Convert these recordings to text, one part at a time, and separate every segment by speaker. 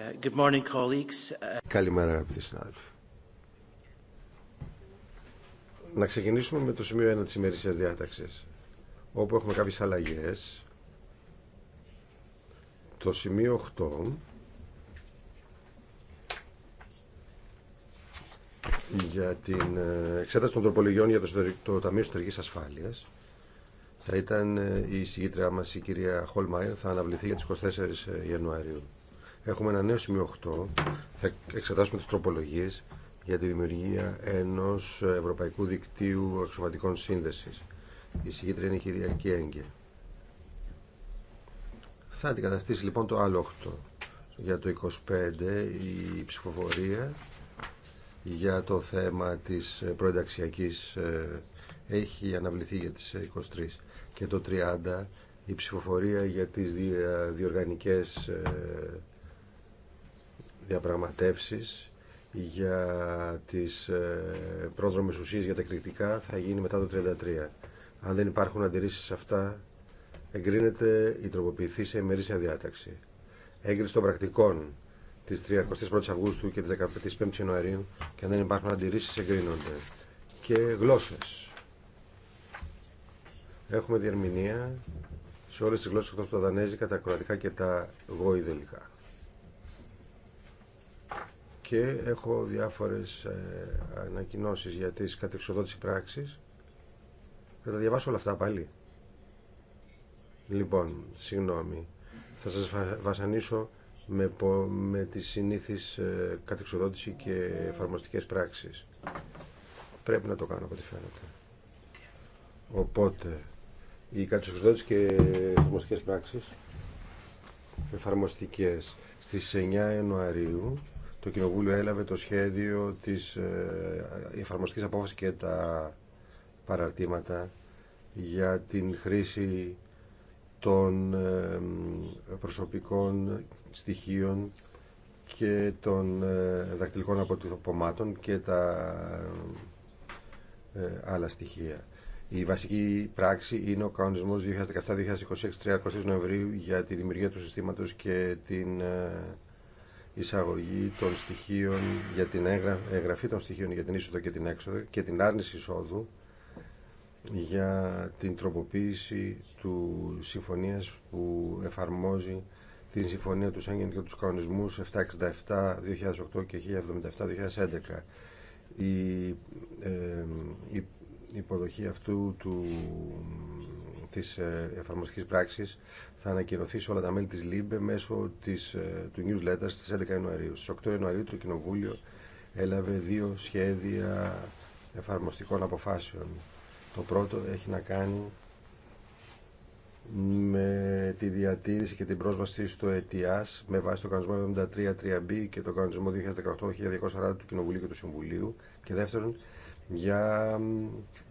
Speaker 1: Uh, good morning, colleagues. Uh,
Speaker 2: Καλημέρα αγαπητοί συνάδελφοι. Να ξεκινήσουμε με το σημείο 1 της ημερησίας διάταξης, όπου έχουμε κάποιες αλλαγές. Το σημείο 8 για την ε, εξέταση των τροπολογιών για το, το Ταμείο Συντερικής Ασφάλειας θα ήταν ε, η συγκήτριά μας η κυρία Χολμάιρ θα αναβληθεί για τις 24 ε, Ιανουαρίου. Έχουμε ένα νέο σημείο 8. Θα εξετάσουμε τις τροπολογίες για τη δημιουργία ενός ευρωπαϊκού δικτύου αξιωματικών σύνδεσης. Η συγκίτρια είναι η κυρία Κιέγκε. Θα αντικαταστήσει λοιπόν το άλλο 8 για το 25 η ψηφοφορία για το θέμα της προενταξιακής ε, έχει αναβληθεί για τις 23 ε, και το 30 η ψηφοφορία για τις διοργανικές ε, διαπραγματεύσεις για τις ε, πρόδρομες ουσίες για τα κριτικά θα γίνει μετά το 1933. Αν δεν υπάρχουν αντιρρήσεις σε αυτά, εγκρίνεται η τροποποιηθή σε ημερήσια διάταξη. Έγκριση των πρακτικών τη 31η Αυγούστου και της 15η Ιανουαρίου και αν δεν υπάρχουν αντιρρήσει, εγκρίνονται. Και γλώσσε. Έχουμε διερμηνία σε όλε τι γλώσσε εκτό από τα Δανέζικα, τα Κροατικά και τα Γοϊδελικά και έχω διάφορες ε, ανακοινώσεις για τις κατεξοδότηση πράξεις. Θα τα διαβάσω όλα αυτά πάλι. Λοιπόν, συγγνώμη, θα σας βασανίσω με, με τις συνήθεις ε, κατεξοδότηση και εφαρμοστικές πράξεις. Πρέπει να το κάνω από ό,τι φαίνεται. Οπότε, οι κατεξοδότηση και εφαρμοστικές πράξεις εφαρμοστικές στις 9 Ιανουαρίου το Κοινοβούλιο έλαβε το σχέδιο της εφαρμοστικής απόφασης και τα παραρτήματα για την χρήση των προσωπικών στοιχείων και των δακτυλικών αποτυπωμάτων και τα άλλα στοιχεία. Η βασική πράξη είναι ο κανονισμός 2017-2026-30 Νοεμβρίου για τη δημιουργία του συστήματος και την εισαγωγή των στοιχείων για την εγγραφή των στοιχείων για την είσοδο και την έξοδο και την άρνηση εισόδου για την τροποποίηση του συμφωνίας που εφαρμόζει την συμφωνία του Σέγγεν και τους κανονισμούς 767-2008 και 1077-2011. Η, ε, η υποδοχή αυτού του της ε, εφαρμοστική πράξης θα ανακοινωθεί σε όλα τα μέλη της ΛΥΜΠΕ μέσω της, ε, του newsletter στι 11 Ιανουαρίου. Στι 8 Ιανουαρίου το Κοινοβούλιο έλαβε δύο σχέδια εφαρμοστικών αποφάσεων. Το πρώτο έχει να κάνει με τη διατήρηση και την πρόσβαση στο ΕΤΙΑΣ με βάση το κανονισμο 733 b και το κανονισμό 2018-1240 του Κοινοβουλίου και του Συμβουλίου και δεύτερον για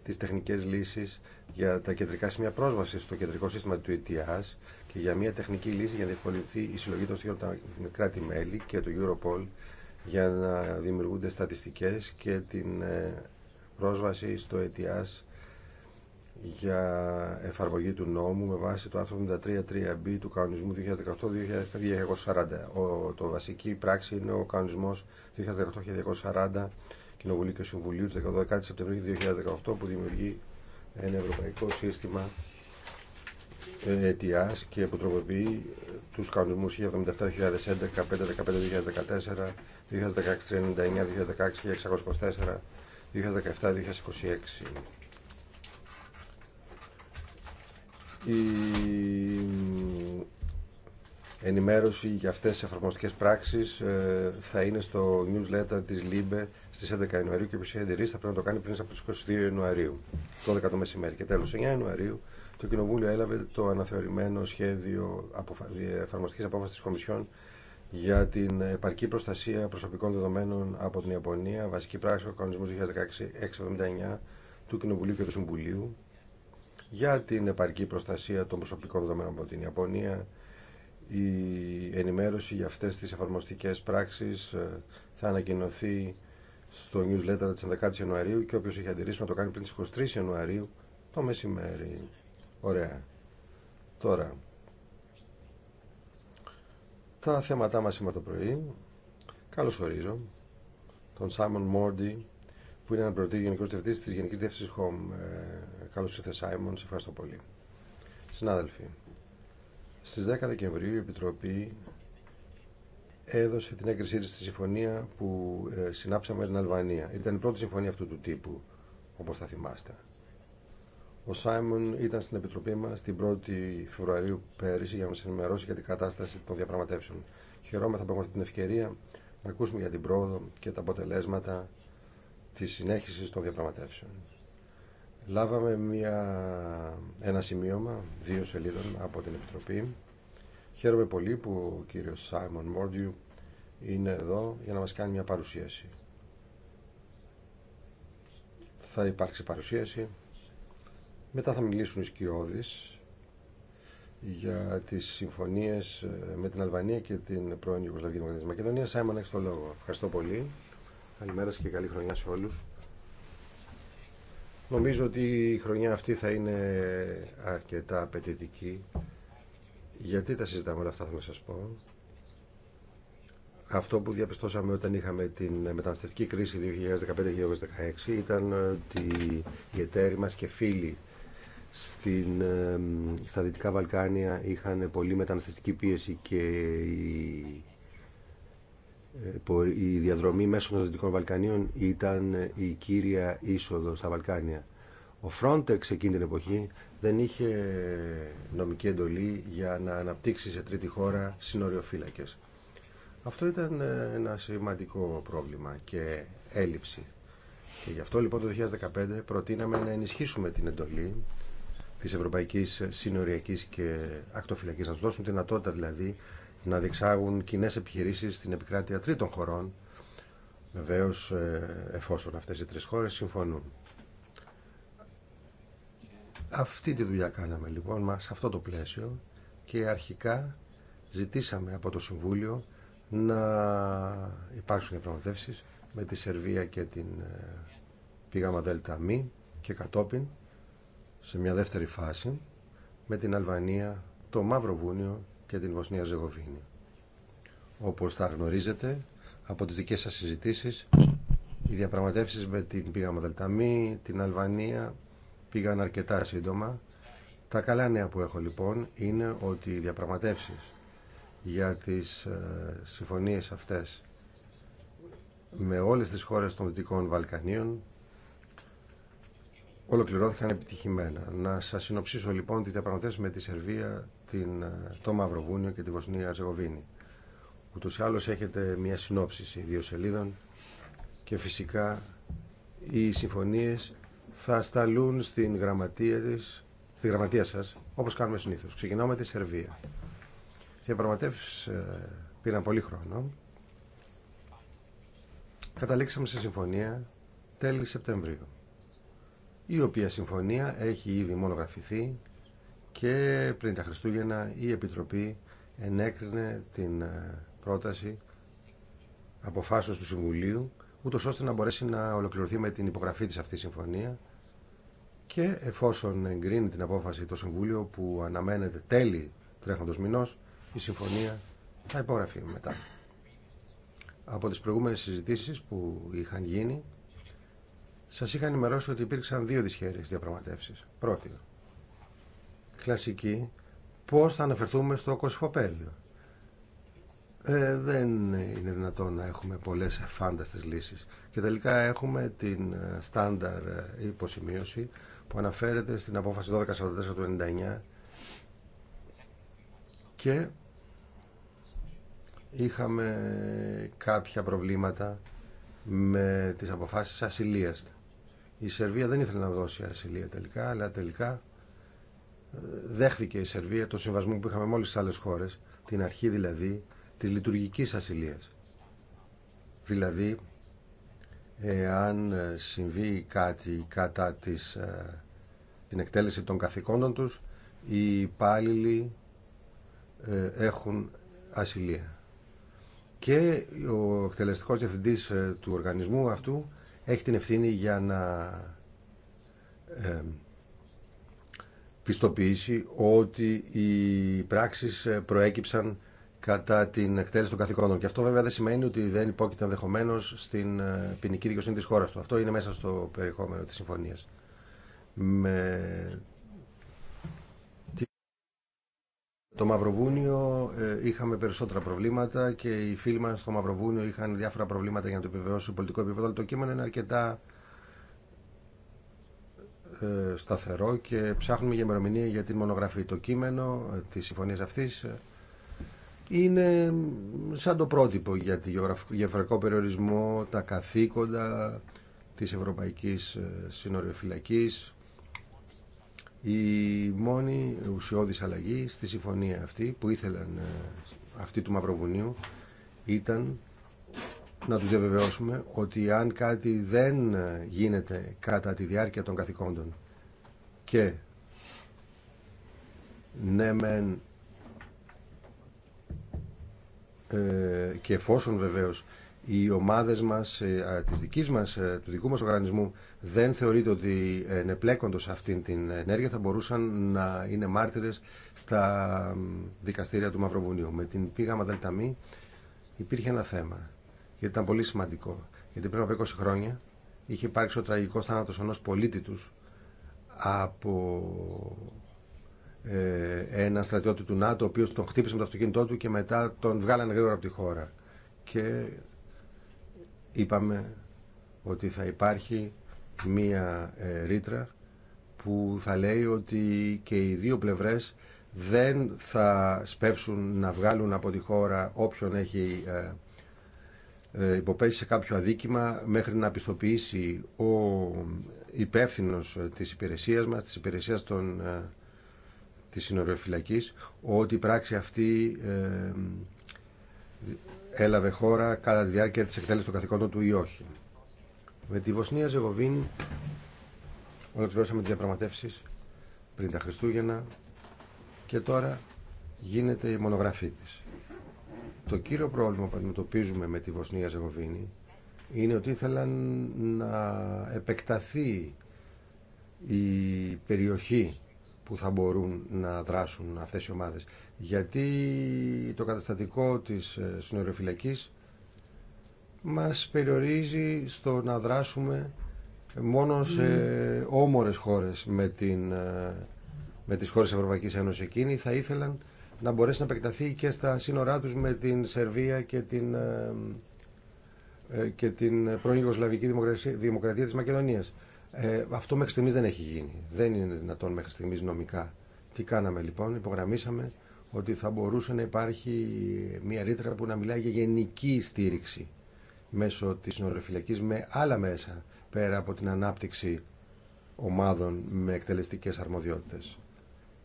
Speaker 2: τις τεχνικές λύσεις για τα κεντρικά σημεία πρόσβαση στο κεντρικό σύστημα του ETIAS ε και για μια τεχνική λύση για να διευκολυνθεί η συλλογή των στοιχείων από κράτη-μέλη και το Europol για να δημιουργούνται στατιστικές και την ε, πρόσβαση στο ETIAS ε για εφαρμογή του νόμου με βάση το άρθρο 73.3b του κανονισμού 2018-2240. Το βασική πράξη είναι ο κανονισμός Κοινοβουλίου και Συμβουλίου τη 12 Σεπτεμβρίου 2018 που δημιουργεί ένα ευρωπαϊκό σύστημα ετιάς και που τροποποιεί τους κανονισμους 1077-2011, 515-2014, 2016-99, 2017 2017-2026 ενημέρωση για αυτές τις εφαρμοστικές πράξεις ε, θα είναι στο newsletter της ΛΥΜΠΕ στις 11 Ιανουαρίου και όποιος έχει θα πρέπει να το κάνει πριν από τις 22 Ιανουαρίου, 12 το μεσημέρι. Και τέλος, 9 Ιανουαρίου το Κοινοβούλιο έλαβε το αναθεωρημένο σχέδιο εφαρμοστικής απόφασης της Κομισιόν για την επαρκή προστασία προσωπικών δεδομένων από την Ιαπωνία, βασική πράξη ο κανονισμος 2016 2016-679 του Κοινοβουλίου και του Συμβουλίου για την επαρκή προστασία των προσωπικών δεδομένων από την Ιαπωνία, η ενημέρωση για αυτές τις εφαρμοστικές πράξεις ε, θα ανακοινωθεί στο newsletter της 11 Ιανουαρίου και όποιος έχει αντιρρήσει να το κάνει πριν τις 23 Ιανουαρίου το μεσημέρι. Ωραία. Τώρα, τα θέματά μας σήμερα το πρωί. Καλώς ορίζω τον Σάιμον Μόρντι που είναι ένα πρωτή γενικό διευθυντή τη Γενική Διεύθυνση Home. Ε, Καλώ ήρθε, Σάιμον. Σε ευχαριστώ πολύ. Συνάδελφοι, στις 10 Δεκεμβρίου η Επιτροπή έδωσε την έγκρισή της στη συμφωνία που ε, συνάψαμε με την Αλβανία. Ήταν η πρώτη συμφωνία αυτού του τύπου, όπως θα θυμάστε. Ο Σάιμον ήταν στην Επιτροπή μας την 1η Φεβρουαρίου πέρυσι για να μας ενημερώσει για την κατάσταση των διαπραγματεύσεων. Χαιρόμεθα που έχουμε αυτή την ευκαιρία να ακούσουμε για την πρόοδο και τα αποτελέσματα της συνέχισης των διαπραγματεύσεων. Λάβαμε μια, ένα σημείωμα δύο σελίδων από την Επιτροπή. Χαίρομαι πολύ που ο κύριος Σάιμον Μόρντιου είναι εδώ για να μας κάνει μια παρουσίαση. Θα υπάρξει παρουσίαση. Μετά θα μιλήσουν οι σκιώδεις για τις συμφωνίες ε, με την Αλβανία και την πρώην Ιουγκοσλαβική Δημοκρατία της Μακεδονίας. Σάιμον, έχεις το λόγο. Ευχαριστώ πολύ. Καλημέρα και καλή χρονιά σε όλους. Νομίζω ότι η χρονιά αυτή θα είναι αρκετά απαιτητική. Γιατί τα συζητάμε όλα αυτά θα σας πω. Αυτό που διαπιστώσαμε όταν είχαμε την μεταναστευτική κρίση 2015-2016 ήταν ότι οι εταίροι μας και φίλοι στην, στα Δυτικά Βαλκάνια είχαν πολύ μεταναστευτική πίεση και οι η διαδρομή μέσω των Δυτικών Βαλκανίων ήταν ε, η κύρια είσοδο στα Βαλκάνια. Ο Frontex εκείνη την εποχή δεν είχε νομική εντολή για να αναπτύξει σε τρίτη χώρα συνοριοφύλακες. Αυτό ήταν ε, ένα σημαντικό πρόβλημα και έλλειψη. Και γι' αυτό λοιπόν το 2015 προτείναμε να ενισχύσουμε την εντολή της Ευρωπαϊκής Συνοριακής και Ακτοφυλακής, να του δώσουμε δυνατότητα δηλαδή να διεξάγουν κοινέ επιχειρήσεις στην επικράτεια τρίτων χωρών, βεβαίω ε, εφόσον αυτές οι τρεις χώρες συμφωνούν. Αυτή τη δουλειά κάναμε λοιπόν σε αυτό το πλαίσιο και αρχικά ζητήσαμε από το Συμβούλιο να υπάρξουν διαπραγματεύσει με τη Σερβία και την πήγαμε Δέλτα Μη και κατόπιν σε μια δεύτερη φάση με την Αλβανία, το Μαύρο και την Βοσνία Ζεγοβίνη. Όπως θα γνωρίζετε από τις δικές σας συζητήσεις, οι διαπραγματεύσεις με την πήγα Δελταμή, την Αλβανία πήγαν αρκετά σύντομα. Τα καλά νέα που έχω λοιπόν είναι ότι οι διαπραγματεύσεις για τις ε, συμφωνίες αυτές με όλες τις χώρες των Δυτικών Βαλκανίων ολοκληρώθηκαν επιτυχημένα. Να σας συνοψίσω λοιπόν τις διαπραγματεύσει με τη Σερβία, την, ε, το Μαυροβούνιο και τη Βοσνία Αρζεγοβίνη. Ούτω ή άλλω έχετε μια συνόψηση δύο σελίδων και φυσικά οι συμφωνίες θα σταλούν στην γραμματεία, της, στη γραμματεία σας, όπως κάνουμε συνήθως. Ξεκινάω με τη Σερβία. Οι διαπραγματεύσεις ε, πήραν πολύ χρόνο. Καταλήξαμε σε συμφωνία τέλη Σεπτεμβρίου η οποία συμφωνία έχει ήδη μονογραφηθεί και πριν τα Χριστούγεννα η Επιτροπή ενέκρινε την ε, πρόταση αποφάσεως του Συμβουλίου ούτως ώστε να μπορέσει να ολοκληρωθεί με την υπογραφή της αυτή συμφωνία και εφόσον εγκρίνει την απόφαση το Συμβούλιο που αναμένεται τέλη τρέχοντος μηνός η συμφωνία θα υπογραφεί μετά. Από τις προηγούμενες συζητήσεις που είχαν γίνει σας είχα ενημερώσει ότι υπήρξαν δύο δυσχέρειες διαπραγματεύσεις. Πρώτη, κλασική, πώ θα αναφερθούμε στο κοσφοπέλιο. Ε, δεν είναι δυνατόν να έχουμε πολλές φάνταστε λύσεις. Και τελικά έχουμε την ε, στάνταρ ε, υποσημείωση που αναφέρεται στην απόφαση 1244 του 1999 και είχαμε κάποια προβλήματα με τις αποφάσεις ασυλίας η Σερβία δεν ήθελε να δώσει ασυλία τελικά, αλλά τελικά ε, δέχθηκε η Σερβία το συμβασμό που είχαμε με όλε τι άλλε χώρε, την αρχή δηλαδή τη λειτουργική ασυλία. Δηλαδή, εάν ε, συμβεί κάτι κατά της, ε, την εκτέλεση των καθηκόντων τους, οι υπάλληλοι έχουν ασυλία. Και ο εκτελεστικός διευθυντής του οργανισμού αυτού έχει την ευθύνη για να ε, πιστοποιήσει ότι οι πράξεις ε, προέκυψαν κατά την εκτέλεση των καθηκόντων. Και αυτό βέβαια δεν σημαίνει ότι δεν υπόκειται ενδεχομένω στην ε, ποινική δικαιοσύνη της χώρας του. Αυτό είναι μέσα στο περιεχόμενο της συμφωνίας. Με Το Μαυροβούνιο ε, είχαμε περισσότερα προβλήματα και οι φίλοι μα στο Μαυροβούνιο είχαν διάφορα προβλήματα για να το επιβεβαιώσουν πολιτικό επίπεδο. το κείμενο είναι αρκετά ε, σταθερό και ψάχνουμε για ημερομηνία για την μονογραφή. Το κείμενο ε, τη συμφωνία αυτή είναι σαν το πρότυπο για τη γεωγραφικό περιορισμό, τα καθήκοντα της Ευρωπαϊκής Συνοριοφυλακής η μόνη ουσιώδης αλλαγή στη συμφωνία αυτή που ήθελαν ε, αυτοί του Μαυροβουνίου ήταν να τους διαβεβαιώσουμε ότι αν κάτι δεν ε, γίνεται κατά τη διάρκεια των καθηκόντων και ναι μεν ε, και εφόσον βεβαίως οι ομάδες μας, ε, της δικής μας, ε, του δικού μας οργανισμού δεν θεωρείται ότι ενεπλέκοντος αυτήν την ενέργεια θα μπορούσαν να είναι μάρτυρες στα δικαστήρια του Μαυροβουνίου. Με την πήγα Μαδελταμή υπήρχε ένα θέμα, γιατί ήταν πολύ σημαντικό. Γιατί πριν από 20 χρόνια είχε υπάρξει ο τραγικός θάνατος ενός πολίτη τους από ε, έναν στρατιώτη του ΝΑΤΟ, ο οποίος τον χτύπησε με το αυτοκίνητό του και μετά τον βγάλανε γρήγορα από τη χώρα. Και είπαμε ότι θα υπάρχει μία ε, ρήτρα που θα λέει ότι και οι δύο πλευρές δεν θα σπεύσουν να βγάλουν από τη χώρα όποιον έχει ε, ε, υποπέσει σε κάποιο αδίκημα μέχρι να πιστοποιήσει ο υπεύθυνο της υπηρεσίας μας, της υπηρεσίας των, της συνοριοφυλακής, ότι η πράξη αυτή έλαβε χώρα κατά τη διάρκεια της εκτέλεσης των καθηκόντων του ή όχι. Με τη Βοσνία Ζεγοβίνη ολοκληρώσαμε τις διαπραγματεύσεις πριν τα Χριστούγεννα και τώρα γίνεται η μονογραφή της. Το κύριο πρόβλημα που αντιμετωπίζουμε με τη Βοσνία Ζεγοβίνη είναι ότι ήθελαν να επεκταθεί η περιοχή που θα μπορούν να δράσουν αυτές οι ομάδες. Γιατί το καταστατικό της ε, συνοριοφυλακής μας περιορίζει στο να δράσουμε μόνο σε όμορες χώρες με, την, ε, με τις χώρες Ευρωπαϊκής Ένωσης εκείνη θα ήθελαν να μπορέσει να επεκταθεί και στα σύνορά τους με την Σερβία και την, ε, και την πρώην Ιγκοσλαβική Δημοκρατία της Μακεδονίας. Ε, αυτό μέχρι στιγμής δεν έχει γίνει. Δεν είναι δυνατόν μέχρι στιγμής νομικά. Τι κάναμε λοιπόν, υπογραμμίσαμε ότι θα μπορούσε να υπάρχει μια ρήτρα που να μιλάει για γενική στήριξη μέσω της συνοριοφυλακής με άλλα μέσα πέρα από την ανάπτυξη ομάδων με εκτελεστικές αρμοδιότητες.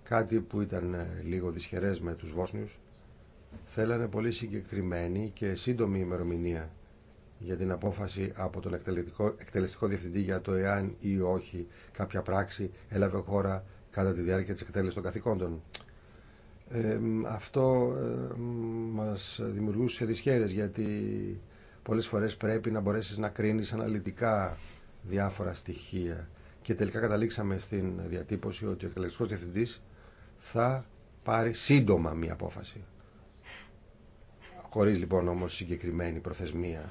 Speaker 2: Κάτι που ήταν ε, λίγο δυσχερές με τους Βόσνιους θέλανε πολύ συγκεκριμένη και σύντομη ημερομηνία για την απόφαση από τον εκτελεστικό διευθυντή για το εάν ή όχι κάποια πράξη έλαβε χώρα κατά τη διάρκεια της εκτέλεσης των καθηκόντων. Ε, αυτό ε, μας δημιουργούσε δυσχέρες γιατί πολλές φορές πρέπει να μπορέσεις να κρίνεις αναλυτικά διάφορα στοιχεία και τελικά καταλήξαμε στην διατύπωση ότι ο εκτελεστικός διευθυντής θα πάρει σύντομα μία απόφαση. Χωρίς λοιπόν όμως συγκεκριμένη προθεσμία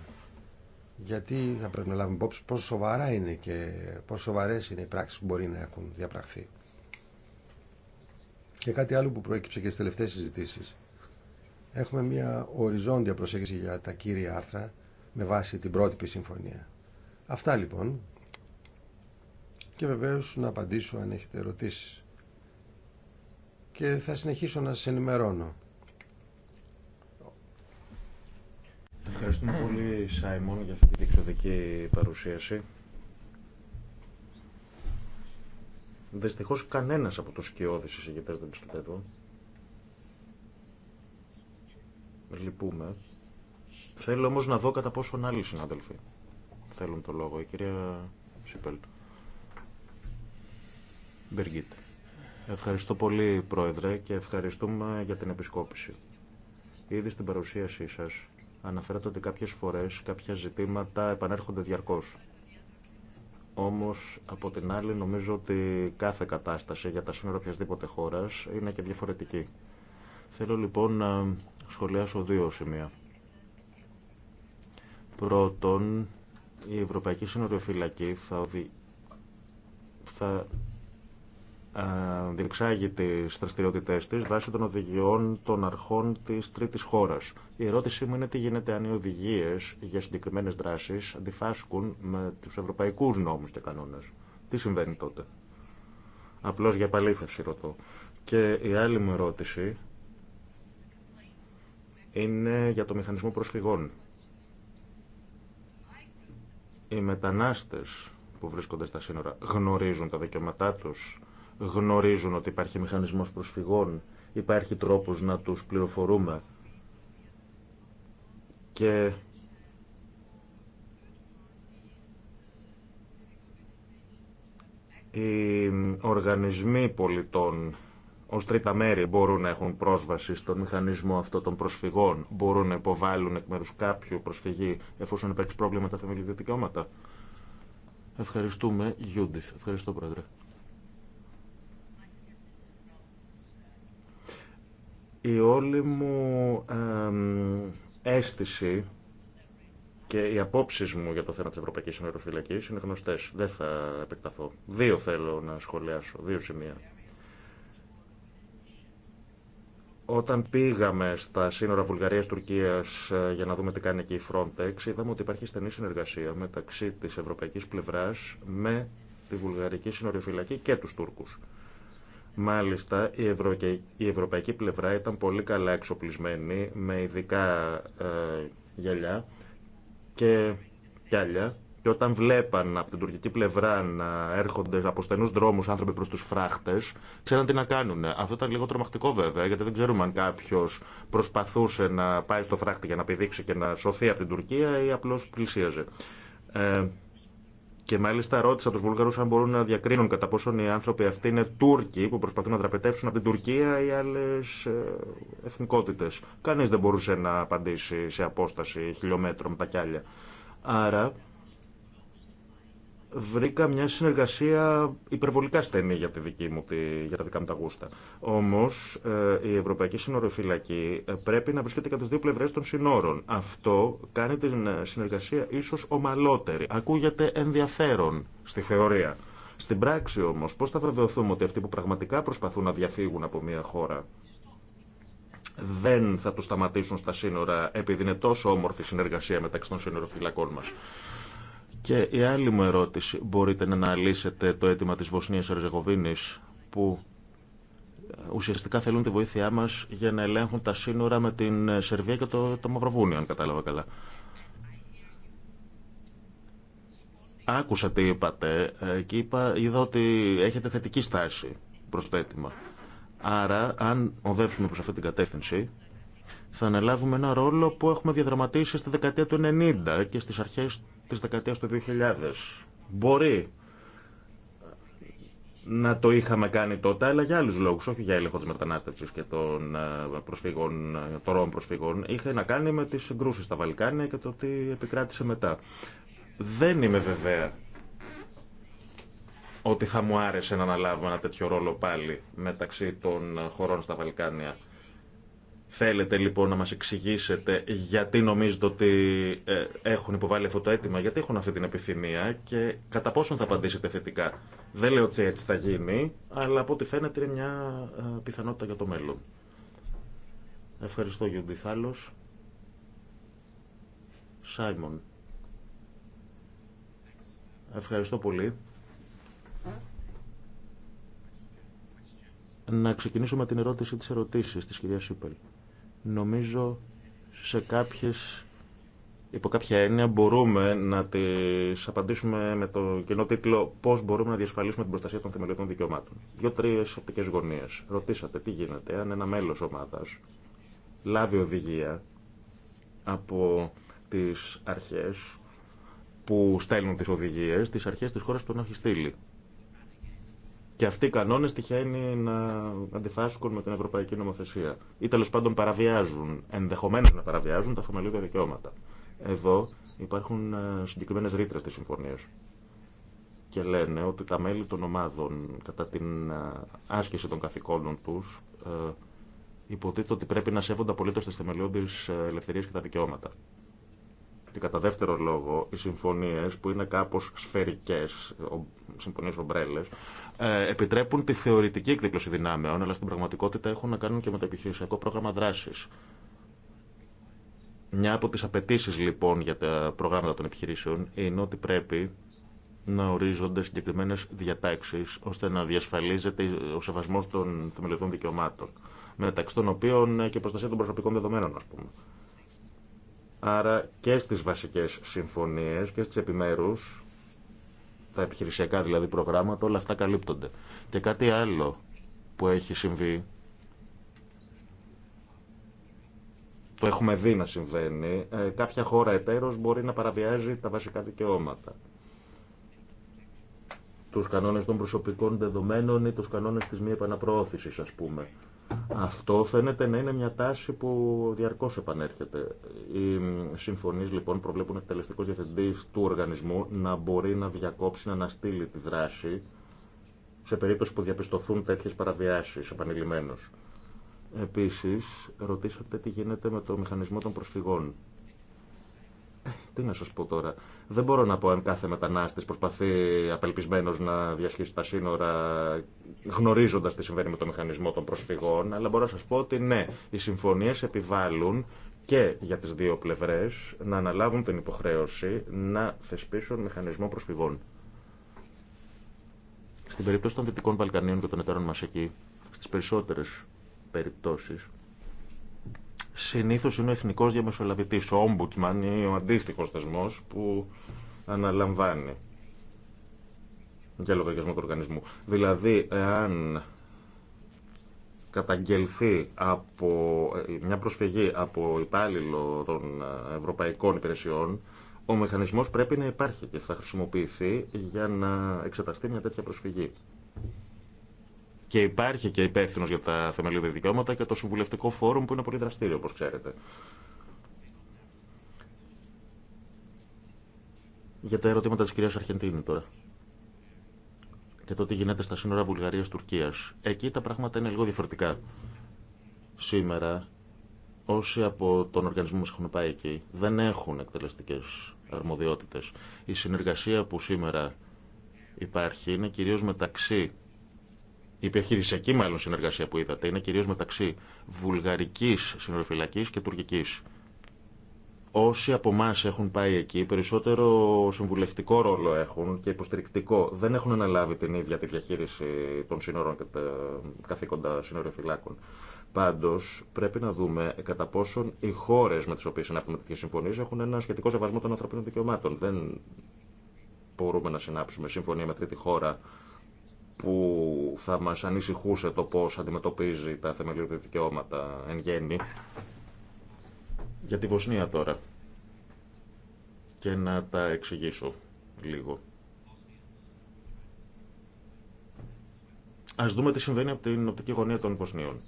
Speaker 2: γιατί θα πρέπει να λάβουμε υπόψη πόσο σοβαρά είναι και πόσο σοβαρέ είναι οι πράξεις που μπορεί να έχουν διαπραχθεί. Και κάτι άλλο που προέκυψε και στι τελευταίε συζητήσει Έχουμε μια οριζόντια προσέγγιση για τα κύρια άρθρα με βάση την πρότυπη συμφωνία. Αυτά λοιπόν και βεβαίω να απαντήσω αν έχετε ερωτήσει. Και θα συνεχίσω να σα ενημερώνω. Ευχαριστούμε πολύ, Σάιμον, για αυτή την εξωτική
Speaker 3: παρουσίαση. Δυστυχώ κανένας από τους σκιώδεις εισηγητές δεν βρίσκεται Λυπούμε. Θέλω όμως να δω κατά πόσον άλλοι συνάδελφοι θέλουν το λόγο. Η κυρία Σιπέλ. Μπεργίτ. Ευχαριστώ πολύ, Πρόεδρε, και ευχαριστούμε για την επισκόπηση. Ήδη στην παρουσίασή σας Αναφέρατε ότι κάποιες φορές κάποια ζητήματα επανέρχονται διαρκώς. Όμως, από την άλλη, νομίζω ότι κάθε κατάσταση για τα σύνορα οποιασδήποτε χώρας είναι και διαφορετική. Θέλω λοιπόν να σχολιάσω δύο σημεία. Πρώτον, η Ευρωπαϊκή Σύνοριοφυλακή θα, θα διεξάγει τι δραστηριότητέ τη βάσει των οδηγιών των αρχών τη τρίτη χώρα. Η ερώτησή μου είναι τι γίνεται αν οι οδηγίε για συγκεκριμένε δράσει αντιφάσκουν με του ευρωπαϊκού νόμου και κανόνε. Τι συμβαίνει τότε. Απλώ για επαλήθευση ρωτώ. Και η άλλη μου ερώτηση είναι για το μηχανισμό προσφυγών. Οι μετανάστες που βρίσκονται στα σύνορα γνωρίζουν τα δικαιώματά τους γνωρίζουν ότι υπάρχει μηχανισμός προσφυγών, υπάρχει τρόπος να τους πληροφορούμε και οι οργανισμοί πολιτών ω τρίτα μέρη μπορούν να έχουν πρόσβαση στον μηχανισμό αυτό των προσφυγών, μπορούν να υποβάλουν εκ μέρου κάποιου προσφυγή εφόσον υπάρξει πρόβλημα τα θεμελιώδη δικαιώματα. Ευχαριστούμε, Γιούντιθ. Ευχαριστώ, Πρόεδρε. Η όλη μου αίσθηση και οι απόψει μου για το θέμα τη Ευρωπαϊκή Συνοριοφυλακή είναι γνωστέ. Δεν θα επεκταθώ. Δύο θέλω να σχολιάσω, δύο σημεία. Όταν πήγαμε στα σύνορα Βουλγαρίας-Τουρκίας ε, για να δούμε τι κάνει εκεί η Frontex, είδαμε ότι υπάρχει στενή συνεργασία μεταξύ της ευρωπαϊκής πλευράς με τη βουλγαρική συνοριοφυλακή και του Τούρκου. Μάλιστα, η, ευρωπαϊκή, η ευρωπαϊκή πλευρά ήταν πολύ καλά εξοπλισμένη με ειδικά ε, γυαλιά και γυαλιά. Και όταν βλέπαν από την τουρκική πλευρά να έρχονται από στενού δρόμου άνθρωποι προ του φράχτε, ξέραν τι να κάνουν. Αυτό ήταν λίγο τρομακτικό βέβαια, γιατί δεν ξέρουμε αν κάποιο προσπαθούσε να πάει στο φράχτη για να πηδήξει και να σωθεί από την Τουρκία ή απλώ πλησίαζε. Ε, και μάλιστα ρώτησα του Βούλγαρου αν μπορούν να διακρίνουν κατά πόσον οι άνθρωποι αυτοί είναι Τούρκοι που προσπαθούν να δραπετεύσουν από την Τουρκία ή άλλε εθνικότητε. Κανεί δεν μπορούσε να απαντήσει σε απόσταση χιλιόμετρων με τα κιάλια. Άρα βρήκα μια συνεργασία υπερβολικά στενή για, τη για τα δικά μου τα γούστα. Όμω ε, η Ευρωπαϊκή Συνοροφυλακή ε, πρέπει να βρίσκεται κατά τι δύο πλευρέ των συνόρων. Αυτό κάνει την ε, συνεργασία ίσω ομαλότερη. Ακούγεται ενδιαφέρον στη θεωρία. Στην πράξη όμω, πώ θα βεβαιωθούμε ότι αυτοί που πραγματικά προσπαθούν να διαφύγουν από μια χώρα δεν θα του σταματήσουν στα σύνορα επειδή είναι τόσο όμορφη συνεργασία μεταξύ των σύνοροφυλακών μα. Και η άλλη μου ερώτηση, μπορείτε να αναλύσετε το αίτημα της Βοσνίας Ερζεγοβίνης που ε, ουσιαστικά θέλουν τη βοήθειά μας για να ελέγχουν τα σύνορα με την ε, Σερβία και το, το Μαυροβούνιο, αν κατάλαβα καλά. Άκουσα τι είπατε ε, και είπα, είδα ότι έχετε θετική στάση προς το αίτημα. Άρα, αν οδεύσουμε προς αυτή την κατεύθυνση, θα αναλάβουμε ένα ρόλο που έχουμε διαδραματίσει στη δεκαετία του 90 και στις αρχές της δεκαετίας του 2000. Μπορεί να το είχαμε κάνει τότε, αλλά για άλλους λόγους, όχι για έλεγχο της μετανάστευσης και των ε, προσφύγων, ε, των ροών προσφύγων. Είχε να κάνει με τις συγκρούσεις στα Βαλκάνια και το τι επικράτησε μετά. Δεν είμαι βεβαία ότι θα μου άρεσε να αναλάβω ένα τέτοιο ρόλο πάλι μεταξύ των ε, χωρών στα Βαλκάνια. Θέλετε λοιπόν να μας εξηγήσετε γιατί νομίζετε ότι ε, έχουν υποβάλει αυτό το αίτημα, γιατί έχουν αυτή την επιθυμία και κατά πόσον θα απαντήσετε θετικά. Δεν λέω ότι έτσι θα γίνει, αλλά από ό,τι φαίνεται είναι μια ε, πιθανότητα για το μέλλον. Ευχαριστώ Γιούντι Σάιμον. Ευχαριστώ πολύ. Να ξεκινήσουμε την ερώτηση της ερωτήσης της κυρίας Σίπελ νομίζω σε κάποιες υπό κάποια έννοια μπορούμε να τις απαντήσουμε με το κοινό τίτλο πώς μπορούμε να διασφαλίσουμε την προστασία των θεμελιωδών δικαιωμάτων. Δύο-τρεις οπτικές γωνίες. Ρωτήσατε τι γίνεται αν ένα μέλος ομάδας λάβει οδηγία από τις αρχές που στέλνουν τις οδηγίες, τις αρχές της χώρας που τον έχει στείλει. Και αυτοί οι κανόνε τυχαίνει να αντιφάσκουν με την ευρωπαϊκή νομοθεσία ή τέλο πάντων παραβιάζουν, ενδεχομένω να παραβιάζουν τα θεμελιώδη δικαιώματα. Εδώ υπάρχουν ε, συγκεκριμένε ρήτρε τη συμφωνία και λένε ότι τα μέλη των ομάδων κατά την ε, άσκηση των καθηκόντων τους ε, υποτίθεται ότι πρέπει να σέβονται απολύτω τι θεμελιώδει ελευθερίε και τα δικαιώματα. Και κατά δεύτερο λόγο, οι συμφωνίε που είναι κάπω σφαιρικέ, συμφωνίε ομπρέλε, ε, επιτρέπουν τη θεωρητική εκδίπλωση δυνάμεων, αλλά στην πραγματικότητα έχουν να κάνουν και με το επιχειρησιακό πρόγραμμα δράση. Μια από τι απαιτήσει λοιπόν για τα προγράμματα των επιχειρήσεων είναι ότι πρέπει να ορίζονται συγκεκριμένε διατάξει ώστε να διασφαλίζεται ο σεβασμό των θεμελιωδών δικαιωμάτων. Μεταξύ των οποίων ε, και η προστασία των προσωπικών δεδομένων, α πούμε. Άρα και στι βασικέ συμφωνίε και στι επιμέρου τα επιχειρησιακά δηλαδή προγράμματα, όλα αυτά καλύπτονται. Και κάτι άλλο που έχει συμβεί, το έχουμε δει να συμβαίνει, ε, κάποια χώρα εταίρος μπορεί να παραβιάζει τα βασικά δικαιώματα. Τους κανόνες των προσωπικών δεδομένων ή τους κανόνες της μη επαναπροώθησης, ας πούμε. Αυτό φαίνεται να είναι μια τάση που διαρκώ επανέρχεται. Οι συμφωνίε λοιπόν προβλέπουν εκτελεστικό διευθυντή του οργανισμού να μπορεί να διακόψει, να αναστείλει τη δράση σε περίπτωση που διαπιστωθούν τέτοιε παραβιάσει επανειλημμένω. Επίση, ρωτήσατε τι γίνεται με το μηχανισμό των προσφυγών τι να σα πω τώρα. Δεν μπορώ να πω αν κάθε μετανάστη προσπαθεί απελπισμένο να διασχίσει τα σύνορα γνωρίζοντα τι συμβαίνει με το μηχανισμό των προσφυγών, αλλά μπορώ να σα πω ότι ναι, οι συμφωνίε επιβάλλουν και για τι δύο πλευρέ να αναλάβουν την υποχρέωση να θεσπίσουν μηχανισμό προσφυγών. Στην περίπτωση των Δυτικών Βαλκανίων και των εταίρων μα εκεί, στι περισσότερε περιπτώσει, Συνήθω είναι ο εθνικός διαμεσολαβητής, ο ombudsman ή ο αντίστοιχος θεσμό που αναλαμβάνει για λογαριασμό του οργανισμού. Δηλαδή, εάν καταγγελθεί από ε, μια προσφυγή από υπάλληλο των ε, ευρωπαϊκών υπηρεσιών, ο μηχανισμός πρέπει να υπάρχει και θα χρησιμοποιηθεί για να εξεταστεί μια τέτοια προσφυγή. Και υπάρχει και υπεύθυνο για τα θεμελιώδη δικαιώματα και το Συμβουλευτικό Φόρουμ που είναι πολύ δραστήριο, όπω ξέρετε. Για τα ερωτήματα τη κυρία Αρχεντίνη τώρα. Και το τι γίνεται στα σύνορα Βουλγαρία-Τουρκία. Εκεί τα πράγματα είναι λίγο διαφορετικά. Σήμερα, όσοι από τον οργανισμό μα έχουν πάει εκεί, δεν έχουν εκτελεστικέ αρμοδιότητε. Η συνεργασία που σήμερα υπάρχει είναι κυρίω μεταξύ η επιχειρησιακή μάλλον συνεργασία που είδατε είναι κυρίω μεταξύ Βουλγαρική συνοροφυλακή και τουρκική. Όσοι από εμά έχουν πάει εκεί, περισσότερο συμβουλευτικό ρόλο έχουν και υποστηρικτικό. Δεν έχουν αναλάβει την ίδια τη διαχείριση των σύνορων και τα καθήκοντα σύνοροφυλάκων. Πάντω, πρέπει να δούμε κατά πόσον οι χώρε με τι οποίε συνάπτουμε τέτοιε συμφωνίε έχουν ένα σχετικό σεβασμό των ανθρωπίνων δικαιωμάτων. Δεν μπορούμε να συνάψουμε συμφωνία με τρίτη χώρα που θα μας ανησυχούσε το πώς αντιμετωπίζει τα θεμελιώδη δικαιώματα εν γέννη για τη Βοσνία τώρα και να τα εξηγήσω λίγο. Ας δούμε τι συμβαίνει από την οπτική γωνία των Βοσνίων.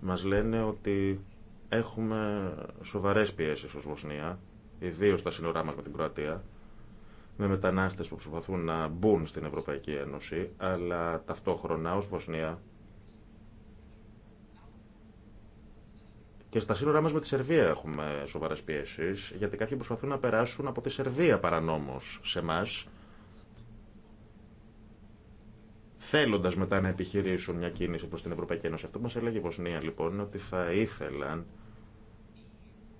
Speaker 3: Μας λένε ότι έχουμε σοβαρές πιέσεις ως Βοσνία, ιδίως τα σύνορά μας με την Κροατία, με μετανάστες που προσπαθούν να μπουν στην Ευρωπαϊκή Ένωση, αλλά ταυτόχρονα ως Βοσνία και στα σύνορά μας με τη Σερβία έχουμε σοβαρές πιέσεις, γιατί κάποιοι προσπαθούν να περάσουν από τη Σερβία παρανόμως σε εμά, θέλοντας μετά να επιχειρήσουν μια κίνηση προς την Ευρωπαϊκή Ένωση. Αυτό που μας έλεγε η Βοσνία λοιπόν, ότι θα ήθελαν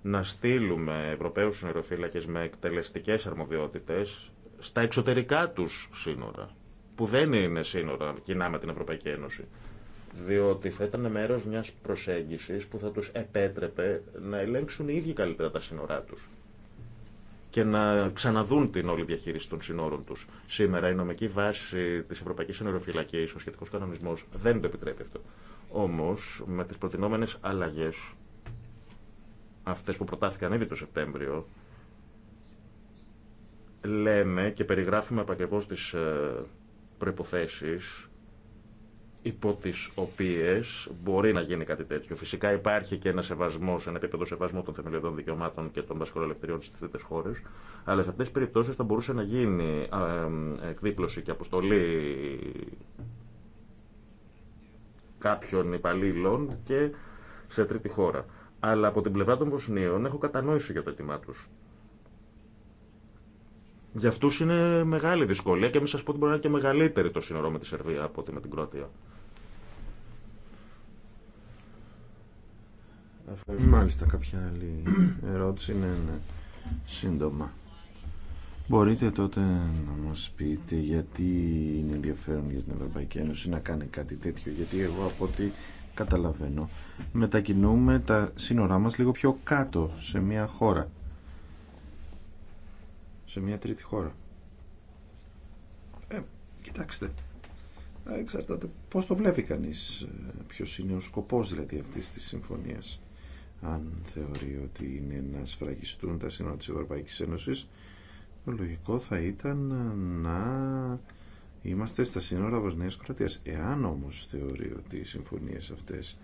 Speaker 3: να στείλουμε Ευρωπαίους νεροφύλακες με εκτελεστικές αρμοδιότητες στα εξωτερικά τους σύνορα, που δεν είναι σύνορα κοινά με την Ευρωπαϊκή Ένωση. Διότι θα ήταν μέρος μιας προσέγγισης που θα τους επέτρεπε να ελέγξουν οι ίδιοι καλύτερα τα σύνορά τους και να ξαναδούν την όλη διαχείριση των συνόρων του. Σήμερα η νομική βάση τη Ευρωπαϊκή Συνοροφυλακή, ο σχετικό κανονισμό, δεν το επιτρέπει αυτό. Όμω, με τι προτινόμενε αλλαγέ, αυτέ που προτάθηκαν ήδη το Σεπτέμβριο, λέμε και περιγράφουμε τι τις ε, προποθέσει υπό τι οποίε μπορεί να γίνει κάτι τέτοιο. Φυσικά υπάρχει και ένα σεβασμό, ένα επίπεδο σεβασμού των θεμελιωδών δικαιωμάτων και των βασικών ελευθεριών στις τρίτε χώρες, αλλά σε αυτέ τι περιπτώσεις θα μπορούσε να γίνει ε, εκδίπλωση και αποστολή κάποιων υπαλλήλων και σε τρίτη χώρα. Αλλά από την πλευρά των Βοσνίων έχω κατανόηση για το αίτημά του. Για αυτού είναι μεγάλη δυσκολία και μην σα πω ότι μπορεί να είναι και μεγαλύτερη το σύνορο με τη Σερβία από ότι με την Κροατία.
Speaker 4: Μάλιστα, κάποια άλλη ερώτηση είναι ναι. σύντομα. Μπορείτε τότε να μας πείτε γιατί είναι ενδιαφέρον για την Ευρωπαϊκή Ένωση να κάνει κάτι τέτοιο, γιατί εγώ από ό,τι καταλαβαίνω μετακινούμε τα σύνορά μας λίγο πιο κάτω σε μια χώρα σε μια τρίτη χώρα. Ε, κοιτάξτε, εξαρτάται πώς το βλέπει κανείς, ε, ποιος είναι ο σκοπός δηλαδή αυτής της συμφωνίας. Αν θεωρεί ότι είναι να σφραγιστούν τα σύνορα της Ευρωπαϊκής Ένωσης, το λογικό θα ήταν να είμαστε στα σύνορα Βοσνίας Κροατίας. Εάν όμως θεωρεί ότι οι συμφωνίες αυτές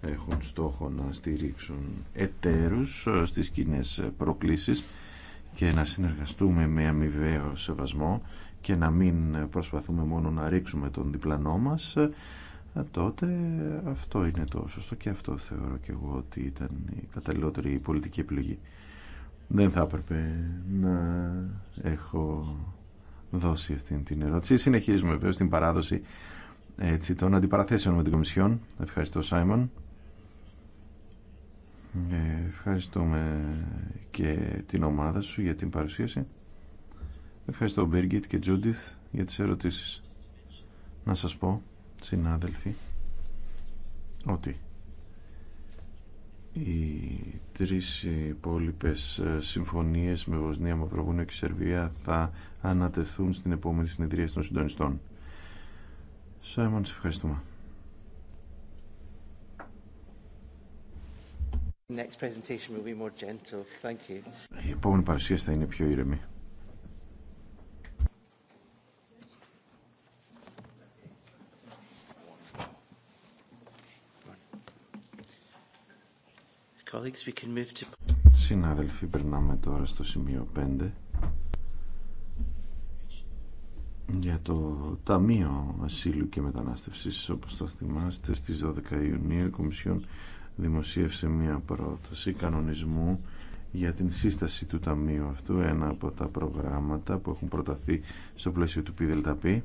Speaker 4: έχουν στόχο να στηρίξουν εταίρους ε, στις κοινέ προκλήσεις, και να συνεργαστούμε με αμοιβαίο σεβασμό και να μην προσπαθούμε μόνο να ρίξουμε τον διπλανό μας ε, τότε αυτό είναι το σωστό και αυτό θεωρώ και εγώ ότι ήταν η καταλληλότερη πολιτική επιλογή δεν θα έπρεπε να έχω δώσει αυτή την ερώτηση συνεχίζουμε βέβαια στην παράδοση έτσι, των αντιπαραθέσεων με την Κομισιόν ευχαριστώ Σάιμον ε, ευχαριστούμε και την ομάδα σου για την παρουσίαση. Ευχαριστώ Μπίργκιτ και Τζούντιθ για τις ερωτήσεις. Να σας πω, συνάδελφοι, ότι οι τρεις υπόλοιπε ε, συμφωνίες με Βοσνία, Μαυροβούνιο και Σερβία θα ανατεθούν στην επόμενη συνεδρία των συντονιστών. Σάιμον, σε ευχαριστούμε. Η επόμενη παρουσίαση θα είναι πιο ήρεμη. Συνάδελφοι, περνάμε τώρα στο σημείο 5 για το Ταμείο Ασύλου και Μετανάστευσης. Όπως θα θυμάστε, στις 12 Ιουνίου η Κομισιόν δημοσίευσε μια πρόταση κανονισμού για την σύσταση του ταμείου αυτού, ένα από τα προγράμματα που έχουν προταθεί στο πλαίσιο του ΠΙΔΕΛΤΑΠΗ.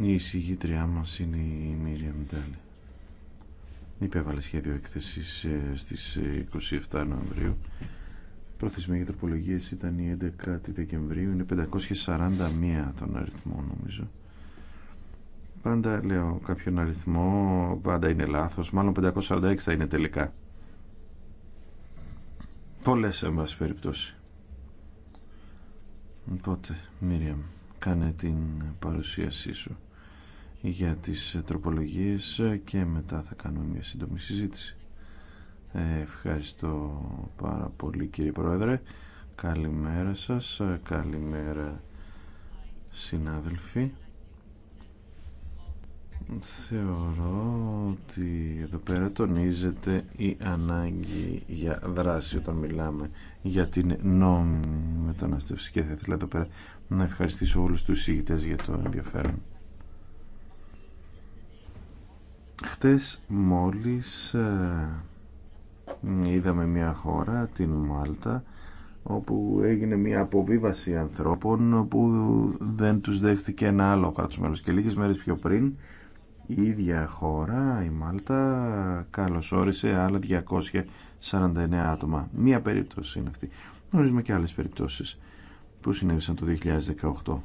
Speaker 4: Η εισηγήτριά μας είναι η Μίρια Μιντάλη. Υπέβαλε σχέδιο έκθεσης ε, στις 27 ε, Νοεμβρίου. Προθεσμία για τροπολογίες ήταν η 11 Δεκεμβρίου. Είναι 541 τον αριθμό νομίζω. Πάντα λέω κάποιον αριθμό, πάντα είναι λάθος. Μάλλον 546 θα είναι τελικά. Πολλές, εν περιπτώσει. Οπότε, Μίριαμ, κάνε την παρουσίασή σου για τις τροπολογίες και μετά θα κάνουμε μια σύντομη συζήτηση. Ε, ευχαριστώ πάρα πολύ κύριε Πρόεδρε. Καλημέρα σας, καλημέρα συνάδελφοι. Θεωρώ ότι εδώ πέρα τονίζεται η ανάγκη για δράση όταν μιλάμε για την νόμιμη μεταναστεύση και θα ήθελα εδώ πέρα να ευχαριστήσω όλους τους ηγητές για το ενδιαφέρον. Χτες μόλις ε, είδαμε μια χώρα, την Μάλτα, όπου έγινε μια αποβίβαση ανθρώπων που δεν τους δέχτηκε ένα άλλο κράτος μέλος και λίγες μέρες πιο πριν η ίδια χώρα, η Μάλτα, καλωσόρισε άλλα 249 άτομα. Μία περίπτωση είναι αυτή. Γνωρίζουμε και άλλες περιπτώσεις που συνέβησαν το 2018.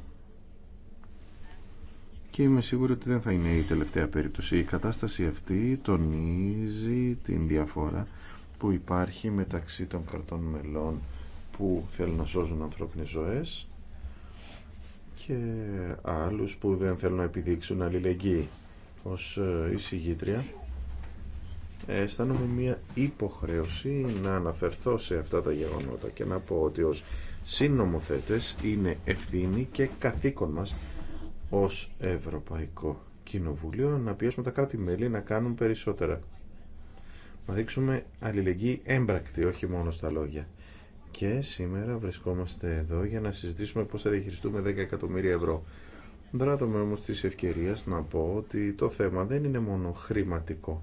Speaker 4: Και είμαι σίγουρο ότι δεν θα είναι η τελευταία περίπτωση. Η κατάσταση αυτή τονίζει την διαφορά που υπάρχει μεταξύ των κρατών μελών που θέλουν να σώζουν ανθρώπινες ζωές και άλλους που δεν θέλουν να επιδείξουν αλληλεγγύη ως ε, εισηγήτρια αισθάνομαι μια υποχρέωση να αναφερθώ σε αυτά τα γεγονότα και να πω ότι ως συνομοθέτες είναι ευθύνη και καθήκον μας ως Ευρωπαϊκό Κοινοβούλιο να πιέσουμε τα κράτη-μέλη να κάνουν περισσότερα. Να δείξουμε αλληλεγγύη έμπρακτη, όχι μόνο στα λόγια. Και σήμερα βρισκόμαστε εδώ για να συζητήσουμε πώς θα διαχειριστούμε 10 εκατομμύρια ευρώ Δράτομαι όμως της ευκαιρίας να πω ότι το θέμα δεν είναι μόνο χρηματικό.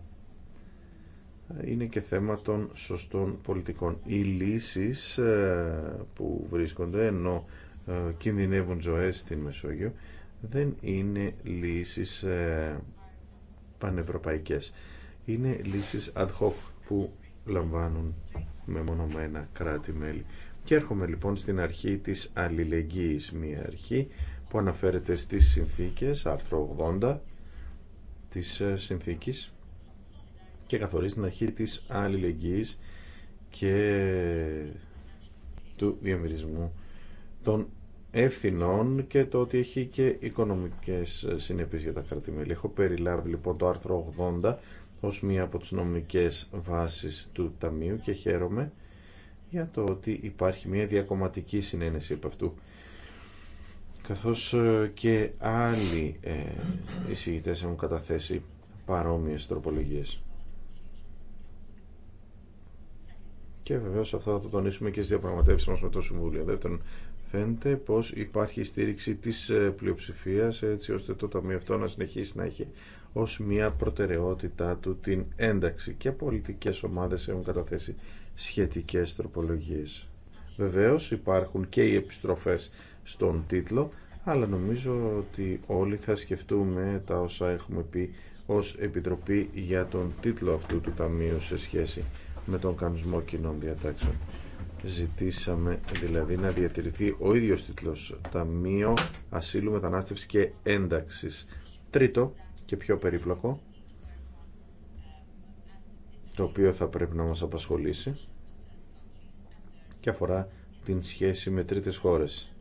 Speaker 4: Είναι και θέμα των σωστών πολιτικών. Οι λύσεις ε, που βρίσκονται ενώ ε, κινδυνεύουν ζωές στην Μεσόγειο δεν είναι λύσεις ε, πανευρωπαϊκές. Είναι λύσεις ad hoc που λαμβάνουν μεμονωμένα κράτη-μέλη. Και έρχομαι λοιπόν στην αρχή της αλληλεγγύης, μια αρχή που αναφέρεται στις συνθήκες, άρθρο 80 της ε, συνθήκης και καθορίζει την αρχή της αλληλεγγύης και του διαμερισμού των ευθυνών και το ότι έχει και οικονομικές ε, συνέπειες για τα κρατημέλη. Έχω περιλάβει λοιπόν το άρθρο 80 ως μία από τις νομικές βάσεις του Ταμείου και χαίρομαι για το ότι υπάρχει μία διακομματική συνένεση από αυτού καθώς ε, και άλλοι ε, εισηγητές έχουν καταθέσει παρόμοιες τροπολογίες. Και βεβαίως αυτό θα το τονίσουμε και στις διαπραγματεύσεις μας με το Συμβούλιο. Δεύτερον, φαίνεται πως υπάρχει στήριξη της ε, πλειοψηφίας έτσι ώστε το Ταμείο αυτό να συνεχίσει να έχει ως μια προτεραιότητά του την ένταξη και πολιτικές ομάδες έχουν καταθέσει σχετικές τροπολογίες. Βεβαίως υπάρχουν και οι επιστροφές στον τίτλο, αλλά νομίζω ότι όλοι θα σκεφτούμε τα όσα έχουμε πει ως Επιτροπή για τον τίτλο αυτού του Ταμείου σε σχέση με τον κανονισμό κοινών διατάξεων. Ζητήσαμε δηλαδή να διατηρηθεί ο ίδιος τίτλος Ταμείο Ασύλου Μετανάστευσης και Ένταξης. Τρίτο και πιο περίπλοκο, το οποίο θα πρέπει να μας απασχολήσει και αφορά την σχέση με τρίτες χώρες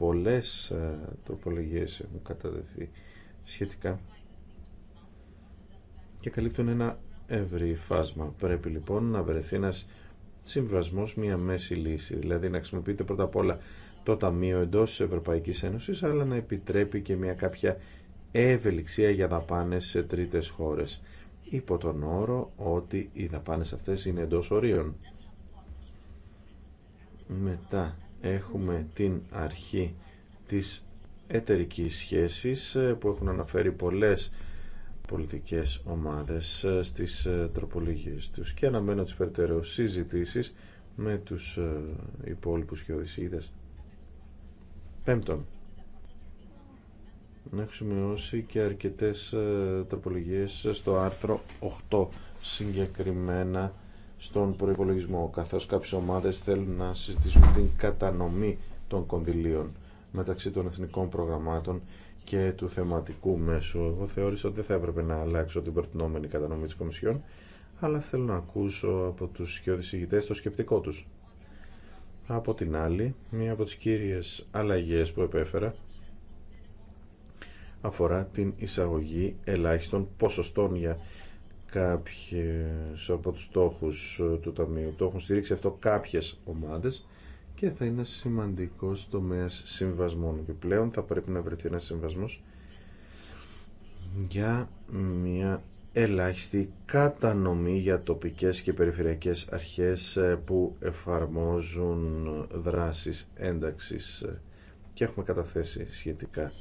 Speaker 4: πολλές ε, τροπολογίες έχουν καταδεθεί σχετικά και καλύπτουν ένα ευρύ φάσμα. Πρέπει λοιπόν να βρεθεί ένας συμβασμός, μια μέση λύση, δηλαδή να χρησιμοποιείται πρώτα απ' όλα το Ταμείο εντός της Ευρωπαϊκής Ένωσης, αλλά να επιτρέπει και μια κάποια ευελιξία για δαπάνες σε τρίτες χώρες, υπό τον όρο ότι οι δαπάνες αυτές είναι εντός ορίων. Μετά, έχουμε την αρχή της εταιρικής σχέσης ε, που έχουν αναφέρει πολλές πολιτικές ομάδες ε, στις ε, τροπολογίες τους και αναμένω τις περαιτέρω συζητήσεις με τους υπόλοιπους και οδησίδες. Πέμπτον, έχουμε σημειώσει και αρκετές τροπολογίες στο άρθρο 8 συγκεκριμένα στον προϋπολογισμό, καθώς κάποιες ομάδες θέλουν να συζητήσουν την κατανομή των κονδυλίων μεταξύ των εθνικών προγραμμάτων και του θεματικού μέσου. Εγώ θεώρησα ότι δεν θα έπρεπε να αλλάξω την προτινόμενη κατανομή της Κομισιόν, αλλά θέλω να ακούσω από τους ηγετές το σκεπτικό τους. Από την άλλη, μία από τις κύριες αλλαγές που επέφερα αφορά την εισαγωγή ελάχιστων ποσοστών για κάποιες από τους στόχους ε, του Ταμείου. Το έχουν στηρίξει αυτό κάποιες ομάδες και θα είναι σημαντικό τομέα συμβασμών. Επιπλέον θα πρέπει να βρεθεί ένα συμβασμό για μια ελάχιστη κατανομή για τοπικές και περιφερειακές αρχές ε, που εφαρμόζουν δράσεις ένταξης ε, και έχουμε καταθέσει σχετικά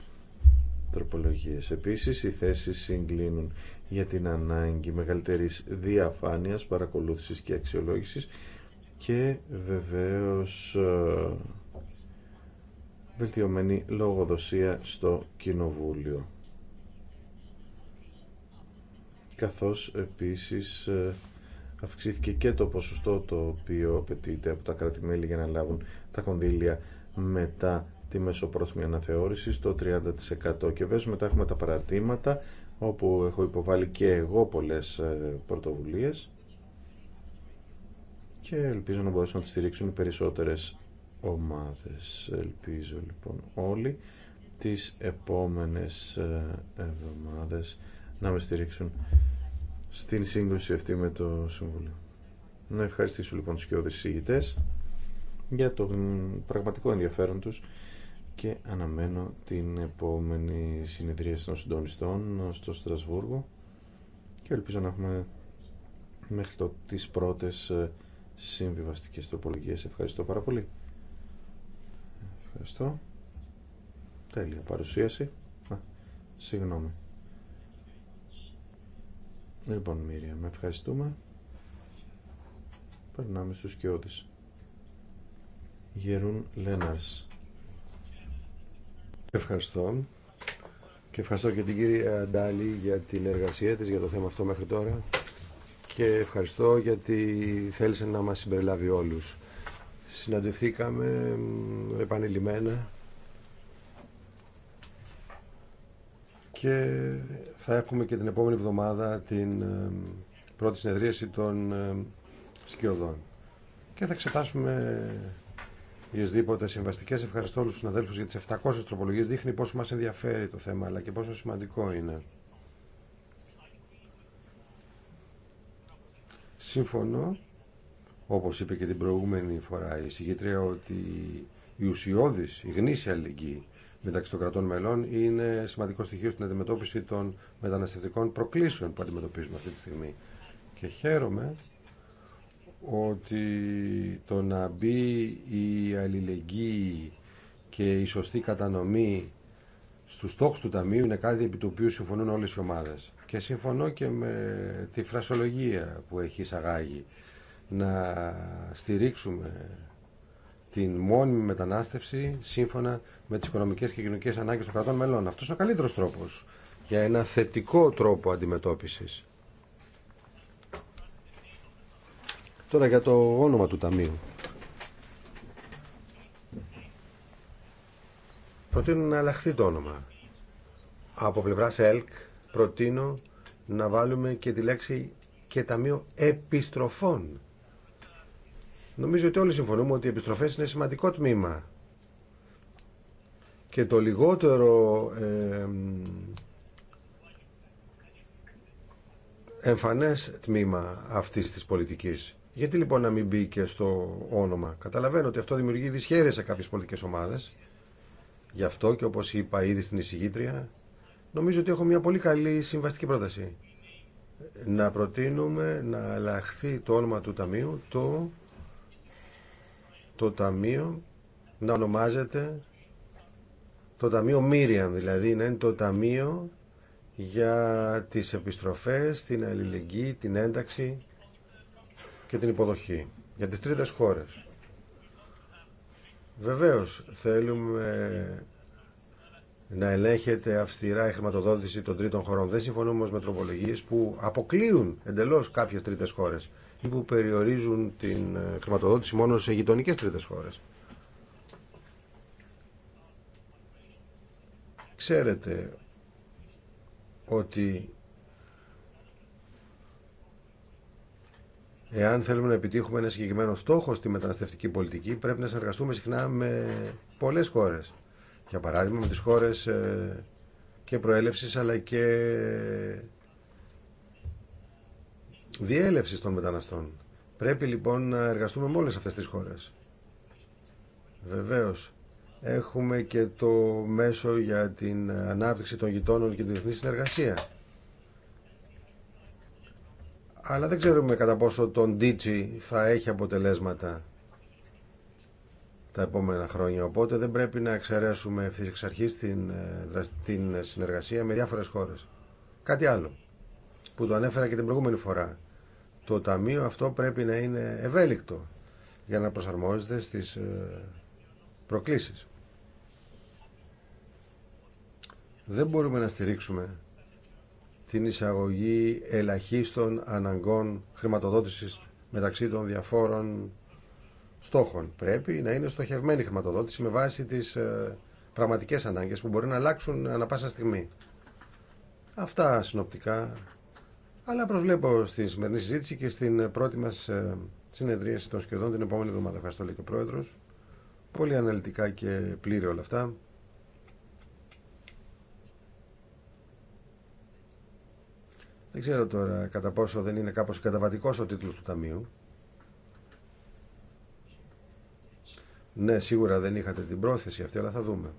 Speaker 4: τροπολογίες. Επίσης, οι θέσεις συγκλίνουν για την ανάγκη μεγαλύτερης διαφάνειας, παρακολούθησης και αξιολόγησης και βεβαίως ε, βελτιωμένη λογοδοσία στο Κοινοβούλιο. Καθώς επίσης ε, αυξήθηκε και το ποσοστό το οποίο απαιτείται από τα κρατη για να λάβουν τα κονδύλια μετά τη μεσοπρόθεσμη αναθεώρηση στο 30% και βέβαια μετά έχουμε τα παρατήματα όπου έχω υποβάλει και εγώ πολλές ε, πρωτοβουλίες και ελπίζω να μπορέσουν να τις στηρίξουν περισσότερες ομάδες. Ελπίζω λοιπόν όλοι τις επόμενες ε, εβδομάδες να με στηρίξουν στην σύγκρουση αυτή με το Συμβούλιο. Να ευχαριστήσω λοιπόν τους και οδησίγητες για το πραγματικό ενδιαφέρον τους και αναμένω την επόμενη συνεδρία των συντονιστών στο Στρασβούργο και ελπίζω να έχουμε μέχρι το, τις πρώτες ε, συμβιβαστικές τροπολογίες. Ευχαριστώ πάρα πολύ. Ευχαριστώ. Τέλεια παρουσίαση. Α, συγγνώμη. Λοιπόν, Μύρια, με ευχαριστούμε. Περνάμε στους κοιόδης. Γερούν Λέναρς.
Speaker 2: Ευχαριστώ. Και ευχαριστώ και την κυρία Ντάλη για την εργασία της για το θέμα αυτό μέχρι τώρα και ευχαριστώ γιατί θέλησε να μας συμπεριλάβει όλους. Συναντηθήκαμε επανειλημμένα και θα έχουμε και την επόμενη εβδομάδα την ε, πρώτη συνεδρίαση των ε, σκιωδών και θα εξετάσουμε οποιασδήποτε συμβαστικέ. Ευχαριστώ όλου του συναδέλφου για τι 700 τροπολογίε. Δείχνει πόσο μα ενδιαφέρει το θέμα αλλά και πόσο σημαντικό είναι. Σύμφωνο, όπως είπε και την προηγούμενη φορά η συγκήτρια, ότι η ουσιώδη, η γνήσια αλληλεγγύη μεταξύ των κρατών μελών είναι σημαντικό στοιχείο στην αντιμετώπιση των μεταναστευτικών προκλήσεων που αντιμετωπίζουμε αυτή τη στιγμή. Και χαίρομαι ότι το να μπει η αλληλεγγύη και η σωστή κατανομή στους στόχους του Ταμείου είναι κάτι επί του οποίου συμφωνούν όλες οι ομάδες. Και συμφωνώ και με τη φρασολογία που έχει εισαγάγει να στηρίξουμε την μόνιμη μετανάστευση σύμφωνα με τις οικονομικές και κοινωνικές ανάγκες των κρατών μελών. Αυτός είναι ο καλύτερος τρόπος για ένα θετικό τρόπο αντιμετώπισης Τώρα για το όνομα του Ταμείου. Προτείνω να αλλάχθεί το όνομα. Από πλευρά ΕΛΚ προτείνω να βάλουμε και τη λέξη και Ταμείο Επιστροφών. Νομίζω ότι όλοι συμφωνούμε ότι οι επιστροφές είναι σημαντικό τμήμα και το λιγότερο ε, εμφανές τμήμα αυτής της πολιτικής. Γιατί λοιπόν να μην μπει και στο όνομα. Καταλαβαίνω ότι αυτό δημιουργεί δυσχέρειες σε κάποιε πολιτικέ ομάδες. Γι' αυτό και όπως είπα ήδη στην εισηγήτρια, νομίζω ότι έχω μια πολύ καλή συμβαστική πρόταση. Να προτείνουμε να αλλάχθει το όνομα του Ταμείου, το, το Ταμείο να ονομάζεται το Ταμείο Μύριαν δηλαδή να είναι το Ταμείο για τις επιστροφές, την αλληλεγγύη, την ένταξη και την υποδοχή για τις τρίτες χώρες. Βεβαίως θέλουμε να ελέγχεται αυστηρά η χρηματοδότηση των τρίτων χωρών. Δεν συμφωνούμε όμως με τροπολογίες που αποκλείουν εντελώς κάποιες τρίτες χώρες ή που περιορίζουν την χρηματοδότηση μόνο σε γειτονικές τρίτες χώρες. Ξέρετε ότι Εάν θέλουμε να επιτύχουμε ένα συγκεκριμένο στόχο στη μεταναστευτική πολιτική, πρέπει να συνεργαστούμε συχνά με πολλέ χώρε. Για παράδειγμα, με τι χώρε ε, και προέλευση αλλά και διέλευση των μεταναστών. Πρέπει λοιπόν να εργαστούμε με όλε αυτέ τι χώρε. Βεβαίω. Έχουμε και το μέσο για την ανάπτυξη των γειτόνων και τη διεθνή συνεργασία αλλά δεν ξέρουμε κατά πόσο τον Ντίτσι θα έχει αποτελέσματα τα επόμενα χρόνια. Οπότε δεν πρέπει να εξαιρέσουμε ευθύ εξ αρχή την, ε, την συνεργασία με διάφορε χώρε. Κάτι άλλο που το ανέφερα και την προηγούμενη φορά. Το ταμείο αυτό πρέπει να είναι ευέλικτο για να προσαρμόζεται στις ε, προκλήσεις. Δεν μπορούμε να στηρίξουμε την εισαγωγή ελαχίστων αναγκών χρηματοδότησης μεταξύ των διαφόρων στόχων. Πρέπει να είναι στοχευμένη η χρηματοδότηση με βάση τις ε, πραγματικές ανάγκες που μπορεί να αλλάξουν ανα πάσα στιγμή. Αυτά συνοπτικά, αλλά προσβλέπω στη σημερινή συζήτηση και στην πρώτη μας ε, συνεδρίαση των σχεδόν την επόμενη εβδομάδα. Ευχαριστώ λέει και ο Πρόεδρος. Πολύ αναλυτικά και πλήρη όλα αυτά. Δεν ξέρω τώρα κατά πόσο δεν είναι κάπως καταβατικός ο τίτλος του Ταμείου. Ναι, σίγουρα δεν είχατε την πρόθεση αυτή, αλλά θα δούμε.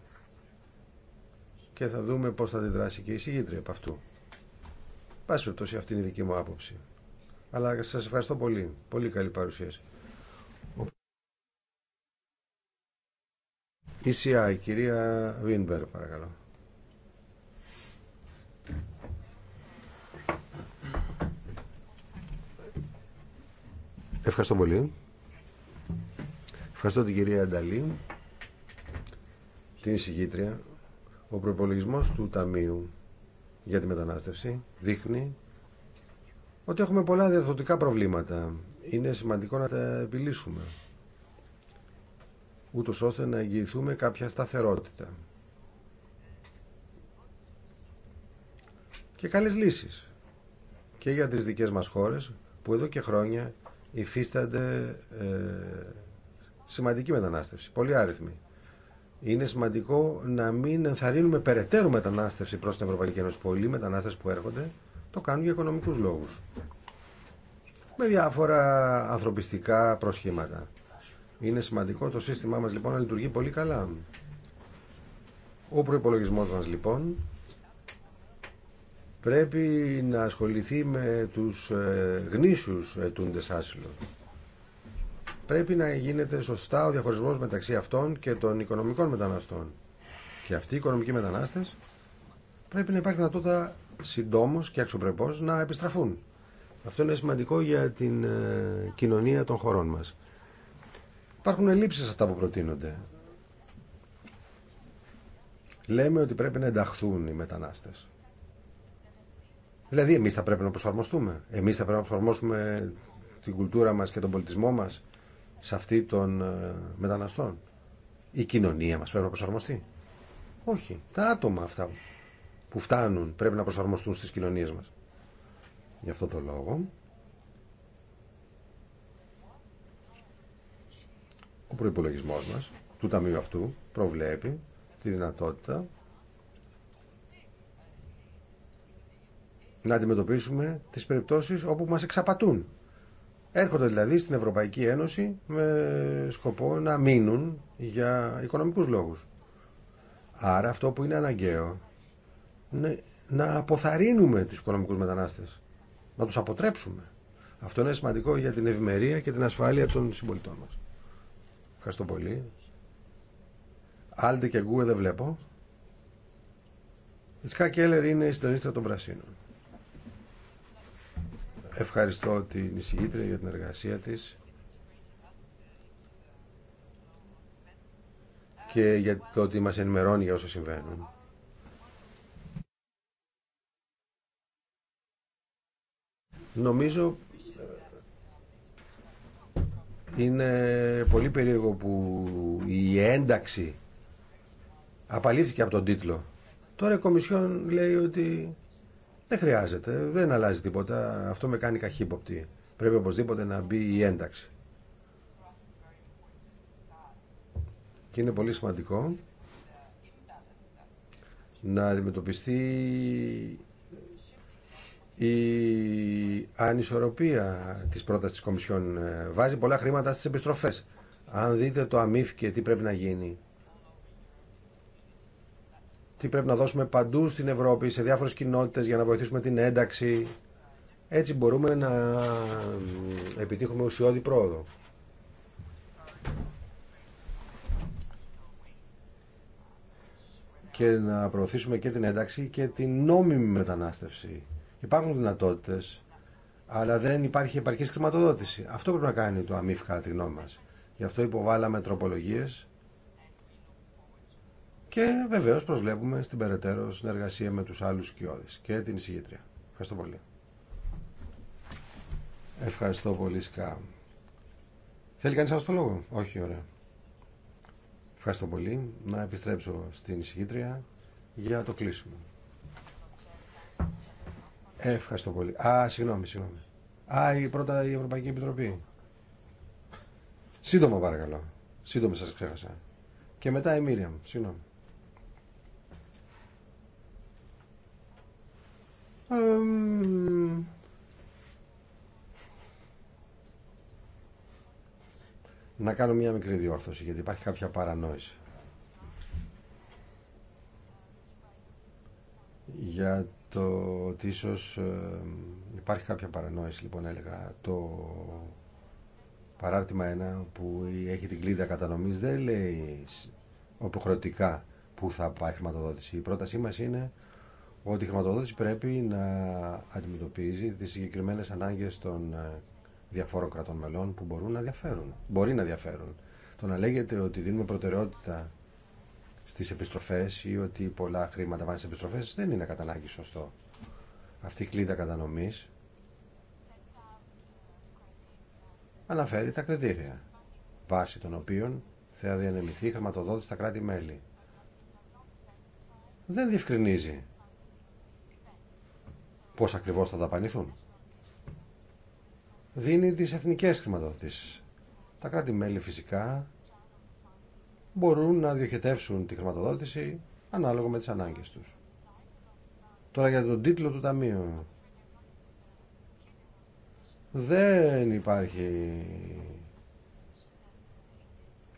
Speaker 2: Και θα δούμε πώς θα αντιδράσει και η συγγήτρια από αυτού. Πάση περιπτώσει αυτή είναι η δική μου άποψη. Αλλά σας ευχαριστώ πολύ. Πολύ καλή παρουσίαση. ECI, κυρία Βίνμπερ, παρακαλώ. Ευχαριστώ πολύ. Ευχαριστώ την κυρία Ανταλή, την εισηγήτρια. Ο προπολογισμό του Ταμείου για τη μετανάστευση δείχνει ότι έχουμε πολλά διαδοτικά προβλήματα. Είναι σημαντικό να τα επιλύσουμε, ούτω ώστε να εγγυηθούμε κάποια σταθερότητα και καλές λύσεις και για τις δικές μας χώρες που εδώ και χρόνια υφίστανται ε, σημαντική μετανάστευση, πολύ άριθμη. Είναι σημαντικό να μην ενθαρρύνουμε περαιτέρω μετανάστευση προς την Ευρωπαϊκή Ένωση. Πολλοί μετανάστε που έρχονται το κάνουν για οικονομικούς λόγους. Με διάφορα ανθρωπιστικά προσχήματα. Είναι σημαντικό το σύστημά μας λοιπόν να λειτουργεί πολύ καλά. Ο προπολογισμό μα λοιπόν πρέπει να ασχοληθεί με τους ε, γνήσιους ε, του άσυλο. Πρέπει να γίνεται σωστά ο διαχωρισμός μεταξύ αυτών και των οικονομικών μεταναστών. Και αυτοί οι οικονομικοί μετανάστες πρέπει να υπάρχει δυνατότητα συντόμως και αξιοπρεπώς να επιστραφούν. Αυτό είναι σημαντικό για την ε, κοινωνία των χωρών μας. Υπάρχουν ελλείψεις αυτά που προτείνονται. Λέμε ότι πρέπει να ενταχθούν οι μετανάστες. Δηλαδή εμείς θα πρέπει να προσαρμοστούμε. Εμείς θα πρέπει να προσαρμόσουμε την κουλτούρα μας και τον πολιτισμό μας σε αυτή των ε, μεταναστών. Η κοινωνία μας πρέπει να προσαρμοστεί. Όχι. Τα άτομα αυτά που φτάνουν πρέπει να προσαρμοστούν στις κοινωνίες μας. Γι' αυτό το λόγο ο προπολογισμό μας του ταμείου αυτού προβλέπει τη δυνατότητα να αντιμετωπίσουμε τις περιπτώσεις όπου μας εξαπατούν. Έρχονται δηλαδή στην Ευρωπαϊκή Ένωση με σκοπό να μείνουν για οικονομικούς λόγους. Άρα αυτό που είναι αναγκαίο είναι να αποθαρρύνουμε τους οικονομικούς μετανάστες, να τους αποτρέψουμε. Αυτό είναι σημαντικό για την ευημερία και την ασφάλεια των συμπολιτών μας. Ευχαριστώ πολύ. Άλντε και Γκούε δεν βλέπω. Η Σκά Κέλλερ είναι η συντονίστρια των Πρασίνων. Ευχαριστώ την εισηγήτρια για την εργασία της και για το ότι μας ενημερώνει για όσα συμβαίνουν. Νομίζω ε, είναι πολύ περίεργο που η ένταξη απαλήφθηκε από τον τίτλο. Τώρα η Κομισιόν λέει ότι δεν χρειάζεται, δεν αλλάζει τίποτα. Αυτό με κάνει καχύποπτη. Πρέπει οπωσδήποτε να μπει η ένταξη. Και είναι πολύ σημαντικό να αντιμετωπιστεί η ανισορροπία της πρότασης της Κομισιόν. Ε, βάζει πολλά χρήματα στις επιστροφές. Αν δείτε το αμύφ και τι πρέπει να γίνει τι πρέπει να δώσουμε παντού στην Ευρώπη, σε διάφορες κοινότητες για να βοηθήσουμε την ένταξη. Έτσι μπορούμε να επιτύχουμε ουσιώδη πρόοδο. Και να προωθήσουμε και την ένταξη και την νόμιμη μετανάστευση. Υπάρχουν δυνατότητες, αλλά δεν υπάρχει επαρκής χρηματοδότηση. Αυτό πρέπει να κάνει το κατά τη γνώμη μας. Γι' αυτό υποβάλαμε τροπολογίες και βεβαίω προσβλέπουμε στην περαιτέρω συνεργασία με τους άλλους σκιώδε και την εισηγήτρια. Ευχαριστώ πολύ. Ευχαριστώ πολύ Σκά. Θέλει κανεί άλλο το λόγο. Όχι, ωραία. Ευχαριστώ πολύ. Να επιστρέψω στην εισηγήτρια για το κλείσιμο. Ευχαριστώ πολύ. Α, συγγνώμη, συγγνώμη. Α, η πρώτα η Ευρωπαϊκή Επιτροπή. Σύντομα παρακαλώ. Σύντομα σα ξέχασα. Και μετά η Μίριαμ. Συγγνώμη. να κάνω μια μικρή διόρθωση γιατί υπάρχει κάποια παρανόηση για το ότι ίσως υπάρχει κάποια παρανόηση λοιπόν έλεγα το παράρτημα 1 που έχει την κλίδα κατανομής δεν λέει υποχρεωτικά που θα πάει χρηματοδότηση η πρότασή μας είναι ότι η χρηματοδότηση πρέπει να αντιμετωπίζει τις συγκεκριμένες ανάγκες των ε, διαφόρων κρατών μελών που μπορούν να διαφέρουν. Μπορεί να διαφέρουν. Το να λέγεται ότι δίνουμε προτεραιότητα στις επιστροφές ή ότι πολλά χρήματα πάνε στις επιστροφές δεν είναι κατά ανάγκη σωστό. Αυτή η κλίδα κατανομής αναφέρει τα κριτήρια βάσει των οποίων θα διανεμηθεί η χρηματοδότηση στα κράτη-μέλη. Δεν ειναι κατα αναγκη σωστο αυτη η κλιδα κατανομης αναφερει τα κριτηρια βαση των οποιων θα διανεμηθει η χρηματοδοτηση στα κρατη μελη δεν διευκρινιζει πώς ακριβώς θα δαπανηθούν. Δίνει τις εθνικές χρηματοδοτήσεις. Τα κράτη-μέλη φυσικά μπορούν να διοχετεύσουν τη χρηματοδότηση ανάλογα με τις ανάγκες τους. Τώρα για τον τίτλο του ταμείου. Δεν υπάρχει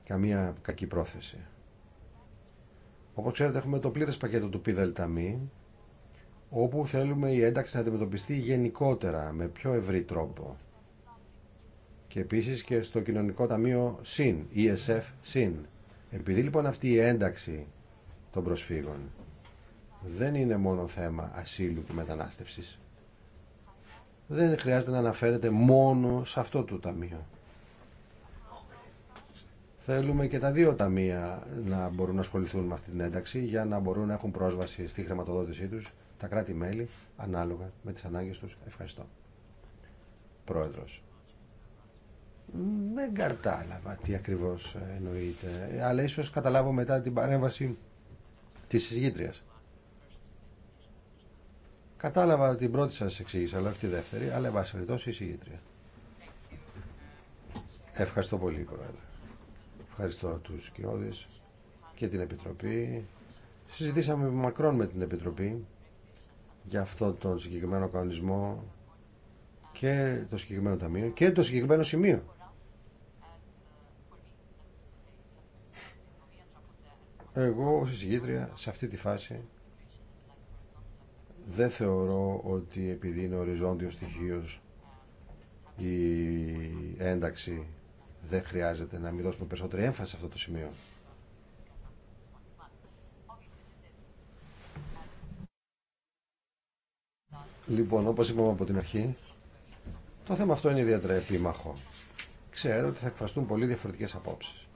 Speaker 2: καμία κακή πρόθεση. Όπως ξέρετε έχουμε το πλήρες πακέτο του ΠΔΛΤΑΜΗ όπου θέλουμε η ένταξη να αντιμετωπιστεί γενικότερα, με πιο ευρύ τρόπο. Και επίσης και στο Κοινωνικό Ταμείο ΣΥΝ, ESF ΣΥΝ. Επειδή λοιπόν αυτή η ένταξη των προσφύγων δεν είναι μόνο θέμα ασύλου και μετανάστευσης. Δεν χρειάζεται να αναφέρεται μόνο σε αυτό το ταμείο. Θέλουμε και τα δύο ταμεία να μπορούν να ασχοληθούν με αυτή την ένταξη για να μπορούν να έχουν πρόσβαση στη χρηματοδότησή τους τα κράτη-μέλη ανάλογα με τις ανάγκες τους. Ευχαριστώ. Πρόεδρος. Δεν κατάλαβα τι ακριβώς ε, εννοείται, αλλά ίσως καταλάβω μετά την παρέμβαση της συζήτριας. Κατάλαβα την πρώτη σας εξήγηση, αλλά όχι τη δεύτερη, αλλά βάση τόσο περιπτώσει η συγγήτρια. Ευχαριστώ πολύ, Πρόεδρε. Ευχαριστώ τους Κιώδης και την Επιτροπή. Συζητήσαμε μακρόν με την Επιτροπή για αυτό τον συγκεκριμένο κανονισμό και το συγκεκριμένο ταμείο και το συγκεκριμένο σημείο. Εγώ ως εισηγήτρια σε αυτή τη φάση δεν θεωρώ ότι επειδή είναι οριζόντιο στοιχείο η ένταξη δεν χρειάζεται να μην δώσουμε περισσότερη έμφαση σε αυτό το σημείο. Λοιπόν, όπως είπαμε από την αρχή, το θέμα αυτό είναι ιδιαίτερα επίμαχο. Ξέρω ότι θα εκφραστούν πολύ διαφορετικές απόψεις.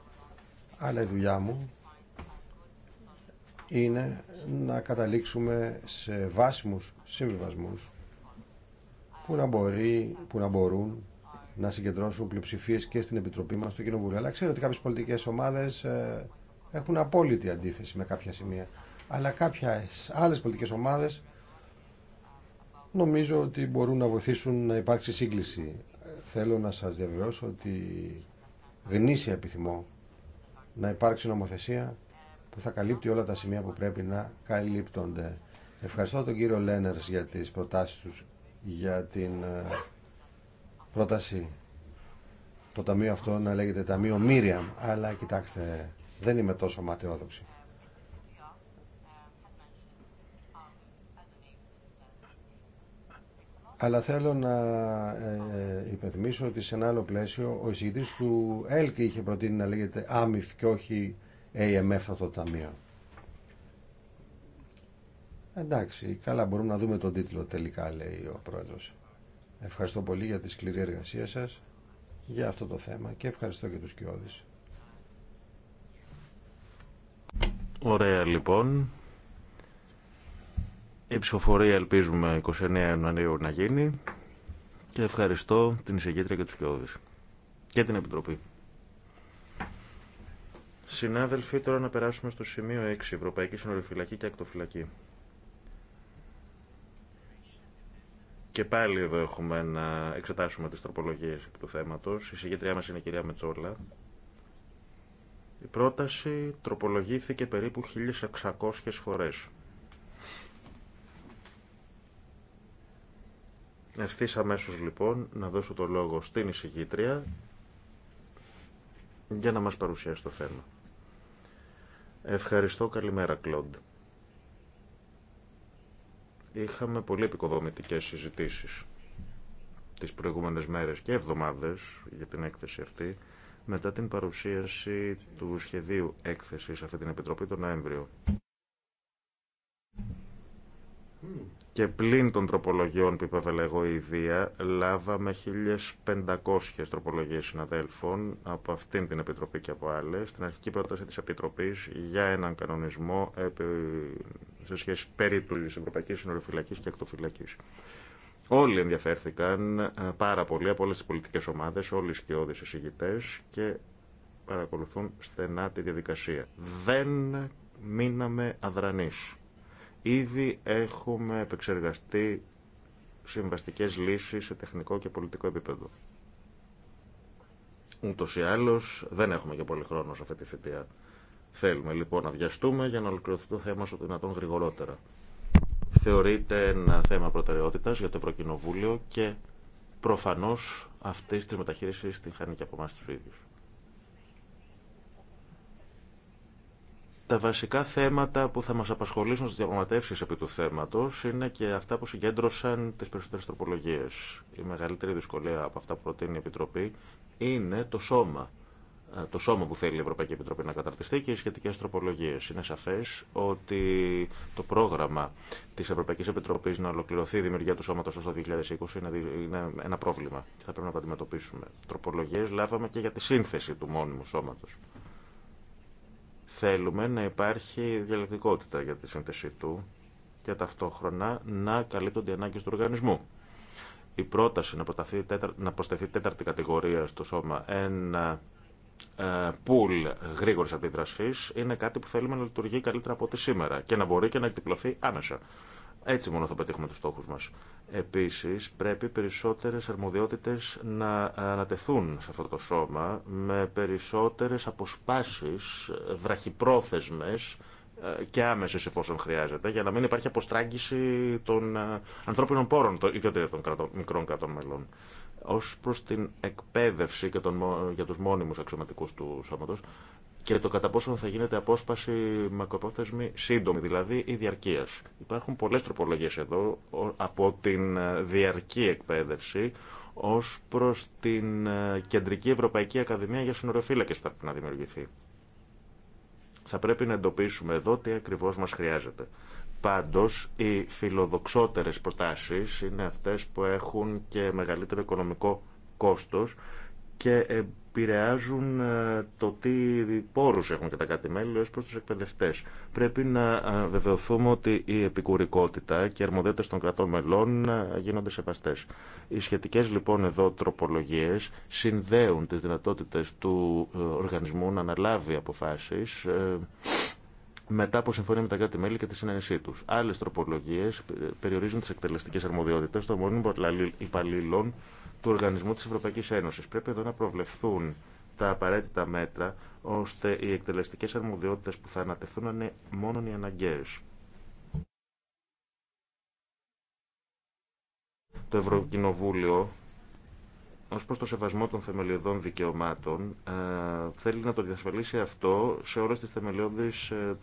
Speaker 2: Αλλά η δουλειά μου είναι να καταλήξουμε σε βάσιμους συμβιβασμούς που να, μπορεί, που να μπορούν να συγκεντρώσουν πλειοψηφίες και στην Επιτροπή μας, στο Κοινοβούλιο. Αλλά ξέρω ότι κάποιες πολιτικές ομάδες ε, έχουν απόλυτη αντίθεση με κάποια σημεία. Αλλά κάποιες άλλες πολιτικές ομάδες νομίζω ότι μπορούν να βοηθήσουν να υπάρξει σύγκληση. Θέλω να σας διαβεβαιώσω ότι γνήσια επιθυμώ να υπάρξει νομοθεσία που θα καλύπτει όλα τα σημεία που πρέπει να καλύπτονται. Ευχαριστώ τον κύριο Λένερς για τις προτάσεις τους για την ε, πρόταση το ταμείο αυτό να λέγεται Ταμείο Μύριαμ αλλά κοιτάξτε δεν είμαι τόσο ματαιόδοξη. Αλλά θέλω να ε, ε, υπενθυμίσω ότι σε ένα άλλο πλαίσιο ο εισηγητή του ΕΛΚ είχε προτείνει να λέγεται ΆΜΙΦ και όχι AMF αυτό το ταμείο. Εντάξει, καλά μπορούμε να δούμε τον τίτλο τελικά λέει ο πρόεδρος. Ευχαριστώ πολύ για τη σκληρή εργασία σας για αυτό το θέμα και ευχαριστώ και τους Κιώδης.
Speaker 3: Ωραία λοιπόν. Η ψηφοφορία ελπίζουμε 29 Ιανουαρίου να γίνει και ευχαριστώ την εισηγήτρια και τους κοιόδης και την Επιτροπή. Συνάδελφοι, τώρα να περάσουμε στο σημείο 6, Ευρωπαϊκή Συνοριοφυλακή και Ακτοφυλακή. Και πάλι εδώ έχουμε να εξετάσουμε τις τροπολογίες του θέματος. Η συγγετριά μας είναι η κυρία Μετσόλα. Η πρόταση τροπολογήθηκε περίπου 1600 φορές. Ευθύ αμέσω λοιπόν να δώσω το λόγο στην εισηγήτρια για να μας παρουσιάσει το θέμα. Ευχαριστώ. Καλημέρα, Κλοντ. Είχαμε πολύ επικοδομητικές συζητήσεις τις προηγούμενες μέρες και εβδομάδες για την έκθεση αυτή μετά την παρουσίαση του σχεδίου έκθεσης σε αυτή την Επιτροπή τον Νοέμβριο και πλην των τροπολογιών που υπέβαλε εγώ η Δία, λάβαμε 1.500 τροπολογίε συναδέλφων από αυτήν την Επιτροπή και από άλλε στην αρχική πρόταση τη Επιτροπή για έναν κανονισμό σε σχέση περί του Ευρωπαϊκή Συνοριοφυλακής και Ακτοφυλακή. Όλοι ενδιαφέρθηκαν ε, πάρα πολύ από όλε τι πολιτικέ ομάδε, όλοι οι σκιώδει εισηγητέ και παρακολουθούν στενά τη διαδικασία. Δεν μείναμε αδρανείς Ήδη έχουμε επεξεργαστεί συμβαστικές λύσεις σε τεχνικό και πολιτικό επίπεδο. Ούτως ή άλλως δεν έχουμε και πολύ χρόνο σε αυτή τη θητεία. Θέλουμε λοιπόν να βιαστούμε για να ολοκληρωθεί το θέμα στο δυνατόν γρηγορότερα. Θεωρείται ένα θέμα προτεραιότητας για το Ευρωκοινοβούλιο και προφανώς αυτή της μεταχείρισης την χάνει και από εμάς τους ίδιους. Τα βασικά θέματα που θα μας απασχολήσουν στις διαπραγματεύσεις επί του θέματος είναι και αυτά που συγκέντρωσαν τις περισσότερες τροπολογίες. Η μεγαλύτερη δυσκολία από αυτά που προτείνει η Επιτροπή είναι το σώμα. Ε, το σώμα που θέλει η Ευρωπαϊκή Επιτροπή να καταρτιστεί και οι σχετικέ τροπολογίε. Είναι σαφέ ότι το πρόγραμμα τη Ευρωπαϊκή Επιτροπή να ολοκληρωθεί η δημιουργία του σώματο ω το 2020 είναι ένα πρόβλημα και θα πρέπει να το αντιμετωπίσουμε. Τροπολογίε λάβαμε και για τη σύνθεση του μόνιμου σώματο. Θέλουμε να υπάρχει διαλεκτικότητα για τη σύνθεση του και ταυτόχρονα να καλύπτονται οι ανάγκες του οργανισμού. Η πρόταση να, να προσθεθεί τέταρτη κατηγορία στο σώμα ένα ε, πουλ γρήγορη αντίδραση είναι κάτι που θέλουμε να λειτουργεί καλύτερα από ό,τι σήμερα και να μπορεί και να εκτυπλωθεί άμεσα. Έτσι μόνο θα πετύχουμε τους στόχους μας. Επίσης, πρέπει περισσότερες αρμοδιότητες να ανατεθούν σε αυτό το σώμα με περισσότερες αποσπάσεις βραχυπρόθεσμες ε, και άμεσες εφόσον χρειάζεται, για να μην υπάρχει αποστράγγιση των ε, ανθρώπινων πόρων, ιδιαίτερα των μικρών κρατών μελών ως προς την εκπαίδευση για τους μόνιμους αξιωματικούς του σώματος, και το κατά πόσο θα γίνεται απόσπαση μακροπρόθεσμη σύντομη, δηλαδή ή διαρκεία. Υπάρχουν πολλέ τροπολογίε εδώ από την ε, διαρκή εκπαίδευση ω προ την ε, Κεντρική Ευρωπαϊκή Ακαδημία για Συνοριοφύλακε που θα πρέπει να δημιουργηθεί. Θα πρέπει να εντοπίσουμε εδώ τι ακριβώ μα χρειάζεται. Πάντω, οι φιλοδοξότερε προτάσει είναι αυτέ που έχουν και μεγαλύτερο οικονομικό κόστο και ε, επηρεάζουν ε, το τι πόρους έχουν και τα κάτι μέλη ως προς τους εκπαιδευτές. Πρέπει να ε, βεβαιωθούμε ότι η επικουρικότητα και οι αρμοδιότητες των κρατών μελών ε, γίνονται σεβαστές. Οι σχετικές λοιπόν εδώ τροπολογίες συνδέουν τις δυνατότητες του οργανισμού να αναλάβει αποφάσεις μετά από συμφωνία με τα κράτη-μέλη και τη συνένεσή του. Άλλε τροπολογίε περιορίζουν τι εκτελεστικέ αρμοδιότητε των μόνιμων υπαλλήλων του Οργανισμού της Ευρωπαϊκής Ένωσης. Πρέπει εδώ να προβλεφθούν τα απαραίτητα μέτρα, ώστε οι εκτελεστικές αρμοδιότητες που θα ανατεθούν να είναι μόνο οι αναγκαίες. Το Ευρωκοινοβούλιο ως προς το σεβασμό των θεμελιωδών δικαιωμάτων ε, θέλει να το διασφαλίσει αυτό σε όλες τις θεμελιώδεις ε,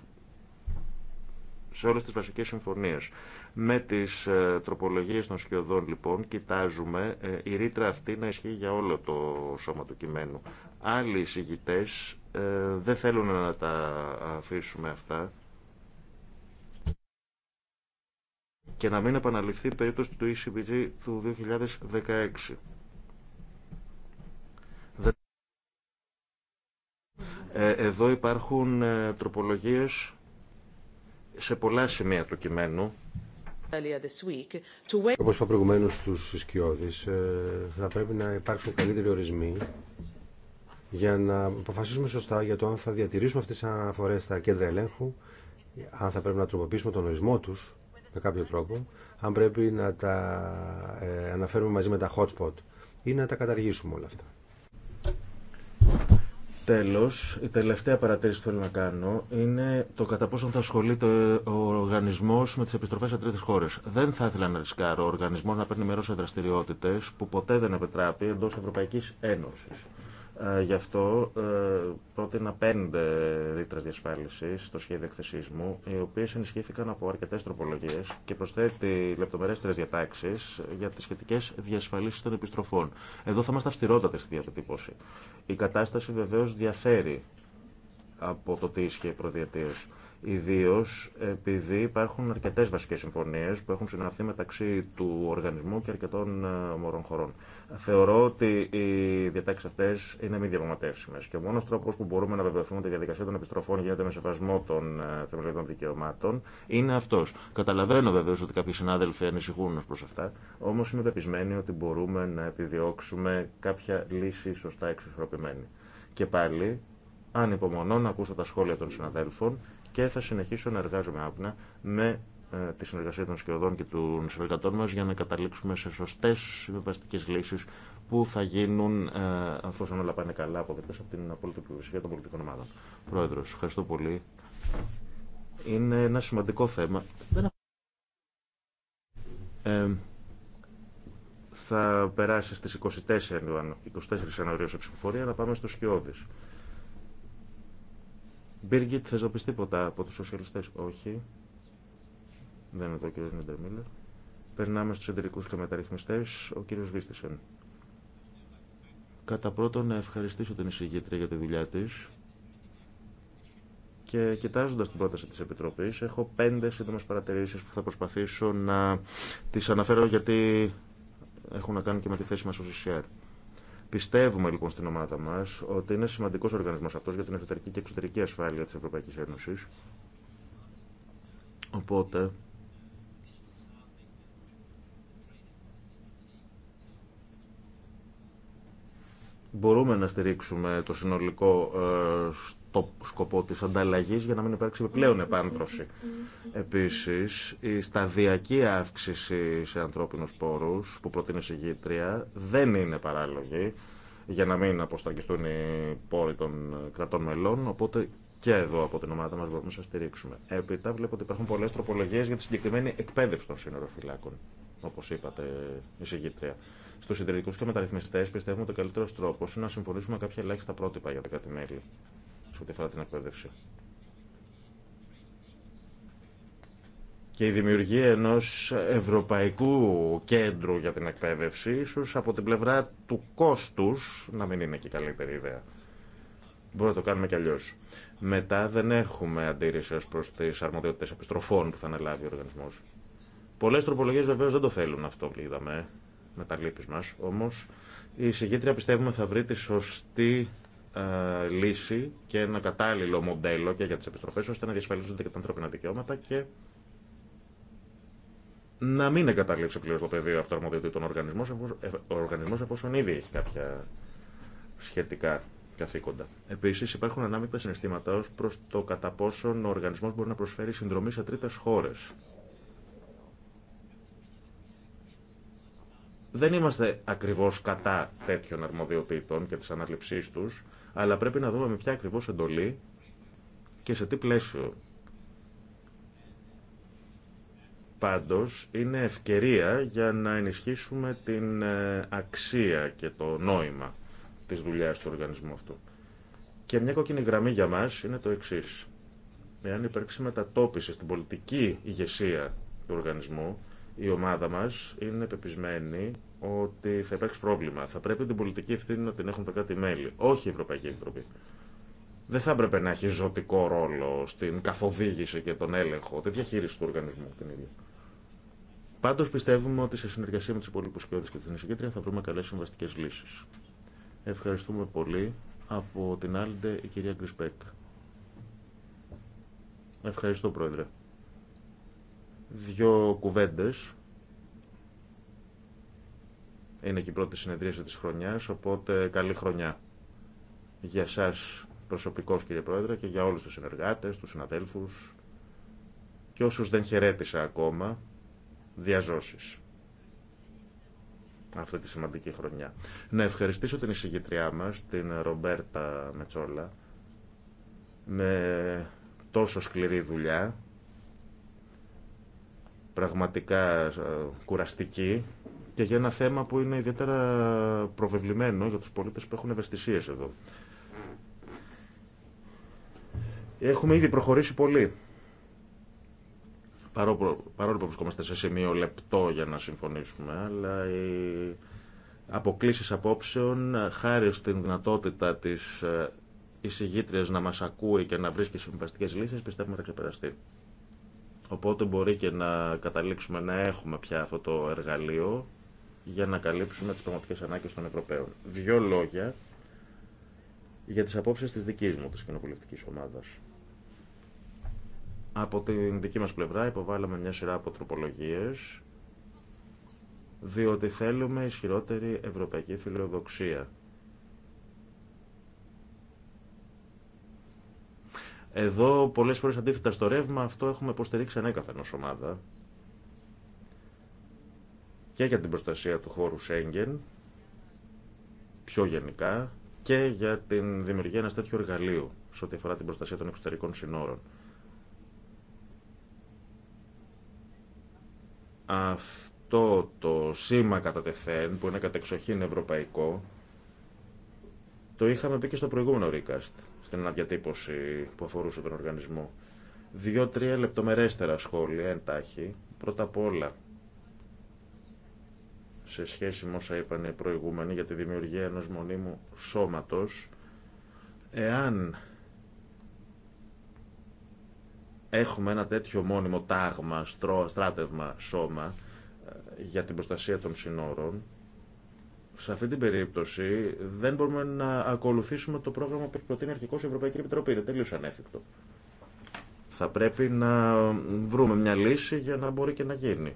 Speaker 3: σε όλες τις βασικές συμφωνίες. Με τις ε, τροπολογίες των σκιωδών λοιπόν κοιτάζουμε ε, η ρήτρα αυτή να ισχύει για όλο το σώμα του κειμένου. Άλλοι εισηγητές ε, δεν θέλουν να τα αφήσουμε αυτά και να μην επαναληφθεί η περίπτωση του ECBG του 2016. Εδώ υπάρχουν τροπολογίες
Speaker 2: σε πολλά σημεία του κειμένου. Όπω είπα προηγουμένω στου ε, θα πρέπει να υπάρξουν καλύτεροι ορισμοί για να αποφασίσουμε σωστά για το αν θα διατηρήσουμε αυτέ τι αναφορέ στα κέντρα ελέγχου, αν θα πρέπει να τροποποιήσουμε τον ορισμό του με κάποιο τρόπο, αν πρέπει να τα ε, αναφέρουμε μαζί με τα hotspot ή να τα καταργήσουμε όλα αυτά. Τέλος, η τελευταία παρατήρηση που θέλω να κάνω είναι το κατά
Speaker 3: πόσο θα ασχολείται ο οργανισμός με τις επιστροφές σε τρίτες χώρες. Δεν θα ήθελα να ρισκάρω ο οργανισμός να παίρνει μέρος σε δραστηριότητες που ποτέ δεν επιτράπει εντός Ευρωπαϊκής Ένωσης. Ε, γι' αυτό ε, πρότεινα πέντε ρήτρε διασφάλιση στο σχέδιο εκθεσή μου, οι οποίε ενισχύθηκαν από αρκετέ τροπολογίε και προσθέτει λεπτομερέστερε διατάξει για τι σχετικέ διασφαλίσει των επιστροφών. Εδώ θα είμαστε αυστηρότατε στη διατύπωση. Η κατάσταση βεβαίω διαφέρει από το τι ίσχυε προδιετίες. Ιδίω επειδή υπάρχουν αρκετέ βασικέ συμφωνίε που έχουν συναυθεί μεταξύ του οργανισμού και αρκετών ε, μωρών χωρών. Θεωρώ ότι οι διατάξει αυτέ είναι μη διαπραγματεύσιμε και ο μόνο τρόπο που μπορούμε να βεβαιωθούμε ότι η διαδικασία των επιστροφών γίνεται με σεβασμό των ε, θεμελιωδών δικαιωμάτων είναι αυτό. Καταλαβαίνω βεβαίω ότι κάποιοι συνάδελφοι ανησυχούν ω προ αυτά, όμω είμαι πεπισμένοι ότι μπορούμε να επιδιώξουμε κάποια λύση σωστά εξισορροπημένη. Και πάλι, αν υπομονώ να ακούσω τα σχόλια των συναδέλφων και θα συνεχίσω να εργάζομαι άπνα με ε, τη συνεργασία των σκιωδών και των συνεργατών μας για να καταλήξουμε σε σωστές συμβαστικές λύσεις που θα γίνουν, αφού ε, όλα πάνε καλά, αποδεκτές από την απόλυτη πλειοψηφία των πολιτικών ομάδων. Πρόεδρος, ευχαριστώ πολύ. Είναι ένα σημαντικό θέμα. Ε, θα περάσει στις 24 Ιανουαρίου σε ψηφοφορία να πάμε στο Σκιώδης. Μπίργκιτ, θες να πεις τίποτα από τους σοσιαλιστές. Όχι. Δεν είναι εδώ ο κύριος Νιντερμίλερ. Περνάμε στους εταιρικούς και μεταρρυθμιστές. Ο κύριος Βίστησεν. Κατά πρώτον, να ευχαριστήσω την εισηγήτρια για τη δουλειά της. Και κοιτάζοντα την πρόταση τη Επιτροπή, έχω πέντε σύντομε παρατηρήσει που θα προσπαθήσω να τι αναφέρω γιατί έχουν να κάνουν και με τη θέση μα ω ΙΣΙΑΡ. Πιστεύουμε λοιπόν στην ομάδα μα ότι είναι σημαντικό οργανισμό αυτό για την εσωτερική και εξωτερική ασφάλεια τη Ευρωπαϊκή Ένωση. Οπότε. Μπορούμε να στηρίξουμε το συνολικό ε, το σκοπό της ανταλλαγής για να μην υπάρξει επιπλέον επάνθρωση. Επίσης, η σταδιακή αύξηση σε ανθρώπινους πόρους που προτείνει η συγγήτρια δεν είναι παράλογη για να μην αποσταγιστούν οι πόροι των κρατών μελών, οπότε και εδώ από την ομάδα μας μπορούμε να σας στηρίξουμε. Έπειτα βλέπω ότι υπάρχουν πολλές τροπολογίες για τη συγκεκριμένη εκπαίδευση των φυλάκων, όπως είπατε η συγγήτρια. Στου συντηρητικού και μεταρρυθμιστέ πιστεύουμε ότι ο καλύτερο τρόπο είναι να συμφωνήσουμε κάποια ελάχιστα πρότυπα για τα κράτη-μέλη σε ό,τι αφορά την εκπαίδευση. Και η δημιουργία ενός ευρωπαϊκού κέντρου για την εκπαίδευση, ίσως από την πλευρά του κόστους, να μην είναι και καλύτερη ιδέα. Μπορεί να το κάνουμε κι αλλιώ. Μετά δεν έχουμε αντίρρηση ως προς τις αρμοδιότητες επιστροφών που θα αναλάβει ο οργανισμός. Πολλές τροπολογίες βεβαίω δεν το θέλουν αυτό, είδαμε με τα λύπη μα. Όμω η συγκέντρια πιστεύουμε θα βρει τη σωστή ε, λύση και ένα κατάλληλο μοντέλο και για τις επιστροφές ώστε να διασφαλίζονται και τα ανθρώπινα δικαιώματα και να μην εγκαταλείψει πλήρω το πεδίο αυτοαρμοδιοτήτων οργανισμός, ε, ο οργανισμός εφόσον ήδη έχει κάποια σχετικά καθήκοντα. Επίσης υπάρχουν ανάμεικτα συναισθήματα ως προς το κατά πόσον ο οργανισμός μπορεί να προσφέρει συνδρομή σε τρίτες χώρες. Δεν είμαστε ακριβώς κατά τέτοιων αρμοδιοτήτων και της αναληψής τους, αλλά πρέπει να δούμε με ποια ακριβώς εντολή και σε τι πλαίσιο. Πάντως, είναι ευκαιρία για να ενισχύσουμε την ε, αξία και το νόημα της δουλειάς του οργανισμού αυτού. Και μια κόκκινη γραμμή για μας είναι το εξής. Εάν υπάρξει μετατόπιση στην πολιτική ηγεσία του οργανισμού, η ομάδα μας είναι πεπισμένη ότι θα υπάρξει πρόβλημα. Θα πρέπει την πολιτική ευθύνη να την έχουν τα κράτη-μέλη, όχι η Ευρωπαϊκή Επιτροπή. Δεν θα έπρεπε να έχει ζωτικό ρόλο στην καθοδήγηση και τον έλεγχο, τη διαχείριση του οργανισμού την ίδια. Πάντω πιστεύουμε ότι σε συνεργασία με του υπόλοιπου κοιότητε και την εισηγήτρια θα βρούμε καλέ συμβαστικέ λύσει. Ευχαριστούμε πολύ. Από την Άλντε, η κυρία Γκρισπέκ. Ευχαριστώ, Πρόεδρε. Δύο κουβέντες είναι και η πρώτη συνεδρίαση της χρονιάς, οπότε καλή χρονιά. Για σας προσωπικώς κύριε Πρόεδρε και για όλους τους συνεργάτες, τους συναδέλφους και όσους δεν χαιρέτησα ακόμα, διαζώσεις αυτή τη σημαντική χρονιά. Να ευχαριστήσω την εισηγητριά μας, την Ρομπέρτα Μετσόλα, με τόσο σκληρή δουλειά, πραγματικά ε, κουραστική, και για ένα θέμα που είναι ιδιαίτερα προβεβλημένο για τους πολίτες που έχουν ευαισθησίες εδώ. Έχουμε ήδη προχωρήσει πολύ. Παρόλο που βρισκόμαστε σε σημείο λεπτό για να συμφωνήσουμε, αλλά οι αποκλήσεις απόψεων, χάρη στην δυνατότητα της ε, εισηγήτριας να μας ακούει και να βρίσκει συμβαστικές λύσεις, πιστεύουμε θα ξεπεραστεί. Οπότε μπορεί και να καταλήξουμε να έχουμε πια αυτό το εργαλείο για να καλύψουμε τις πραγματικές ανάγκες των Ευρωπαίων. Δύο λόγια για τις απόψεις της δικής μου, της κοινοβουλευτικής ομάδας. Από την δική μας πλευρά υποβάλαμε μια σειρά από τροπολογίες, διότι θέλουμε ισχυρότερη ευρωπαϊκή φιλοδοξία. Εδώ πολλές φορές αντίθετα στο ρεύμα αυτό έχουμε υποστηρίξει ανέκαθεν ως ομάδα και για την προστασία του χώρου Σέγγεν, πιο γενικά, και για την δημιουργία ενα τέτοιο εργαλείου σε ό,τι αφορά την προστασία των εξωτερικών συνόρων. Αυτό το σήμα κατά τεθέν, που είναι κατεξοχήν ευρωπαϊκό, το είχαμε πει και στο προηγούμενο ρίκαστ στην αναδιατύπωση που αφορούσε τον οργανισμό. Δύο-τρία λεπτομερέστερα σχόλια εντάχει. Πρώτα απ' όλα, σε σχέση με όσα είπαν οι προηγούμενοι για τη δημιουργία ενός μονίμου σώματος, εάν έχουμε ένα τέτοιο μόνιμο τάγμα, στράτευμα, σώμα ε, για την προστασία των συνόρων, σε αυτή την περίπτωση δεν μπορούμε να ακολουθήσουμε το πρόγραμμα που προτείνει αρχικώ η Ευρωπαϊκή Επιτροπή. Είναι τελείω ανέφικτο. Θα πρέπει να βρούμε μια λύση για να μπορεί και να γίνει.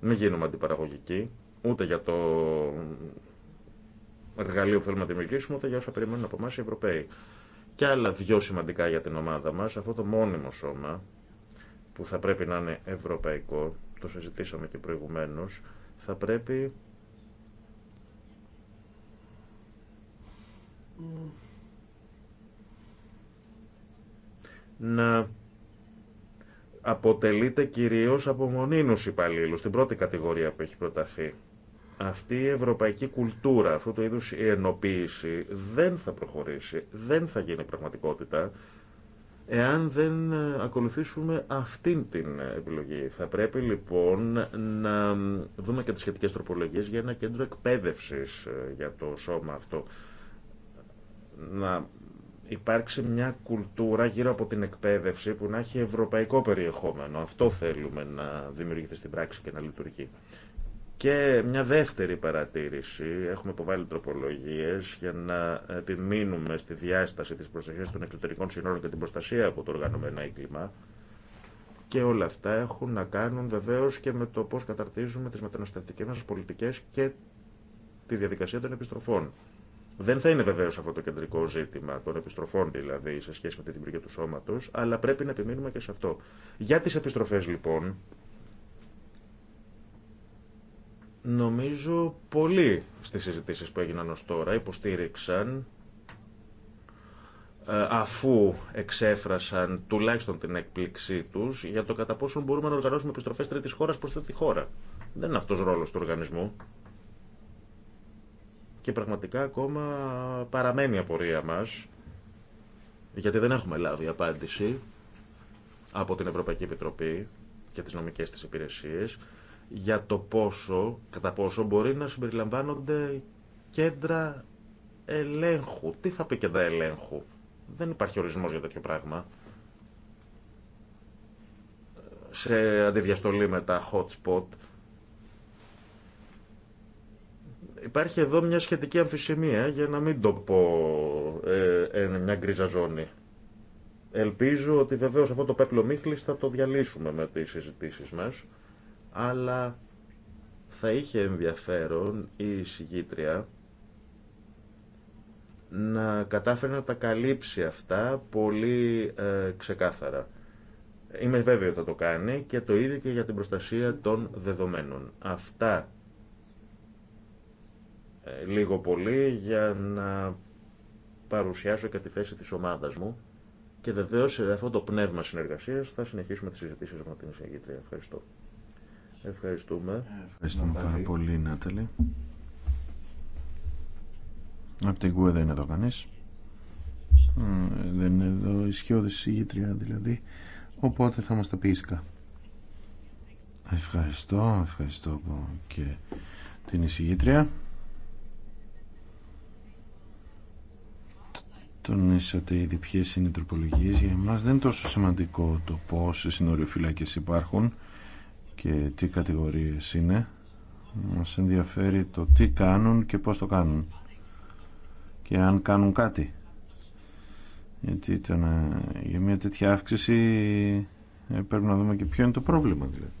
Speaker 3: Μην γίνουμε αντιπαραγωγικοί ούτε για το εργαλείο που θέλουμε να δημιουργήσουμε, ούτε για όσα περιμένουν από εμά οι Ευρωπαίοι. Και άλλα δυο σημαντικά για την ομάδα μα, αυτό το μόνιμο σώμα που θα πρέπει να είναι ευρωπαϊκό, το συζητήσαμε και προηγουμένω, θα πρέπει. να αποτελείται κυρίως από μονίνους υπαλλήλους, την πρώτη κατηγορία που έχει προταθεί αυτή η ευρωπαϊκή κουλτούρα, αυτού του είδους η ενοποίηση δεν θα προχωρήσει, δεν θα γίνει πραγματικότητα εάν δεν ε, ακολουθήσουμε αυτήν την ε, επιλογή. Θα πρέπει λοιπόν να δούμε και τις σχετικές τροπολογίες για ένα κέντρο εκπαίδευσης ε, για το σώμα αυτό. Να υπάρξει μια κουλτούρα γύρω από την εκπαίδευση που να έχει ευρωπαϊκό περιεχόμενο. Αυτό θέλουμε να δημιουργηθεί στην πράξη και να λειτουργεί. Και μια δεύτερη παρατήρηση, έχουμε υποβάλει τροπολογίες για να επιμείνουμε στη διάσταση της προστασία των εξωτερικών συνόρων και την προστασία από το οργανωμένο έγκλημα. Και όλα αυτά έχουν να κάνουν βεβαίως και με το πώς καταρτίζουμε τις μεταναστευτικέ μα πολιτικέ και τη διαδικασία των επιστροφών. Δεν θα είναι βεβαίω αυτό το κεντρικό ζήτημα των επιστροφών δηλαδή σε σχέση με τη δημιουργία του σώματο, αλλά πρέπει να επιμείνουμε και σε αυτό. Για τι επιστροφέ λοιπόν, Νομίζω πολλοί στις συζητήσεις που έγιναν ως τώρα υποστήριξαν ε, αφού εξέφρασαν τουλάχιστον την έκπληξή τους για το κατά πόσο μπορούμε να οργανώσουμε επιστροφές τρίτης χώρας προς τρίτη χώρα. Δεν είναι αυτός ο ρόλος του οργανισμού. Και πραγματικά ακόμα παραμένει η απορία μας, γιατί δεν έχουμε λάβει απάντηση από την Ευρωπαϊκή Επιτροπή και τις νομικές της υπηρεσίες, για το πόσο, κατά πόσο μπορεί να συμπεριλαμβάνονται κέντρα ελέγχου. Τι θα πει κέντρα ελέγχου. Δεν υπάρχει ορισμός για τέτοιο πράγμα. Σε αντιδιαστολή με τα hot spot. Υπάρχει εδώ μια σχετική αμφισημία ε, για να μην το πω ε, μια γκρίζα ζώνη. Ελπίζω ότι βεβαίως αυτό το πέπλο μίχλης θα το διαλύσουμε με τις συζητήσεις μας αλλά θα είχε ενδιαφέρον η συγγήτρια να κατάφερε να τα καλύψει αυτά πολύ ε, ξεκάθαρα. Είμαι βέβαιο ότι θα το κάνει και το ίδιο και για την προστασία των δεδομένων. Αυτά ε, λίγο πολύ για να παρουσιάσω και τη θέση της ομάδας μου και βεβαίως σε αυτό το πνεύμα συνεργασίας θα συνεχίσουμε τις συζητήσεις με την εισηγήτρια. Ευχαριστώ. Ευχαριστούμε.
Speaker 4: Ευχαριστούμε πάρα πολύ, Νάταλη. Από την ΚΟΕ δεν είναι εδώ κανείς. Δεν είναι εδώ η σιώδη συγγήτρια, δηλαδή. Οπότε θα μας τα πείσκα. Ευχαριστώ, ευχαριστώ και την εισηγήτρια. Τονίσατε ήδη ποιες είναι οι τροπολογίες. Για εμάς δεν είναι τόσο σημαντικό το πόσες συνοριοφυλάκες υπάρχουν και τι κατηγορίες είναι. Μας ενδιαφέρει το τι κάνουν και πώς το κάνουν και αν κάνουν κάτι. Γιατί ήταν, ε, για μια τέτοια αύξηση ε, πρέπει να δούμε και ποιο είναι το πρόβλημα δηλαδή.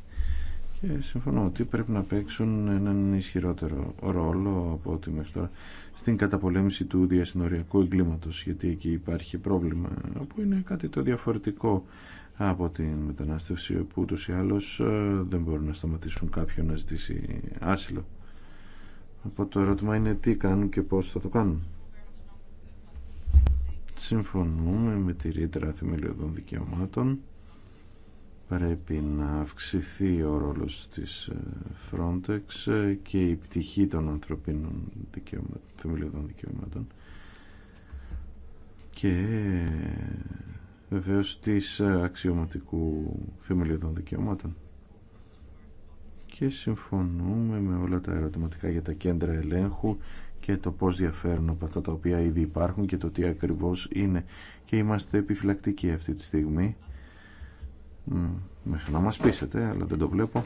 Speaker 4: Και συμφωνώ ότι πρέπει να παίξουν έναν ισχυρότερο ρόλο από ό,τι μέχρι τώρα στην καταπολέμηση του διασυνοριακού εγκλήματος γιατί εκεί υπάρχει πρόβλημα που είναι κάτι το διαφορετικό από την μετανάστευση που ούτως ή άλλως ε, δεν μπορούν να σταματήσουν κάποιον να ζητήσει άσυλο. Από το ερώτημα είναι τι κάνουν και πώς θα το κάνουν. Συμφωνούμε με τη ρήτρα θεμελιωδών δικαιωμάτων. Πρέπει να αυξηθεί ο ρόλος της ε, Frontex ε, και η πτυχή των ανθρωπίνων δικαιωμάτων, θεμελιωδών δικαιωμάτων. Και βεβαίως της ε, αξιωματικού θεμελιωδών δικαιωμάτων. Και συμφωνούμε με όλα τα ερωτηματικά για τα κέντρα ελέγχου και το πώς διαφέρουν από αυτά τα οποία ήδη υπάρχουν και το τι ακριβώς είναι. Και είμαστε επιφυλακτικοί αυτή τη στιγμή. Μέχρι να μας πείσετε, αλλά δεν το βλέπω.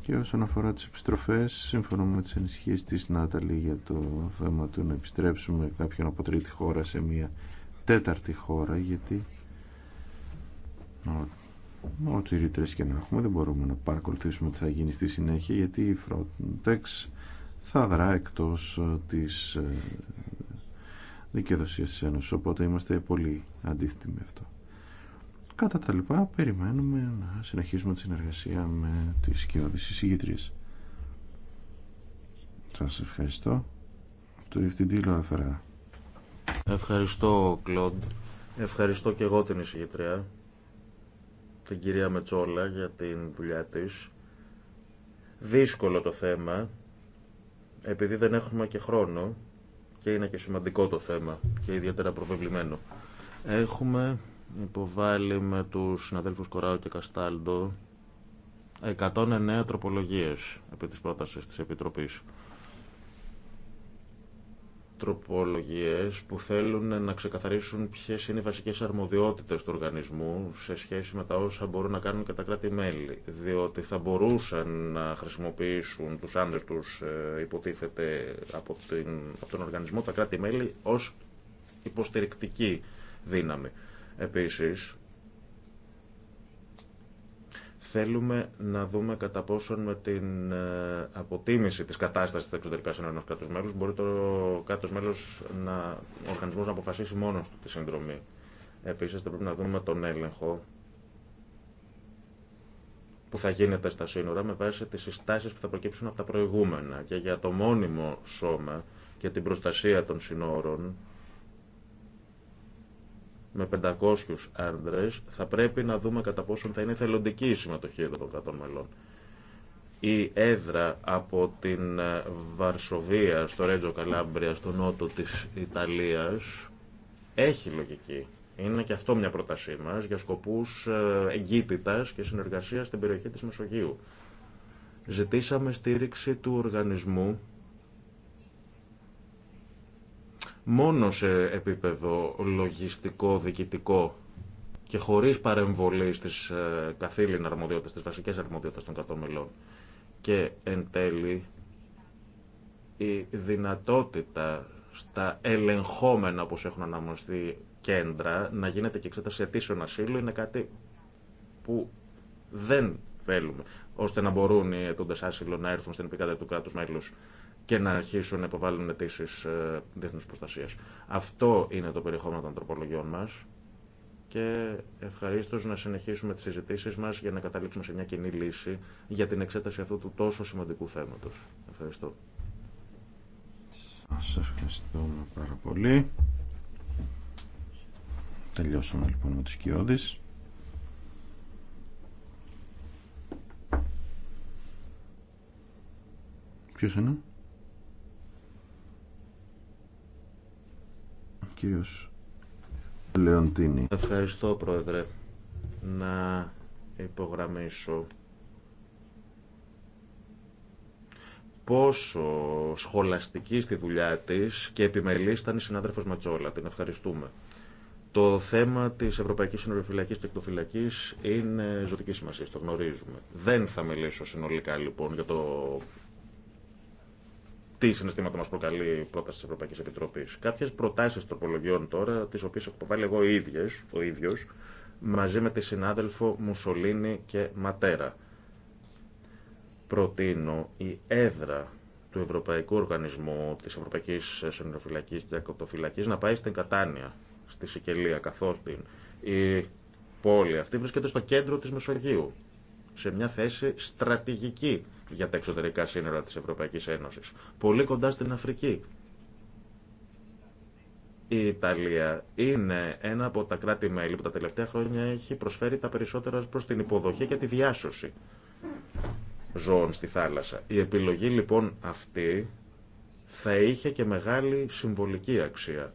Speaker 4: Και όσον αφορά τις επιστροφές, συμφωνούμε με τις ενισχύσεις της Νάταλη για το θέμα του να επιστρέψουμε κάποιον από τρίτη χώρα σε μια τέταρτη χώρα γιατί ό,τι ρήτρες και να έχουμε δεν μπορούμε να παρακολουθήσουμε τι θα γίνει στη συνέχεια γιατί η Frontex θα δρά εκτός ε, της ε, δικαιοδοσίας της Ένωσης οπότε είμαστε πολύ αντίθετοι με αυτό κατά τα λοιπά περιμένουμε να συνεχίσουμε τη συνεργασία με τις κοινότητες εισηγητρίες σας ευχαριστώ το
Speaker 3: Ευχαριστώ, Κλοντ. Ευχαριστώ και εγώ την εισηγητρία, την κυρία Μετσόλα, για την δουλειά της. Δύσκολο το θέμα, επειδή δεν έχουμε και χρόνο και είναι και σημαντικό το θέμα και ιδιαίτερα προβεβλημένο. Έχουμε υποβάλει με τους συναδέλφους Κοράου και Καστάλντο 109 τροπολογίες επί της πρότασης της Επιτροπής τροπολογίες που θέλουν να ξεκαθαρίσουν ποιες είναι οι βασικές αρμοδιότητες του οργανισμού σε σχέση με τα όσα μπορούν να κάνουν και τα κράτη-μέλη. Διότι θα μπορούσαν να χρησιμοποιήσουν τους άντρες τους, ε, υποτίθεται, από, την, τον οργανισμό τα κράτη-μέλη ως υποστηρικτική δύναμη. Επίσης, Θέλουμε να δούμε κατά πόσον με την ε, αποτίμηση της κατάστασης της εξωτερική. σύνορα ενός μπορεί το κράτος μέλος, να, ο να αποφασίσει μόνος του τη συνδρομή. Επίσης θα πρέπει να δούμε τον έλεγχο που θα γίνεται στα σύνορα με βάση τις συστάσεις που θα προκύψουν από τα προηγούμενα και για το μόνιμο σώμα και την προστασία των συνόρων με 500 άντρε θα πρέπει να δούμε κατά πόσον θα είναι θελοντική η συμμετοχή εδώ των κρατών μελών. Η έδρα από την ε, Βαρσοβία στο Ρέτζο Καλάμπρια, στο νότο της Ιταλίας, έχει λογική. Είναι και αυτό μια πρότασή μας για σκοπούς ε, εγκύτητας και συνεργασίας στην περιοχή της Μεσογείου. Ζητήσαμε στήριξη του οργανισμού μόνο σε επίπεδο λογιστικό, διοικητικό και χωρίς παρεμβολή στις ε, καθήλυνα αρμοδιότητες, στις βασικές αρμοδιότητες των κρατών Και εν τέλει η δυνατότητα στα ελεγχόμενα όπως έχουν αναμονιστεί κέντρα να γίνεται και εξέταση αιτήσεων ασύλου είναι κάτι που δεν θέλουμε ώστε να μπορούν οι αιτούντες άσυλο να έρθουν στην επικράτεια του κράτους μέλους και να αρχίσουν να υποβάλουν αιτήσει ε, διεθνού προστασία. Αυτό είναι το περιεχόμενο των τροπολογιών μα και ευχαρίστω να συνεχίσουμε τι συζητήσει μα για να καταλήξουμε σε μια κοινή λύση για την εξέταση αυτού του τόσο σημαντικού θέματο. Ευχαριστώ.
Speaker 4: Σας ευχαριστούμε πάρα πολύ. Τελειώσαμε λοιπόν με τους κοιόδης. Ποιος είναι? κύριος Λεοντίνη.
Speaker 3: Ευχαριστώ πρόεδρε. Να υπογραμμίσω πόσο σχολαστική στη δουλειά της και επιμελής ήταν η συνάδελφος Ματσόλα. Την ευχαριστούμε. Το θέμα της Ευρωπαϊκής Συνοριοφυλακής και Εκτοφυλακής είναι ζωτική σημασία, το γνωρίζουμε. Δεν θα μιλήσω συνολικά λοιπόν για το τι συναισθήματα μα προκαλεί η πρόταση τη Ευρωπαϊκή Επιτροπή. Κάποιε προτάσει τροπολογιών τώρα, τι οποίε έχω βάλει εγώ ίδιες, ο ίδιο, μαζί με τη συνάδελφο Μουσολίνη και Ματέρα. Προτείνω η έδρα του Ευρωπαϊκού Οργανισμού τη Ευρωπαϊκή Συνοφυλακή και Ακοτοφυλακή να πάει στην Κατάνια, στη Σικελία, καθώ Η πόλη αυτή βρίσκεται στο κέντρο τη Μεσογείου σε μια θέση στρατηγική για τα εξωτερικά σύνορα της Ευρωπαϊκής Ένωσης, πολύ κοντά στην Αφρική. Η Ιταλία είναι ένα από τα κράτη-μέλη που τα τελευταία χρόνια έχει προσφέρει τα περισσότερα προς την υποδοχή και τη διάσωση ζώων στη θάλασσα. Η επιλογή λοιπόν αυτή θα είχε και μεγάλη συμβολική αξία.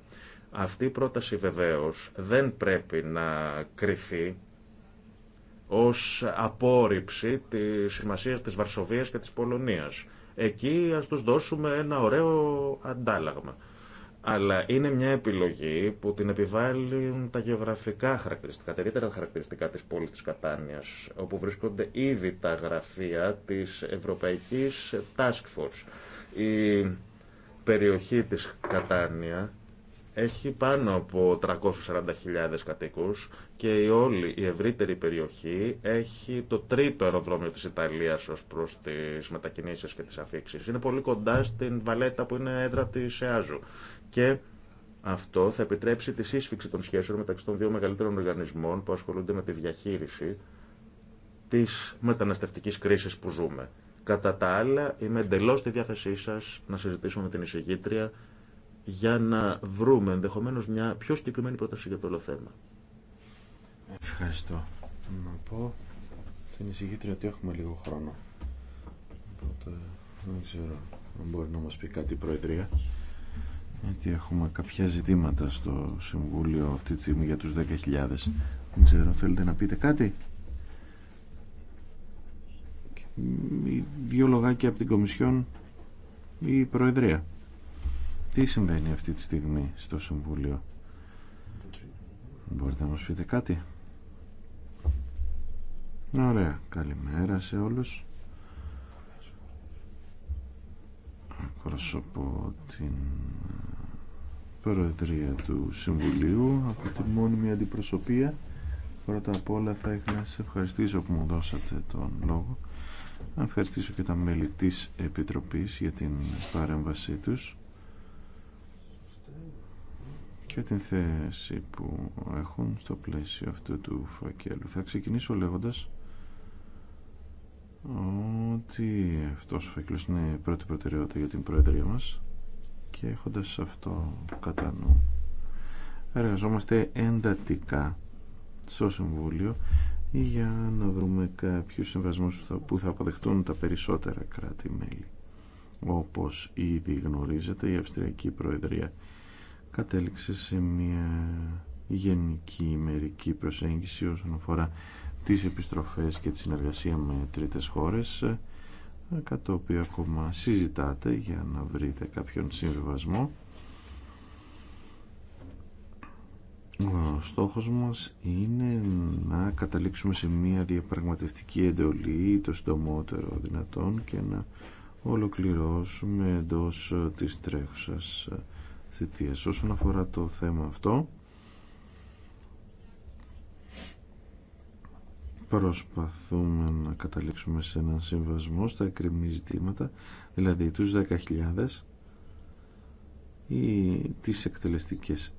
Speaker 3: Αυτή η πρόταση βεβαίως δεν πρέπει να κρυθεί ως απόρριψη της σημασίας της Βαρσοβίας και της Πολωνίας. Εκεί ας τους δώσουμε ένα ωραίο αντάλλαγμα. Αλλά είναι μια επιλογή που την επιβάλλουν τα γεωγραφικά χαρακτηριστικά, τα ιδιαίτερα χαρακτηριστικά της πόλης της Κατάνιας, όπου βρίσκονται ήδη τα γραφεία της Ευρωπαϊκής Task Force. Η περιοχή της Κατάνια έχει πάνω από 340.000 κατοίκους και η όλη η ευρύτερη περιοχή έχει το τρίτο αεροδρόμιο της Ιταλίας ως προς τις μετακινήσεις και τις αφήξεις. Είναι πολύ κοντά στην Βαλέτα που είναι έδρα της ΕΑΖΟ. Και αυτό θα επιτρέψει τη σύσφυξη των σχέσεων μεταξύ των δύο μεγαλύτερων οργανισμών που ασχολούνται με τη διαχείριση της μεταναστευτικής κρίσης που ζούμε. Κατά τα άλλα, είμαι εντελώ στη διάθεσή σας να συζητήσουμε με την εισηγήτρια για να βρούμε ενδεχομένω μια πιο συγκεκριμένη πρόταση για το όλο θέμα.
Speaker 4: Ευχαριστώ. Να πω στην εισηγήτρια ότι έχουμε λίγο χρόνο. Οπότε δεν ξέρω αν μπορεί να μας πει κάτι η Προεδρία. Γιατί έχουμε κάποια ζητήματα στο Συμβούλιο αυτή τη στιγμή για τους 10.000. Δεν ξέρω, θέλετε να πείτε κάτι. Δύο λογάκια από την Κομισιόν ή η Προεδρία. Τι συμβαίνει αυτή τη στιγμή στο Συμβούλιο. Μπορείτε να μας πείτε κάτι. Ωραία. Καλημέρα σε όλους. Προσωπώ την Προεδρία του Συμβουλίου από τη μόνιμη αντιπροσωπεία. Πρώτα απ' όλα θα ήθελα να σας ευχαριστήσω που μου δώσατε τον λόγο. Να ευχαριστήσω και τα μέλη της Επιτροπής για την παρέμβασή τους και την θέση που έχουν στο πλαίσιο αυτού του φακέλου. Θα ξεκινήσω λέγοντας ότι αυτός ο φακέλος είναι πρώτη προτεραιότητα για την Προεδρία μας και έχοντας αυτό κατά νου εργαζόμαστε εντατικά στο Συμβούλιο για να βρούμε κάποιους συμβασμούς που θα αποδεχτούν τα περισσότερα κράτη-μέλη. Όπως ήδη γνωρίζετε η Αυστριακή Προεδρία κατέληξε σε μια γενική μερική προσέγγιση όσον αφορά τις επιστροφές και τη συνεργασία με τρίτες χώρες κατά το οποίο ακόμα συζητάτε για να βρείτε κάποιον συμβιβασμό ο στόχος μας είναι να καταλήξουμε σε μια διαπραγματευτική εντολή το συντομότερο δυνατόν και να ολοκληρώσουμε εντός της τρέχουσας Όσον αφορά το θέμα αυτό, προσπαθούμε να καταλήξουμε σε έναν συμβασμό στα εκκρεμή ζητήματα, δηλαδή τους 10.000 ή τις εκτελεστικές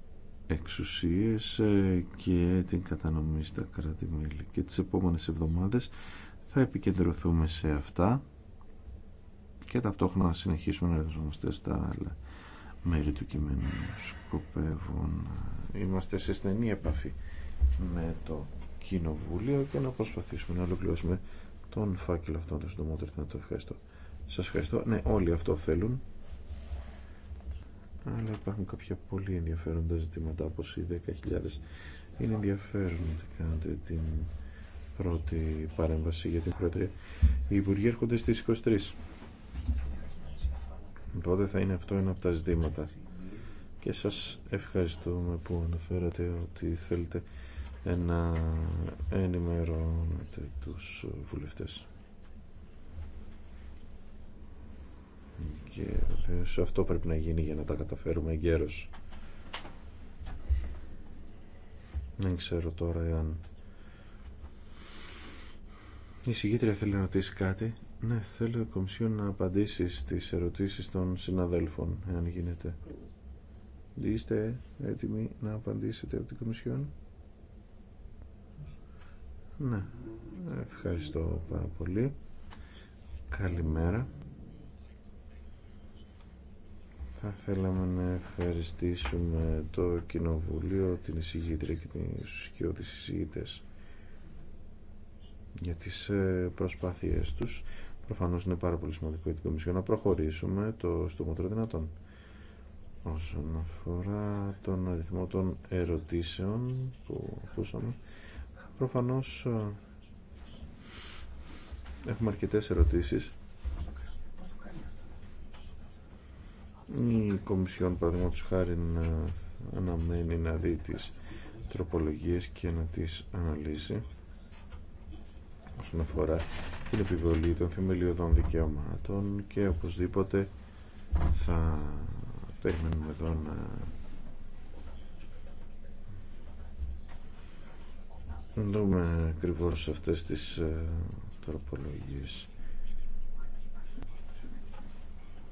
Speaker 4: εξουσίες ε, και την κατανομή στα κράτη-μέλη. Και τις επόμενες εβδομάδες θα επικεντρωθούμε σε αυτά και ταυτόχρονα να συνεχίσουμε να εργαζόμαστε στα άλλα μέρη του κειμένου σκοπεύουν να είμαστε σε στενή επαφή με το Κοινοβούλιο και να προσπαθήσουμε να ολοκληρώσουμε τον φάκελο αυτόν το συντομότερο να το ευχαριστώ. Σας ευχαριστώ. Ναι, όλοι αυτό θέλουν. Αλλά υπάρχουν κάποια πολύ ενδιαφέροντα ζητήματα όπως οι 10.000. Είναι ενδιαφέρον ότι κάνετε την πρώτη παρέμβαση για την Προεδρία. Οι Υπουργοί έρχονται στις 23. Οπότε θα είναι αυτό ένα από τα ζητήματα. Και σας ευχαριστούμε που αναφέρατε ότι θέλετε να ενημερώνετε τους βουλευτές. Και αυτό πρέπει να γίνει για να τα καταφέρουμε εγκαίρως. Δεν ξέρω τώρα αν η συγγήτρια θέλει να ρωτήσει κάτι. Ναι, θέλω η Κομισιόν να απαντήσει στις ερωτήσεις των συναδέλφων, εάν γίνεται. Είστε έτοιμοι να απαντήσετε από την Κομισιόν. Ναι, ευχαριστώ πάρα πολύ. Καλημέρα. Θα θέλαμε να ευχαριστήσουμε το Κοινοβουλίο, την εισηγήτρια και τους σκιώτες για τις ε, προσπάθειές τους Προφανώς είναι πάρα πολύ σημαντικό για την Κομισιόν να προχωρήσουμε το στομότερο δυνατόν. Όσον αφορά τον αριθμό των ερωτήσεων που ακούσαμε, προφανώς ε, έχουμε αρκετές ερωτήσεις. Η Κομισιόν, παραδείγματος χάρη, αναμένει να δει τις τροπολογίες και να τις αναλύσει όσον αφορά την επιβολή των θεμελιωδών δικαιωμάτων και οπωσδήποτε θα περιμένουμε εδώ να δούμε ακριβώ αυτές τις ε, τροπολογίες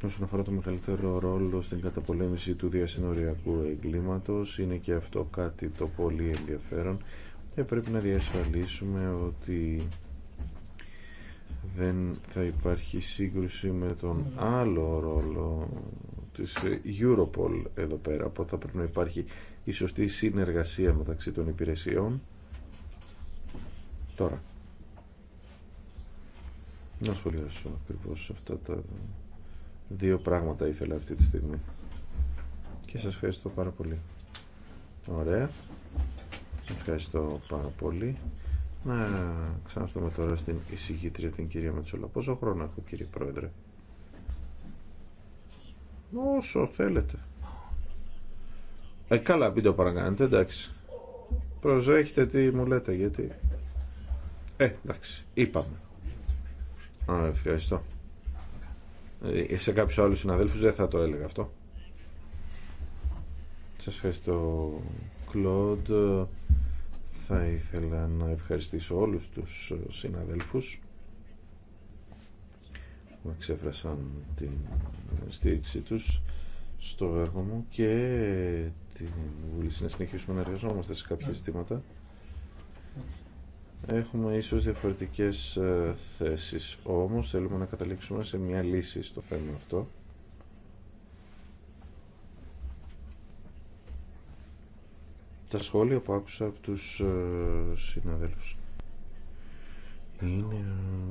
Speaker 4: όσον αφορά το μεγαλύτερο ρόλο στην καταπολέμηση του διασυνοριακού εγκλήματος είναι και αυτό κάτι το πολύ ενδιαφέρον και πρέπει να διασφαλίσουμε ότι δεν θα υπάρχει σύγκρουση με τον άλλο ρόλο της Europol εδώ πέρα που θα πρέπει να υπάρχει η σωστή συνεργασία μεταξύ των υπηρεσιών τώρα να σχολιάσω ακριβώς αυτά τα δύο πράγματα ήθελα αυτή τη στιγμή και σας ευχαριστώ πάρα πολύ ωραία ευχαριστώ πάρα πολύ να ξαναρθούμε τώρα στην εισηγήτρια την κυρία Μετσόλα. Πόσο χρόνο έχω κύριε Πρόεδρε.
Speaker 5: Όσο θέλετε.
Speaker 4: Ε, καλά, μην το παρακάνετε, εντάξει. Προσέχετε τι μου λέτε, γιατί... Ε, εντάξει, είπαμε. Α, ευχαριστώ. Ε, σε κάποιους άλλους συναδέλφους δεν θα το έλεγα αυτό. Σας ευχαριστώ, Κλοντ. Θα ήθελα να ευχαριστήσω όλους τους συναδέλφους που εξέφρασαν την στήριξή τους στο έργο μου και την βούληση να συνεχίσουμε να εργαζόμαστε σε κάποια ζητήματα. Έχουμε ίσως διαφορετικές ε, θέσεις, όμως θέλουμε να καταλήξουμε σε μια λύση στο θέμα αυτό. τα σχόλια που άκουσα από τους ε, συναδέλφους είναι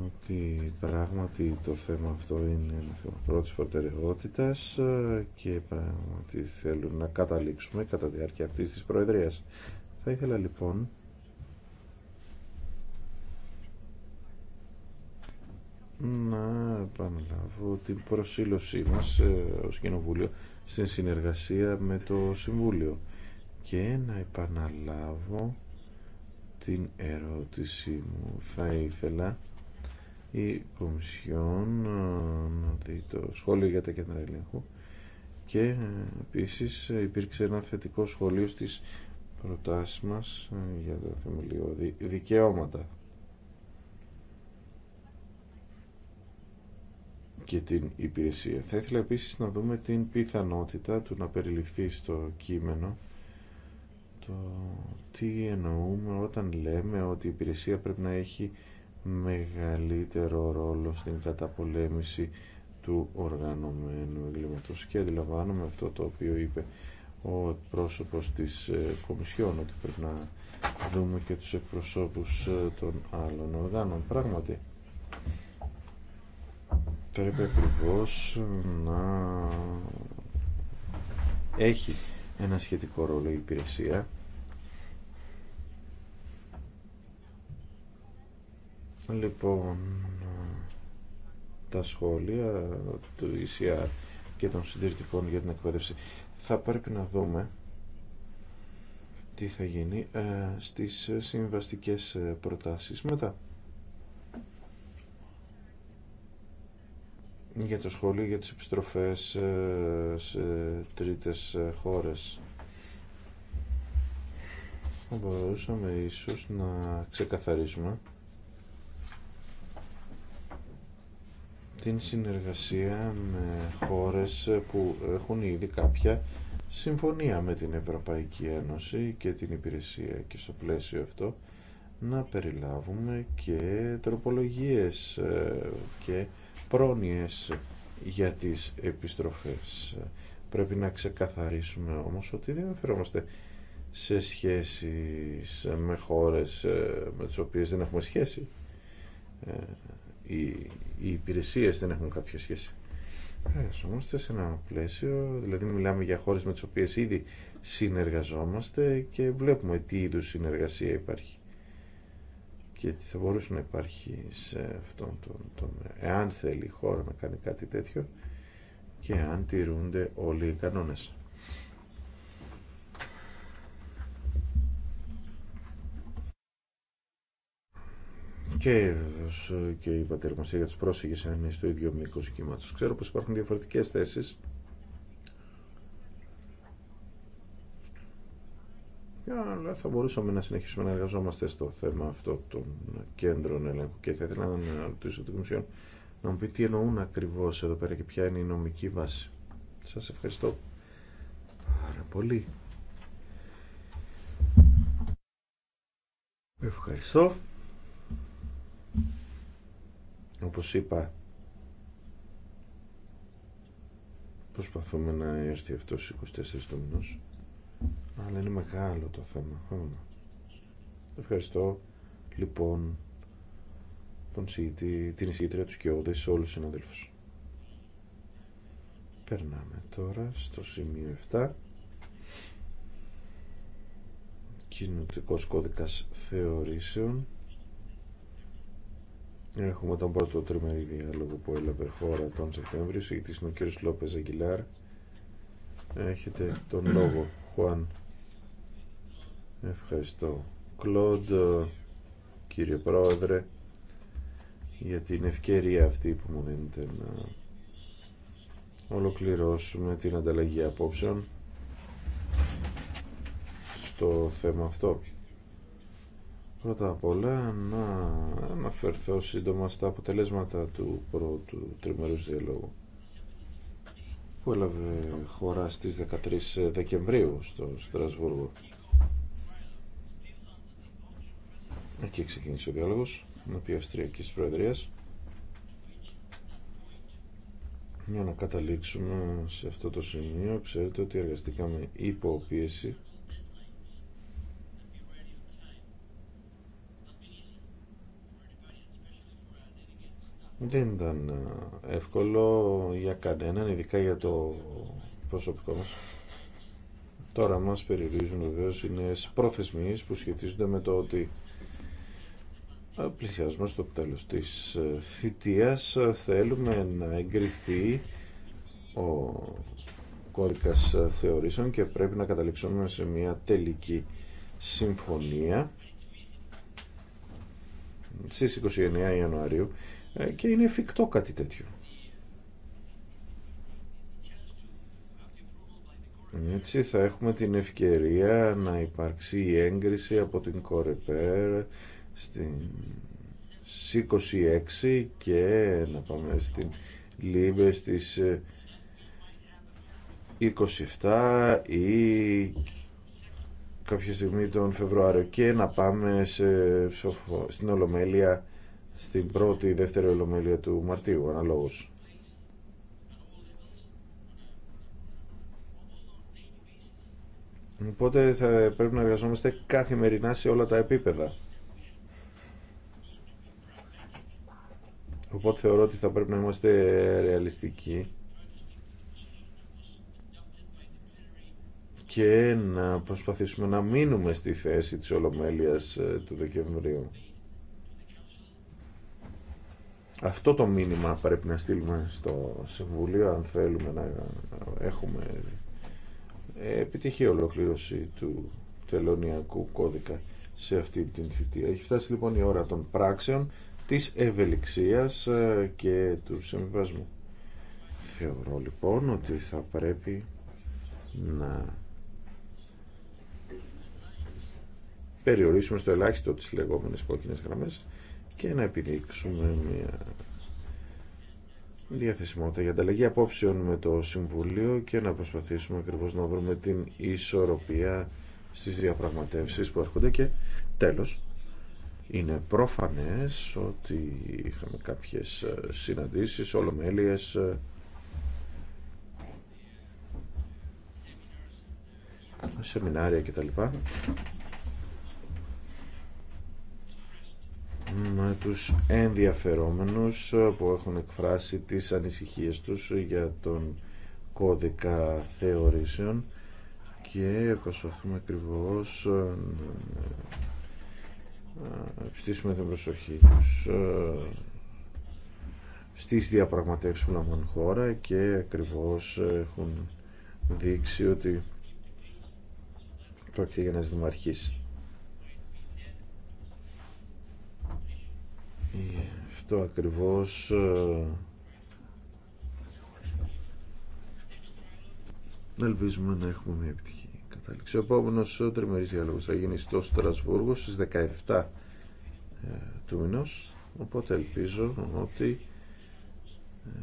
Speaker 4: ότι πράγματι το θέμα αυτό είναι ένα θέμα πρώτης προτεραιότητας ε, και πράγματι θέλουν να καταλήξουμε κατά τη διάρκεια αυτής της Προεδρίας. Θα ήθελα λοιπόν να επαναλάβω την προσήλωσή μας ε, ως Κοινοβούλιο στην συνεργασία με το Συμβούλιο και να επαναλάβω την ερώτησή μου θα ήθελα η Κομισιόν ε, να δει το σχόλιο για τα κέντρα ελέγχου και ε, επίσης ε, υπήρξε ένα θετικό σχόλιο στις προτάσεις μας για τα θεμελιώδη δικαιώματα και την υπηρεσία. Θα ήθελα επίσης να δούμε την πιθανότητα του να περιληφθεί στο κείμενο το τι εννοούμε όταν λέμε ότι η υπηρεσία πρέπει να έχει μεγαλύτερο ρόλο στην καταπολέμηση του οργανωμένου εγκλήματος και αντιλαμβάνομαι αυτό το οποίο είπε ο πρόσωπος της ε, Κομισιόν ότι πρέπει να δούμε και τους εκπροσώπους ε, των άλλων οργάνων πράγματι πρέπει ακριβώ να έχει ένα σχετικό ρόλο η υπηρεσία. Λοιπόν, τα σχόλια του ECR και των συντηρητικών για την εκπαίδευση. Θα πρέπει να δούμε τι θα γίνει ε, στις συμβαστικές ε, προτάσεις μετά. για το σχολείο για τις επιστροφές ε, σε τρίτες ε, χώρες. Θα μπορούσαμε ίσως να ξεκαθαρίσουμε την συνεργασία με χώρες που έχουν ήδη κάποια συμφωνία με την Ευρωπαϊκή Ένωση και την υπηρεσία και στο πλαίσιο αυτό να περιλάβουμε και τροπολογίες ε, και πρόνοιες για τις επιστροφές. Πρέπει να ξεκαθαρίσουμε όμως ότι δεν αφαιρόμαστε σε σχέσεις με χώρες ε, με τις οποίες δεν έχουμε σχέση. Ε, οι, υπηρεσίες δεν έχουν κάποια σχέση. ομως σε ένα πλαίσιο, δηλαδή μιλάμε για χώρες με τις οποίες ήδη συνεργαζόμαστε και βλέπουμε τι είδους συνεργασία υπάρχει και τι θα μπορούσε να υπάρχει σε αυτόν τον τομέα. Εάν θέλει η χώρα να κάνει κάτι τέτοιο και αν τηρούνται όλοι οι κανόνες. Και, και η πατερμοσία για τους πρόσφυγες αν είναι στο ίδιο μήκος κύματος. Ξέρω πως υπάρχουν διαφορετικές θέσεις αλλά θα μπορούσαμε να συνεχίσουμε να εργαζόμαστε στο θέμα αυτό των κέντρων ελέγχου και θα ήθελα να ρωτήσω την Κομισιόν να μου πει τι εννοούν ακριβώς εδώ πέρα και ποια είναι η νομική βάση. Σας ευχαριστώ πάρα πολύ. Ευχαριστώ. Όπως είπα, προσπαθούμε να έρθει αυτός 24 του μηνός αλλά είναι μεγάλο το θέμα. Ευχαριστώ λοιπόν τον την εισηγήτρια του Σκιώδη σε όλους τους συναδέλφους. Περνάμε τώρα στο σημείο 7. Κοινωτικός κώδικας θεωρήσεων. Έχουμε τον πρώτο τριμερή διάλογο που έλαβε χώρα τον Σεπτέμβριο. Συγητής είναι ο κύριος Λόπες Αγγιλάρ. Έχετε τον λόγο, Χουάν. Ευχαριστώ. Κλοντ, κύριε Πρόεδρε, για την ευκαιρία αυτή που μου δίνετε να ολοκληρώσουμε την ανταλλαγή απόψεων στο θέμα αυτό. Πρώτα απ' όλα να αναφερθώ σύντομα στα αποτελέσματα του πρώτου τριμερούς διαλόγου που έλαβε χώρα στις 13 Δεκεμβρίου στο Στρασβούργο. Εκεί ξεκίνησε ο διάλογο με την Αυστριακή Προεδρία. για να καταλήξουμε σε αυτό το σημείο ξέρετε ότι εργαστήκαμε υπό πίεση δεν ήταν εύκολο για κανέναν ειδικά για το προσωπικό μας τώρα μας περιορίζουν βεβαίως οι νέες προθεσμίες που σχετίζονται με το ότι ε, πλησιάζουμε στο τέλος της ε, θητείας ε, θέλουμε να εγκριθεί ο κώδικας θεωρήσεων και πρέπει να καταληξούμε σε μια τελική συμφωνία στις 29 Ιανουαρίου και είναι εφικτό κάτι τέτοιο. Έτσι θα έχουμε την ευκαιρία να υπάρξει η έγκριση από την Κορεπέρ στην 26 και να πάμε στην Λίμπε στις 27 ε, ή κάποια στιγμή τον Φεβρουάριο και να πάμε σε στην Ολομέλεια στην πρώτη ή δεύτερη Ολομέλεια του Μαρτίου αναλόγως. Οπότε θα πρέπει να εργαζόμαστε καθημερινά σε όλα τα επίπεδα. Οπότε θεωρώ ότι θα πρέπει να είμαστε ρεαλιστικοί και να προσπαθήσουμε να μείνουμε στη θέση της Ολομέλειας ε, του Δεκεμβρίου. Αυτό το μήνυμα πρέπει να στείλουμε στο Συμβουλίο αν θέλουμε να έχουμε επιτυχή ολοκλήρωση του τελωνιακού κώδικα σε αυτή την θητεία. Έχει φτάσει λοιπόν η ώρα των πράξεων της ευελιξίας ε, και του συμβιβασμού. Θεωρώ λοιπόν ότι θα πρέπει να περιορίσουμε στο ελάχιστο τις λεγόμενες κόκκινες γραμμές και να επιδείξουμε μια διαθεσιμότητα για ανταλλαγή απόψεων με το Συμβουλίο και να προσπαθήσουμε ακριβώς να βρούμε την ισορροπία στις διαπραγματεύσεις που έρχονται και τέλος είναι πρόφανες ότι είχαμε κάποιες ε, συναντήσεις, ολομέλειες, ε, σεμινάρια κτλ. με τους ενδιαφερόμενους ε, που έχουν εκφράσει τις ανησυχίες τους για τον κώδικα θεωρήσεων και προσπαθούμε ακριβώς ε, επιστήσουμε την προσοχή τους ε, στις διαπραγματεύσεις που λαμβάνουν χώρα και ακριβώς έχουν δείξει ότι πρόκειται για ένας δημαρχής. Αυτό ακριβώς ε, ελπίζουμε να έχουμε μια επιτυχία κατάληξη. Ο επόμενο τριμερή διάλογο θα γίνει στο Στρασβούργο στι 17 ε, του μηνό. Οπότε ελπίζω ότι ε,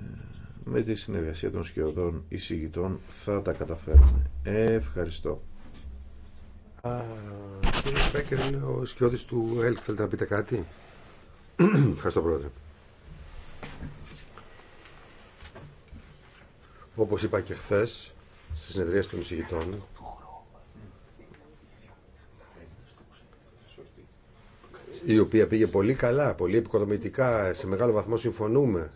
Speaker 4: με τη συνεργασία των σκιωδών εισηγητών θα τα καταφέρουμε. Ευχαριστώ.
Speaker 2: Κύριε Πέκερ, ο σκιώδη του ΕΛΚ. Θέλετε να πείτε κάτι. Ευχαριστώ, Πρόεδρε. Όπως είπα και χθες, στις συνεδρίες των εισηγητών, η οποία πήγε πολύ καλά, πολύ επικοδομητικά, σε μεγάλο βαθμό συμφωνούμε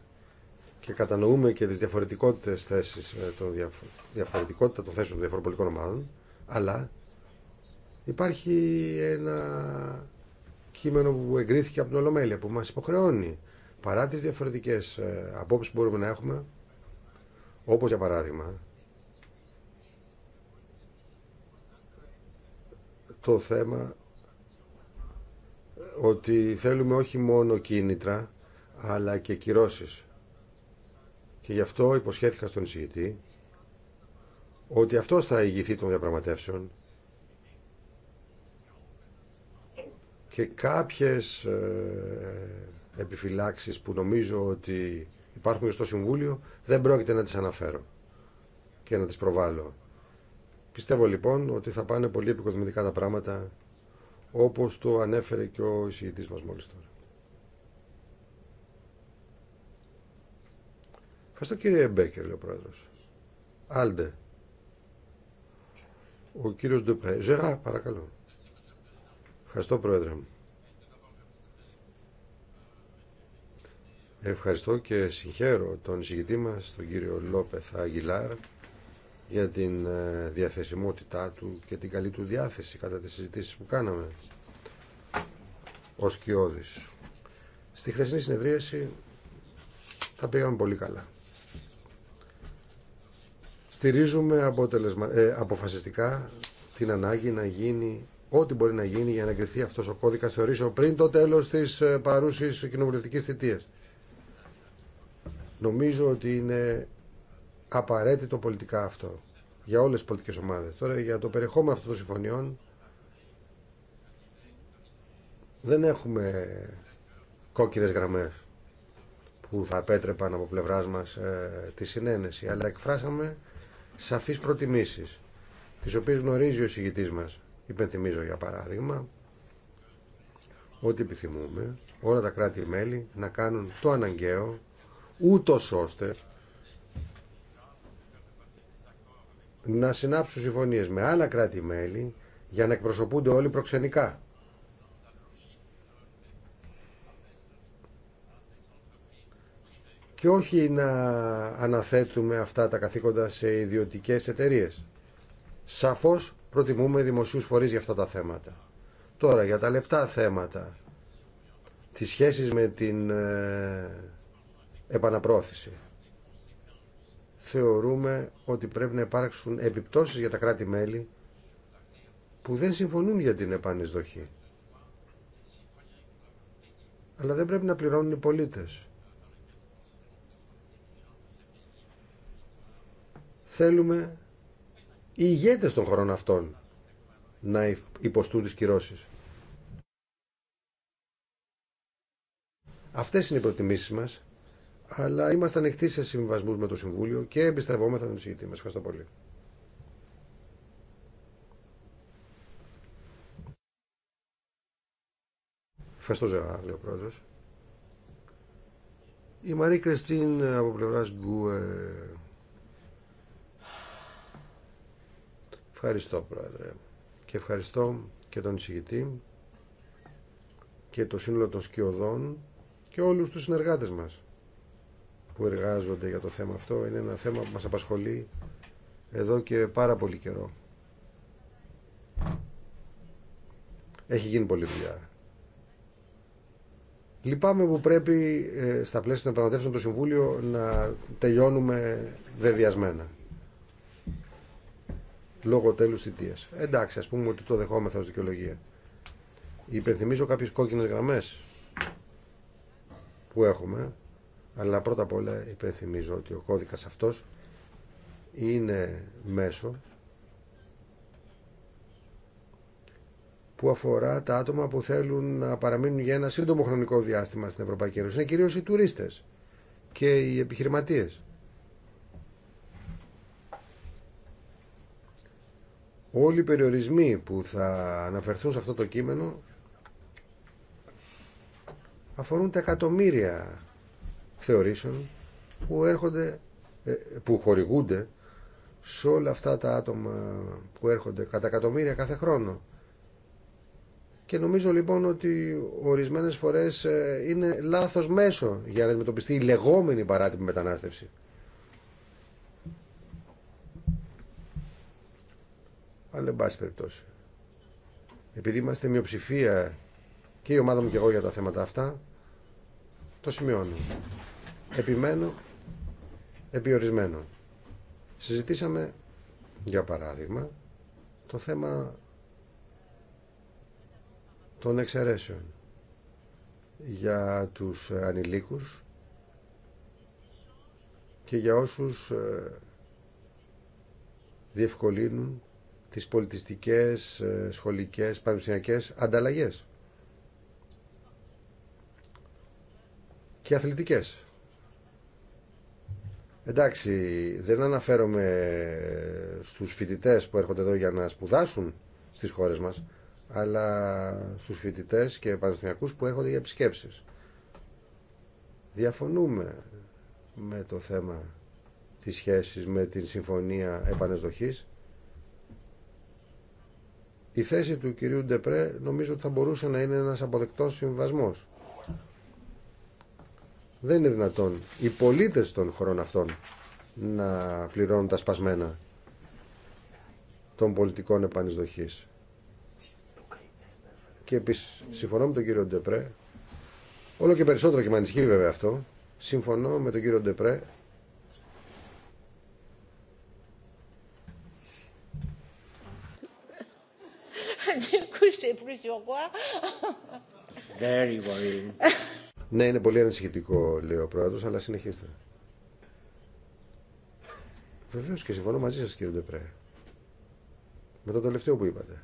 Speaker 2: και κατανοούμε και τις διαφορετικότητες θέσεις, ε, των διαφορετικότητα των θέσεων των διαφοροπολικών πολιτικών ομάδων, αλλά υπάρχει ένα κείμενο που εγκρίθηκε από την Ολομέλεια, που μας υποχρεώνει, παρά τις διαφορετικές ε, απόψεις που μπορούμε να έχουμε, όπως για παράδειγμα, το θέμα ότι θέλουμε όχι μόνο κίνητρα, αλλά και κυρώσεις. Και γι' αυτό υποσχέθηκα στον εισηγητή ότι αυτός θα ηγηθεί των διαπραγματεύσεων και κάποιες ε, επιφυλάξεις που νομίζω ότι υπάρχουν στο Συμβούλιο δεν πρόκειται να τις αναφέρω και να τις προβάλλω. Πιστεύω λοιπόν ότι θα πάνε πολύ επικοδομητικά τα πράγματα όπως το ανέφερε και ο εισηγητής μας μόλις τώρα. Ευχαριστώ κύριε Μπέκερ, λέει ο πρόεδρος. Άλντε. Ο κύριος Ντεπρέ. Ζερά, παρακαλώ. Ευχαριστώ πρόεδρε μου. Ευχαριστώ και συγχαίρω τον εισηγητή μας, τον κύριο Λόπεθ Αγγιλάρ, για την ε, διαθεσιμότητά του και την καλή του διάθεση κατά τις συζητήσεις που κάναμε ως Σκιώδης. Στη χθεσινή συνεδρίαση τα πήγαμε πολύ καλά. Στηρίζουμε αποτελεσμα... Ε, αποφασιστικά την ανάγκη να γίνει ό,τι μπορεί να γίνει για να εγκριθεί αυτός ο κώδικας θεωρήσεων πριν το τέλος της ε, παρούσης κοινοβουλευτικής θητείας. Νομίζω ότι είναι απαραίτητο πολιτικά αυτό για όλες τις πολιτικές ομάδες. Τώρα για το περιεχόμενο αυτών των συμφωνιών δεν έχουμε κόκκινες γραμμές που θα επέτρεπαν από πλευράς μας ε, τη συνένεση, αλλά εκφράσαμε σαφείς προτιμήσεις, τις οποίες γνωρίζει ο συγητής μας. Υπενθυμίζω για παράδειγμα ότι επιθυμούμε όλα τα κράτη-μέλη να κάνουν το αναγκαίο, ούτως ώστε να συνάψουν συμφωνίες με άλλα κράτη-μέλη για να εκπροσωπούνται όλοι προξενικά. Και όχι να αναθέτουμε αυτά τα καθήκοντα σε ιδιωτικές εταιρείες. Σαφώς προτιμούμε δημοσίους φορείς για αυτά τα θέματα. Τώρα για τα λεπτά θέματα, τις σχέσεις με την ε, επαναπρόθεση θεωρούμε ότι πρέπει να υπάρξουν επιπτώσεις για τα κράτη-μέλη που δεν συμφωνούν για την επανεισδοχή. Αλλά δεν πρέπει να πληρώνουν οι πολίτες. Θέλουμε οι ηγέτες των χωρών αυτών να υποστούν τις κυρώσεις. Αυτές είναι οι προτιμήσεις μας αλλά είμαστε ανοιχτοί σε συμβασμούς με το Συμβούλιο και εμπιστευόμεθα τον εισηγητή μας. Ευχαριστώ πολύ. Ευχαριστώ Ζερά, λέει ο πρόεδρος. Η Μαρή Κριστίν από πλευράς Γκουε. Ευχαριστώ πρόεδρε. Και ευχαριστώ και τον εισηγητή και το σύνολο των σκιωδών και όλους τους συνεργάτες μας που εργάζονται για το θέμα αυτό. Είναι ένα θέμα που μας απασχολεί εδώ και πάρα πολύ καιρό. Έχει γίνει πολλή δουλειά. Λυπάμαι που πρέπει ε, στα πλαίσια των πραγματεύσεων του Συμβούλιο να τελειώνουμε βεβιασμένα. Λόγω τέλους θητείας. Εντάξει, ας πούμε ότι το δεχόμεθα ως δικαιολογία. Υπενθυμίζω κάποιες κόκκινες γραμμές που έχουμε αλλά πρώτα απ' όλα υπενθυμίζω ότι ο κώδικας αυτός είναι μέσο που αφορά τα άτομα που θέλουν να παραμείνουν για ένα σύντομο χρονικό διάστημα στην Ευρωπαϊκή Ένωση. Είναι κυρίως οι τουρίστες και οι επιχειρηματίες. Όλοι οι περιορισμοί που θα αναφερθούν σε αυτό το κείμενο αφορούν τα εκατομμύρια θεωρήσεων που έρχονται ε, που χορηγούνται σε όλα αυτά τα άτομα που έρχονται κατά εκατομμύρια κάθε χρόνο. Και νομίζω λοιπόν ότι ορισμένες φορές ε, είναι λάθος μέσο για να αντιμετωπιστεί η λεγόμενη παράτυπη μετανάστευση. Αλλά εν πάση περιπτώσει. Επειδή είμαστε μειοψηφία και η ομάδα μου και εγώ για τα θέματα αυτά, το σημειώνω επιμένω επιορισμένο. Συζητήσαμε, για παράδειγμα, το θέμα των εξαιρέσεων για τους ε, ανηλίκους και για όσους ε, διευκολύνουν τις πολιτιστικές, ε, σχολικές, πανεπιστημιακές ανταλλαγές και αθλητικές. Εντάξει, δεν αναφέρομαι στους φοιτητές που έρχονται εδώ για να σπουδάσουν στις χώρες μας, αλλά στους φοιτητές και πανεπιστημιακούς που έρχονται για επισκέψεις. Διαφωνούμε με το θέμα της σχέσης με την Συμφωνία Επανεσδοχής. Η θέση του κυρίου Ντεπρέ νομίζω ότι θα μπορούσε να είναι ένας αποδεκτός συμβασμός. Δεν είναι δυνατόν οι πολίτες των χωρών αυτών να πληρώνουν τα σπασμένα των πολιτικών επανεισδοχής. Και επίσης, συμφωνώ με τον κύριο Ντεπρέ, όλο και περισσότερο και με ανισχύει βέβαια αυτό, συμφωνώ με τον κύριο Ντεπρέ Ναι, είναι πολύ ανησυχητικό, λέει ο πρόεδρο, αλλά συνεχίστε. Βεβαίω και συμφωνώ μαζί σα, κύριε Ντεπρέ. Με το τελευταίο που είπατε.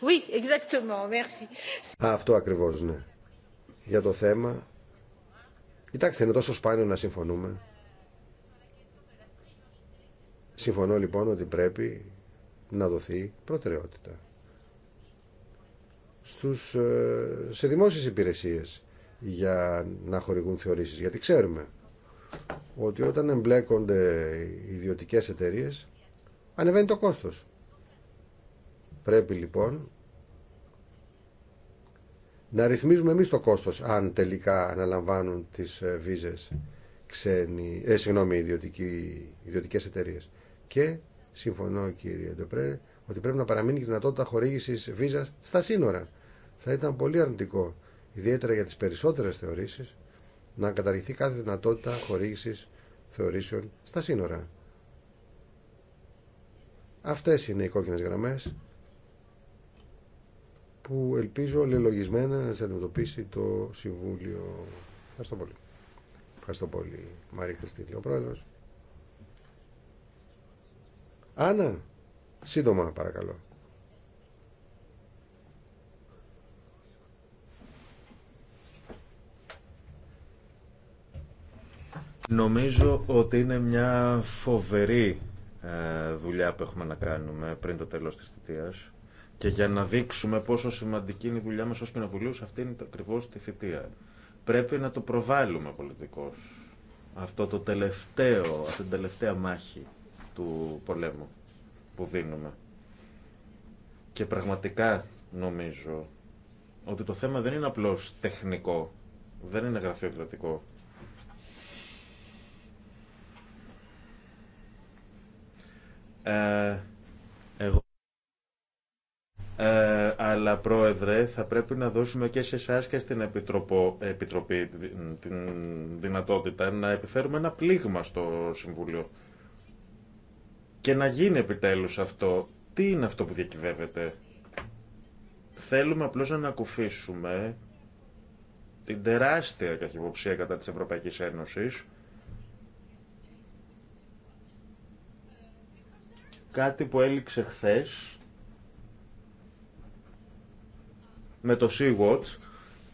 Speaker 1: Oui, exactement. Merci.
Speaker 2: αυτό ακριβώ, ναι. Για το θέμα. Κοιτάξτε, είναι τόσο σπάνιο να συμφωνούμε. Συμφωνώ λοιπόν ότι πρέπει να δοθεί προτεραιότητα στους, ε, σε δημόσιες υπηρεσίες για να χορηγούν θεωρήσεις. Γιατί ξέρουμε ότι όταν εμπλέκονται ιδιωτικές εταιρείες ανεβαίνει το κόστος. Πρέπει λοιπόν να ρυθμίζουμε εμείς το κόστος αν τελικά αναλαμβάνουν τις ε, βίζες ξένοι, ε, συγγνώμη, ιδιωτικές εταιρείες. Και συμφωνώ κύριε Ντεπρέ ότι πρέπει να παραμείνει η δυνατότητα χορήγησης βίζας στα σύνορα θα ήταν πολύ αρνητικό, ιδιαίτερα για τις περισσότερες θεωρήσεις, να καταργηθεί κάθε δυνατότητα χορήγησης θεωρήσεων στα σύνορα. Αυτές είναι οι κόκκινες γραμμές που ελπίζω λελογισμένα να σε αντιμετωπίσει το Συμβούλιο. Ευχαριστώ πολύ. Ευχαριστώ πολύ, Μαρή Χριστίνη, ο Πρόεδρος. Άννα, σύντομα παρακαλώ.
Speaker 3: Νομίζω ότι είναι μια φοβερή ε, δουλειά που έχουμε να κάνουμε πριν το τέλος της θητείας και για να δείξουμε πόσο σημαντική είναι η δουλειά μας ως κοινοβουλίου σε αυτήν ακριβώς τη θητεία. Πρέπει να το προβάλλουμε πολιτικώς αυτό το τελευταίο, αυτή την τελευταία μάχη του πολέμου που δίνουμε. Και πραγματικά νομίζω ότι το θέμα δεν είναι απλώς τεχνικό, δεν είναι γραφειοκρατικό. Ε, ε, αλλά πρόεδρε θα πρέπει να δώσουμε και σε εσά και στην Επιτροπο, Επιτροπή την δυνατότητα να επιφέρουμε ένα πλήγμα στο Συμβούλιο και να γίνει επιτέλους αυτό. Τι είναι αυτό που διακυβεύεται. Θέλουμε απλώς να ανακουφίσουμε την τεράστια καχυποψία κατά της Ευρωπαϊκής Ένωσης κάτι που έληξε χθε με το Sea-Watch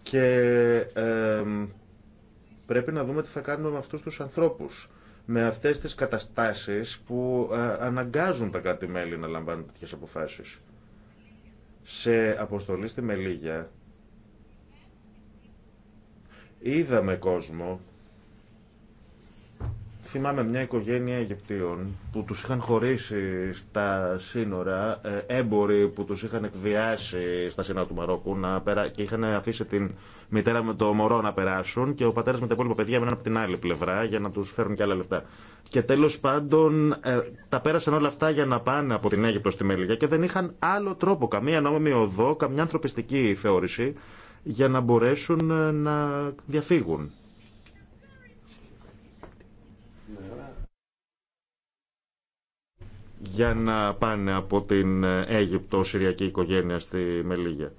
Speaker 3: και πρέπει να δούμε τι θα κάνουμε με αυτούς τους ανθρώπους με αυτές τις καταστάσεις που ε, αναγκάζουν τα κάτι μελη να λαμβάνουν τέτοιες αποφάσεις. Σε αποστολή στη Μελίγια είδαμε κόσμο Θυμάμαι μια οικογένεια Αιγυπτίων που τους είχαν χωρίσει στα σύνορα ε, έμποροι που τους είχαν εκβιάσει στα σύνορα του Μαρόκου να περά... και είχαν αφήσει την μητέρα με το μωρό να περάσουν και ο πατέρας με τα υπόλοιπα παιδιά μείναν από την άλλη πλευρά για να τους φέρουν και άλλα λεφτά. Και τέλος πάντων ε, τα πέρασαν όλα αυτά για να πάνε από την Αίγυπτο στη Μέλγία και δεν είχαν άλλο τρόπο, καμία νόμιμη οδό, καμιά ανθρωπιστική θεώρηση για να μπορέσουν ε, να διαφύγουν. για να πάνε από την Αίγυπτο Συριακή οικογένεια στη Μελίγια.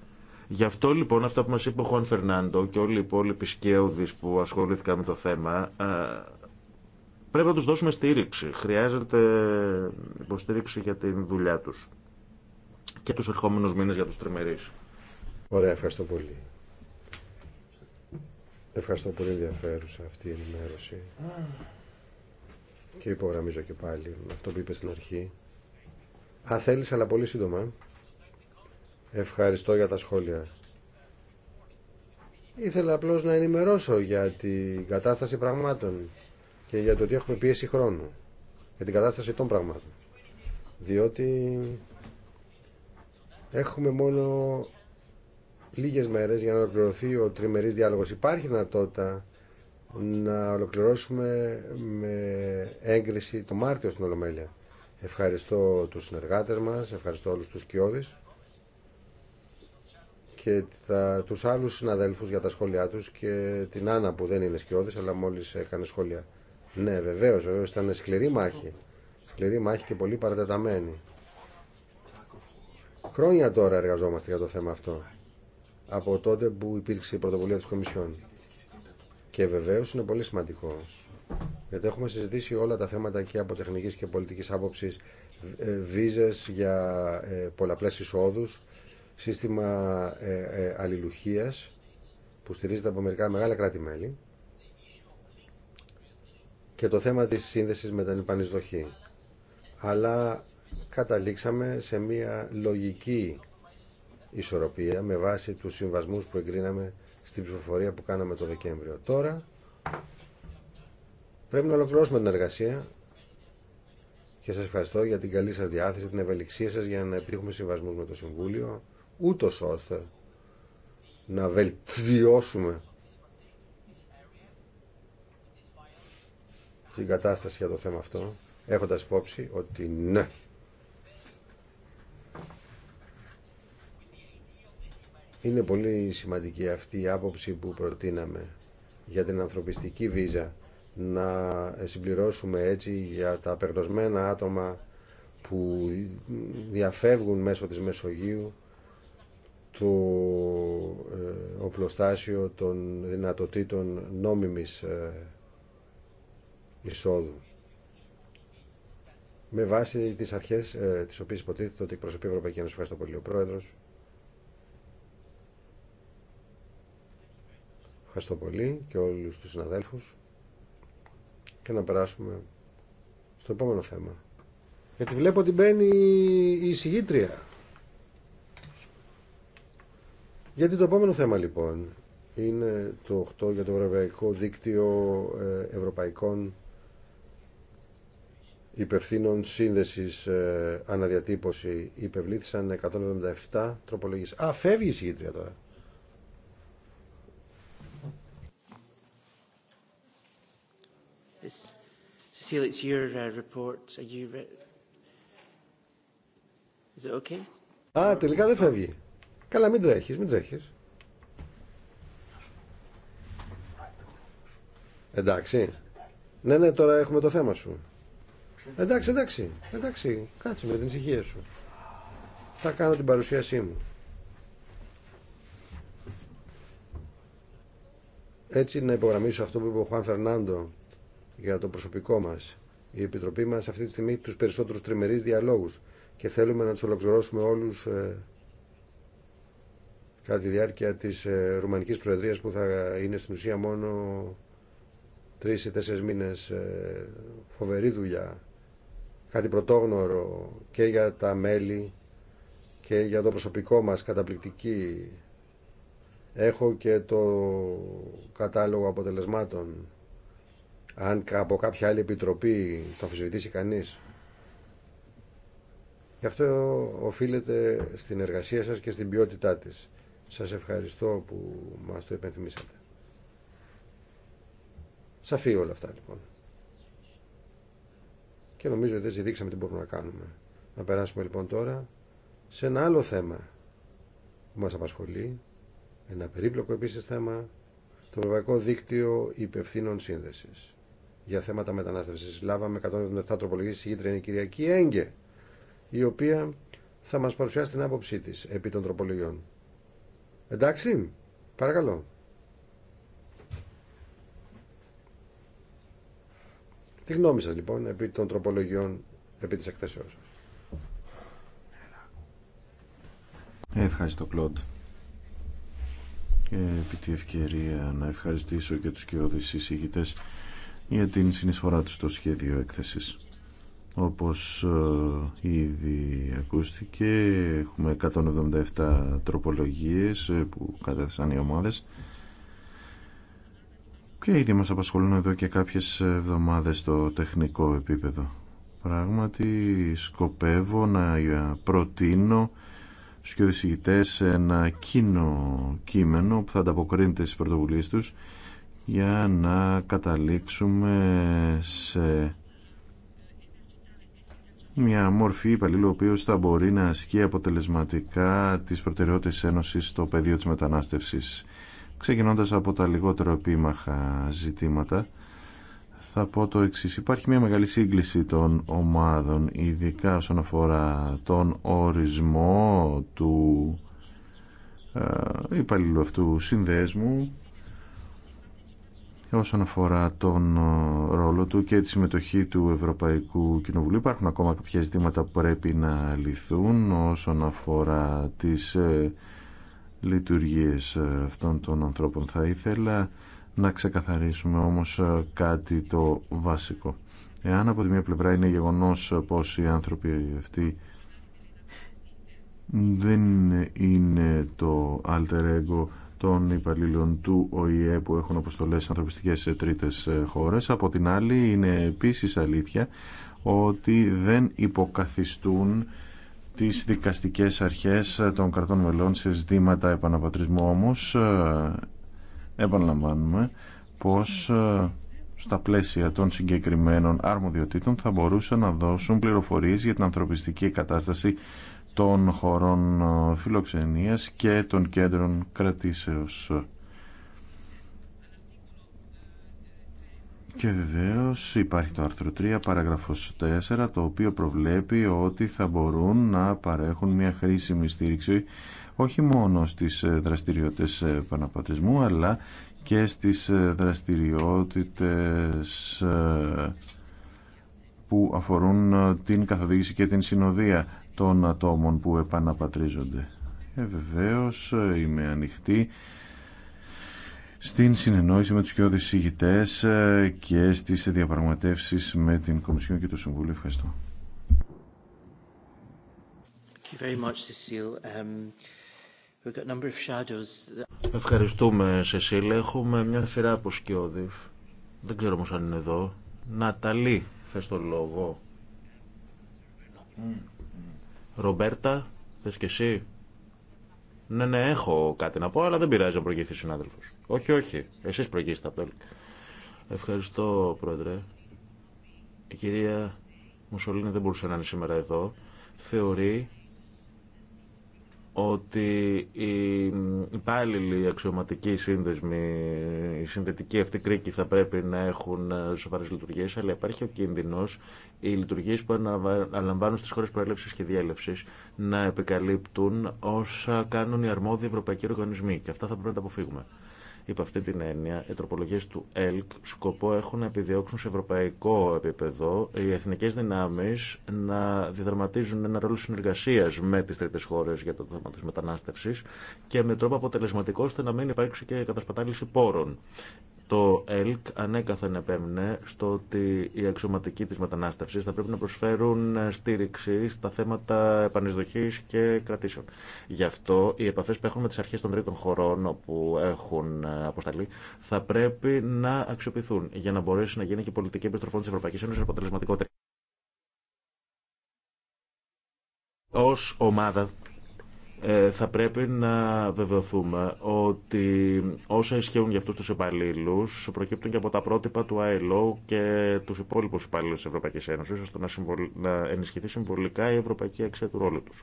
Speaker 3: Γι' αυτό λοιπόν αυτά που μας είπε ο Χουάν Φερνάντο και όλοι οι υπόλοιποι σκέωδεις που ασχολήθηκαν με το θέμα πρέπει να τους δώσουμε στήριξη. Χρειάζεται υποστήριξη για την δουλειά τους και τους ερχόμενους μήνες για τους
Speaker 2: τριμερείς. Ωραία, ευχαριστώ πολύ. Ευχαριστώ πολύ ενδιαφέρουσα αυτή η ενημέρωση και υπογραμμίζω και πάλι αυτό που είπε στην αρχή. Αν θέλει αλλά πολύ σύντομα. Ευχαριστώ για τα σχόλια. Ήθελα απλώς να ενημερώσω για την κατάσταση πραγμάτων και για το ότι έχουμε πίεση χρόνου. Για την κατάσταση των πραγμάτων. Διότι έχουμε μόνο λίγες μέρες για να ολοκληρωθεί ο τριμερής διάλογος. Υπάρχει δυνατότητα να ολοκληρώσουμε με έγκριση το Μάρτιο στην Ολομέλεια. Ευχαριστώ τους συνεργάτες μας, ευχαριστώ όλους τους κοιόδης και τα, τους άλλους συναδέλφους για τα σχόλιά τους και την Άννα που δεν είναι σκιώδης αλλά μόλις έκανε σχόλια. Ναι βεβαίως, βεβαίως ήταν σκληρή μάχη, σκληρή μάχη και πολύ παρατεταμένη. Χρόνια τώρα εργαζόμαστε για το θέμα αυτό, από τότε που υπήρξε η πρωτοβουλία της Κομισιόν. Και βεβαίω είναι πολύ σημαντικό, γιατί έχουμε συζητήσει όλα τα θέματα και από τεχνικής και πολιτικής άποψη ε, βίζες για ε, πολλαπλές εισόδους, σύστημα ε, αλληλουχίας που στηρίζεται από μερικά μεγάλα κράτη-μέλη και το θέμα της σύνδεσης με την επανεισδοχή. Αλλά καταλήξαμε σε μια λογική ισορροπία με βάση τους συμβασμούς που εγκρίναμε στην ψηφοφορία που κάναμε το Δεκέμβριο. Τώρα πρέπει να ολοκληρώσουμε την εργασία και σας ευχαριστώ για την καλή σας διάθεση, την ευελιξία σας για να επιτύχουμε συμβασμούς με το Συμβούλιο, ούτω ώστε να βελτιώσουμε την κατάσταση για το θέμα αυτό, έχοντας υπόψη ότι ναι, Είναι πολύ σημαντική αυτή η άποψη που προτείναμε για την ανθρωπιστική βίζα να συμπληρώσουμε έτσι για τα περνοσμένα άτομα που διαφεύγουν μέσω της Μεσογείου το ε, οπλοστάσιο των δυνατοτήτων νόμιμης ε, εισόδου με βάση τις αρχές ε, τις οποίες υποτίθεται ότι εκπροσωπεί η Ευρωπαϊκή Ένωση. Ευχαριστώ πολύ ο Πρόεδρος. Ευχαριστώ πολύ και όλους τους συναδέλφους και να περάσουμε στο επόμενο θέμα. Γιατί βλέπω ότι μπαίνει η εισηγήτρια. Γιατί το επόμενο θέμα λοιπόν είναι το 8 για το Ευρωπαϊκό Δίκτυο ε, Ευρωπαϊκών Υπευθύνων Σύνδεσης ε, Αναδιατύπωση. Υπευλήθησαν 177 τροπολογίες. Α, φεύγει η εισηγήτρια τώρα.
Speaker 1: Cecile, it's uh, report. Are Is okay?
Speaker 2: Α, τελικά δεν φεύγει. Καλά, μην τρέχεις, μην τρέχεις. Εντάξει. Ναι, ναι, τώρα έχουμε το θέμα σου. Εντάξει, εντάξει, εντάξει. Κάτσε με την ησυχία σου. Θα κάνω την παρουσίασή μου. Έτσι να υπογραμμίσω αυτό που είπε ο Χουάν Φερνάντο για το προσωπικό μα, Η Επιτροπή μας αυτή τη στιγμή έχει τους περισσότερους τριμερείς και θέλουμε να του ολοκληρώσουμε όλους ε, κατά τη διάρκεια της ε, Ρουμανικής Προεδρίας που θα είναι στην ουσία μόνο τρει ή τέσσερις μήνες ε, φοβερή δουλειά κάτι πρωτόγνωρο και για τα μέλη και για το προσωπικό μας καταπληκτική έχω και το κατάλογο αποτελεσμάτων αν από κάποια άλλη επιτροπή το αμφισβητήσει κανείς. Γι' αυτό οφείλεται στην εργασία σας και στην ποιότητά της. Σας ευχαριστώ που μας το υπενθυμίσατε. Σαφή όλα αυτά λοιπόν. Και νομίζω ότι δεν ζητήξαμε τι μπορούμε να κάνουμε. Να περάσουμε λοιπόν τώρα σε ένα άλλο θέμα που μας απασχολεί, ένα περίπλοκο επίσης θέμα, το Ευρωπαϊκό Δίκτυο Υπευθύνων Σύνδεσης για θέματα μετανάστευση. Λάβαμε 177 τροπολογίε. Η είναι η Κυριακή Έγκε, η οποία θα μα παρουσιάσει την άποψή τη επί των τροπολογιών. Εντάξει, παρακαλώ. Τι γνώμη σας λοιπόν επί των τροπολογιών επί της εκθέσεώς
Speaker 4: Ευχαριστώ Κλοντ. Και ε, επί τη ευκαιρία να ευχαριστήσω και τους κοιόδης εισηγητές για την συνεισφορά του στο σχέδιο έκθεσης. Όπως ε, ήδη ακούστηκε, έχουμε 177 τροπολογίες ε, που κατέθεσαν οι ομάδες και ήδη μας απασχολούν εδώ και κάποιες εβδομάδες στο τεχνικό επίπεδο. Πράγματι σκοπεύω να προτείνω στους κοιοδησηγητές ένα κοινό κείμενο που θα ανταποκρίνεται στις πρωτοβουλίες τους για να καταλήξουμε σε μια μορφή υπαλλήλου ο οποίος θα μπορεί να ασκεί αποτελεσματικά τις προτεραιότητες της Ένωσης στο πεδίο της μετανάστευσης. Ξεκινώντας από τα λιγότερο επίμαχα ζητήματα, θα πω το εξή. Υπάρχει μια μεγάλη σύγκληση των ομάδων, ειδικά όσον αφορά τον ορισμό του ε, υπαλλήλου αυτού συνδέσμου όσον αφορά τον ε, ρόλο του και τη συμμετοχή του Ευρωπαϊκού Κοινοβουλίου. Υπάρχουν ακόμα κάποια ζητήματα που πρέπει να λυθούν όσον αφορά τις ε, λειτουργίες ε, αυτών των ανθρώπων. Θα ήθελα να ξεκαθαρίσουμε όμως κάτι το βασικό. Εάν από τη μία πλευρά είναι γεγονός πως οι άνθρωποι αυτοί δεν είναι το alter ego των υπαλλήλων του ΟΗΕ που έχουν αποστολές ανθρωπιστικές σε τρίτε χώρε. Από την άλλη είναι επίση αλήθεια ότι δεν υποκαθιστούν τι δικαστικέ αρχές των κρατών μελών σε ζητήματα επαναπατρισμού όμω, ε, επαναλαμβάνουμε πω ε, στα πλαίσια των συγκεκριμένων αρμοδιοτήτων θα μπορούσαν να δώσουν πληροφορίες για την ανθρωπιστική κατάσταση των χωρών ε, φιλοξενίας και των κέντρων κρατήσεως. Και βεβαίω υπάρχει το άρθρο 3, παραγραφός 4, το οποίο προβλέπει ότι θα μπορούν να παρέχουν μια χρήσιμη στήριξη όχι μόνο στις ε, δραστηριότητες ε, επαναπατρισμού, αλλά και στις δραστηριότητες που αφορούν την καθοδήγηση και την συνοδεία των ατόμων που επαναπατρίζονται. Ε, βεβαίως είμαι ανοιχτή στην συνεννόηση με τους και συγητές ε, και στις διαπραγματεύσεις με την Κομισιόν και το Συμβούλιο. Ευχαριστώ.
Speaker 3: Ευχαριστούμε, Σεσίλ. Έχουμε μια σειρά από σκιώδη. Δεν ξέρω όμως αν είναι εδώ. Ναταλή, θες το λόγο. Mm. Ρομπέρτα, θε και εσύ. Ναι, ναι, έχω κάτι να πω, αλλά δεν πειράζει να προηγηθεί συνάδελφο. Όχι, όχι. Εσεί προηγήσετε απ' Ευχαριστώ, Πρόεδρε. Η κυρία Μουσολίνη δεν μπορούσε να είναι σήμερα εδώ. Θεωρεί ότι οι υπάλληλοι, οι αξιωματικοί σύνδεσμοι, οι συνδετικοί αυτοί κρίκοι θα πρέπει να έχουν ε, σοβαρέ λειτουργίε, αλλά υπάρχει ο κίνδυνο οι λειτουργίες που αναλαμβάνουν στι χώρε προέλευση και διέλευση να επικαλύπτουν όσα κάνουν οι αρμόδιοι ευρωπαϊκοί οργανισμοί και αυτά θα πρέπει να τα αποφύγουμε. Υπ' αυτή την έννοια, οι τροπολογίε του ΕΛΚ σκοπό έχουν να επιδιώξουν σε ευρωπαϊκό επίπεδο οι εθνικέ δυνάμει να διδραματίζουν ένα ρόλο συνεργασία με τι τρίτε χώρε για το θέμα τη μετανάστευση και με τρόπο αποτελεσματικό ώστε να μην υπάρξει και κατασπατάληση πόρων. Το ΕΛΚ ανέκαθεν επέμεινε στο ότι οι αξιωματικοί της μετανάστευσης θα πρέπει να προσφέρουν στήριξη στα θέματα επανεισδοχής και κρατήσεων. Γι' αυτό οι επαφές που έχουν με τις αρχές των τρίτων χωρών όπου έχουν ε, αποσταλεί θα πρέπει να αξιοποιηθούν για να μπορέσει να γίνει και η πολιτική επιστροφή της Ευρωπαϊκής Ένωσης αποτελεσματικότερη. Ως ομάδα ε, θα πρέπει να βεβαιωθούμε ότι όσα ισχύουν για αυτού του υπαλλήλου προκύπτουν και από τα πρότυπα του ILO και τους υπόλοιπου υπαλλήλου της ευρωπαϊκή Ένωσης ώστε να, ενισχυθεί συμβολικά η ευρωπαϊκή αξία του ρόλου τους.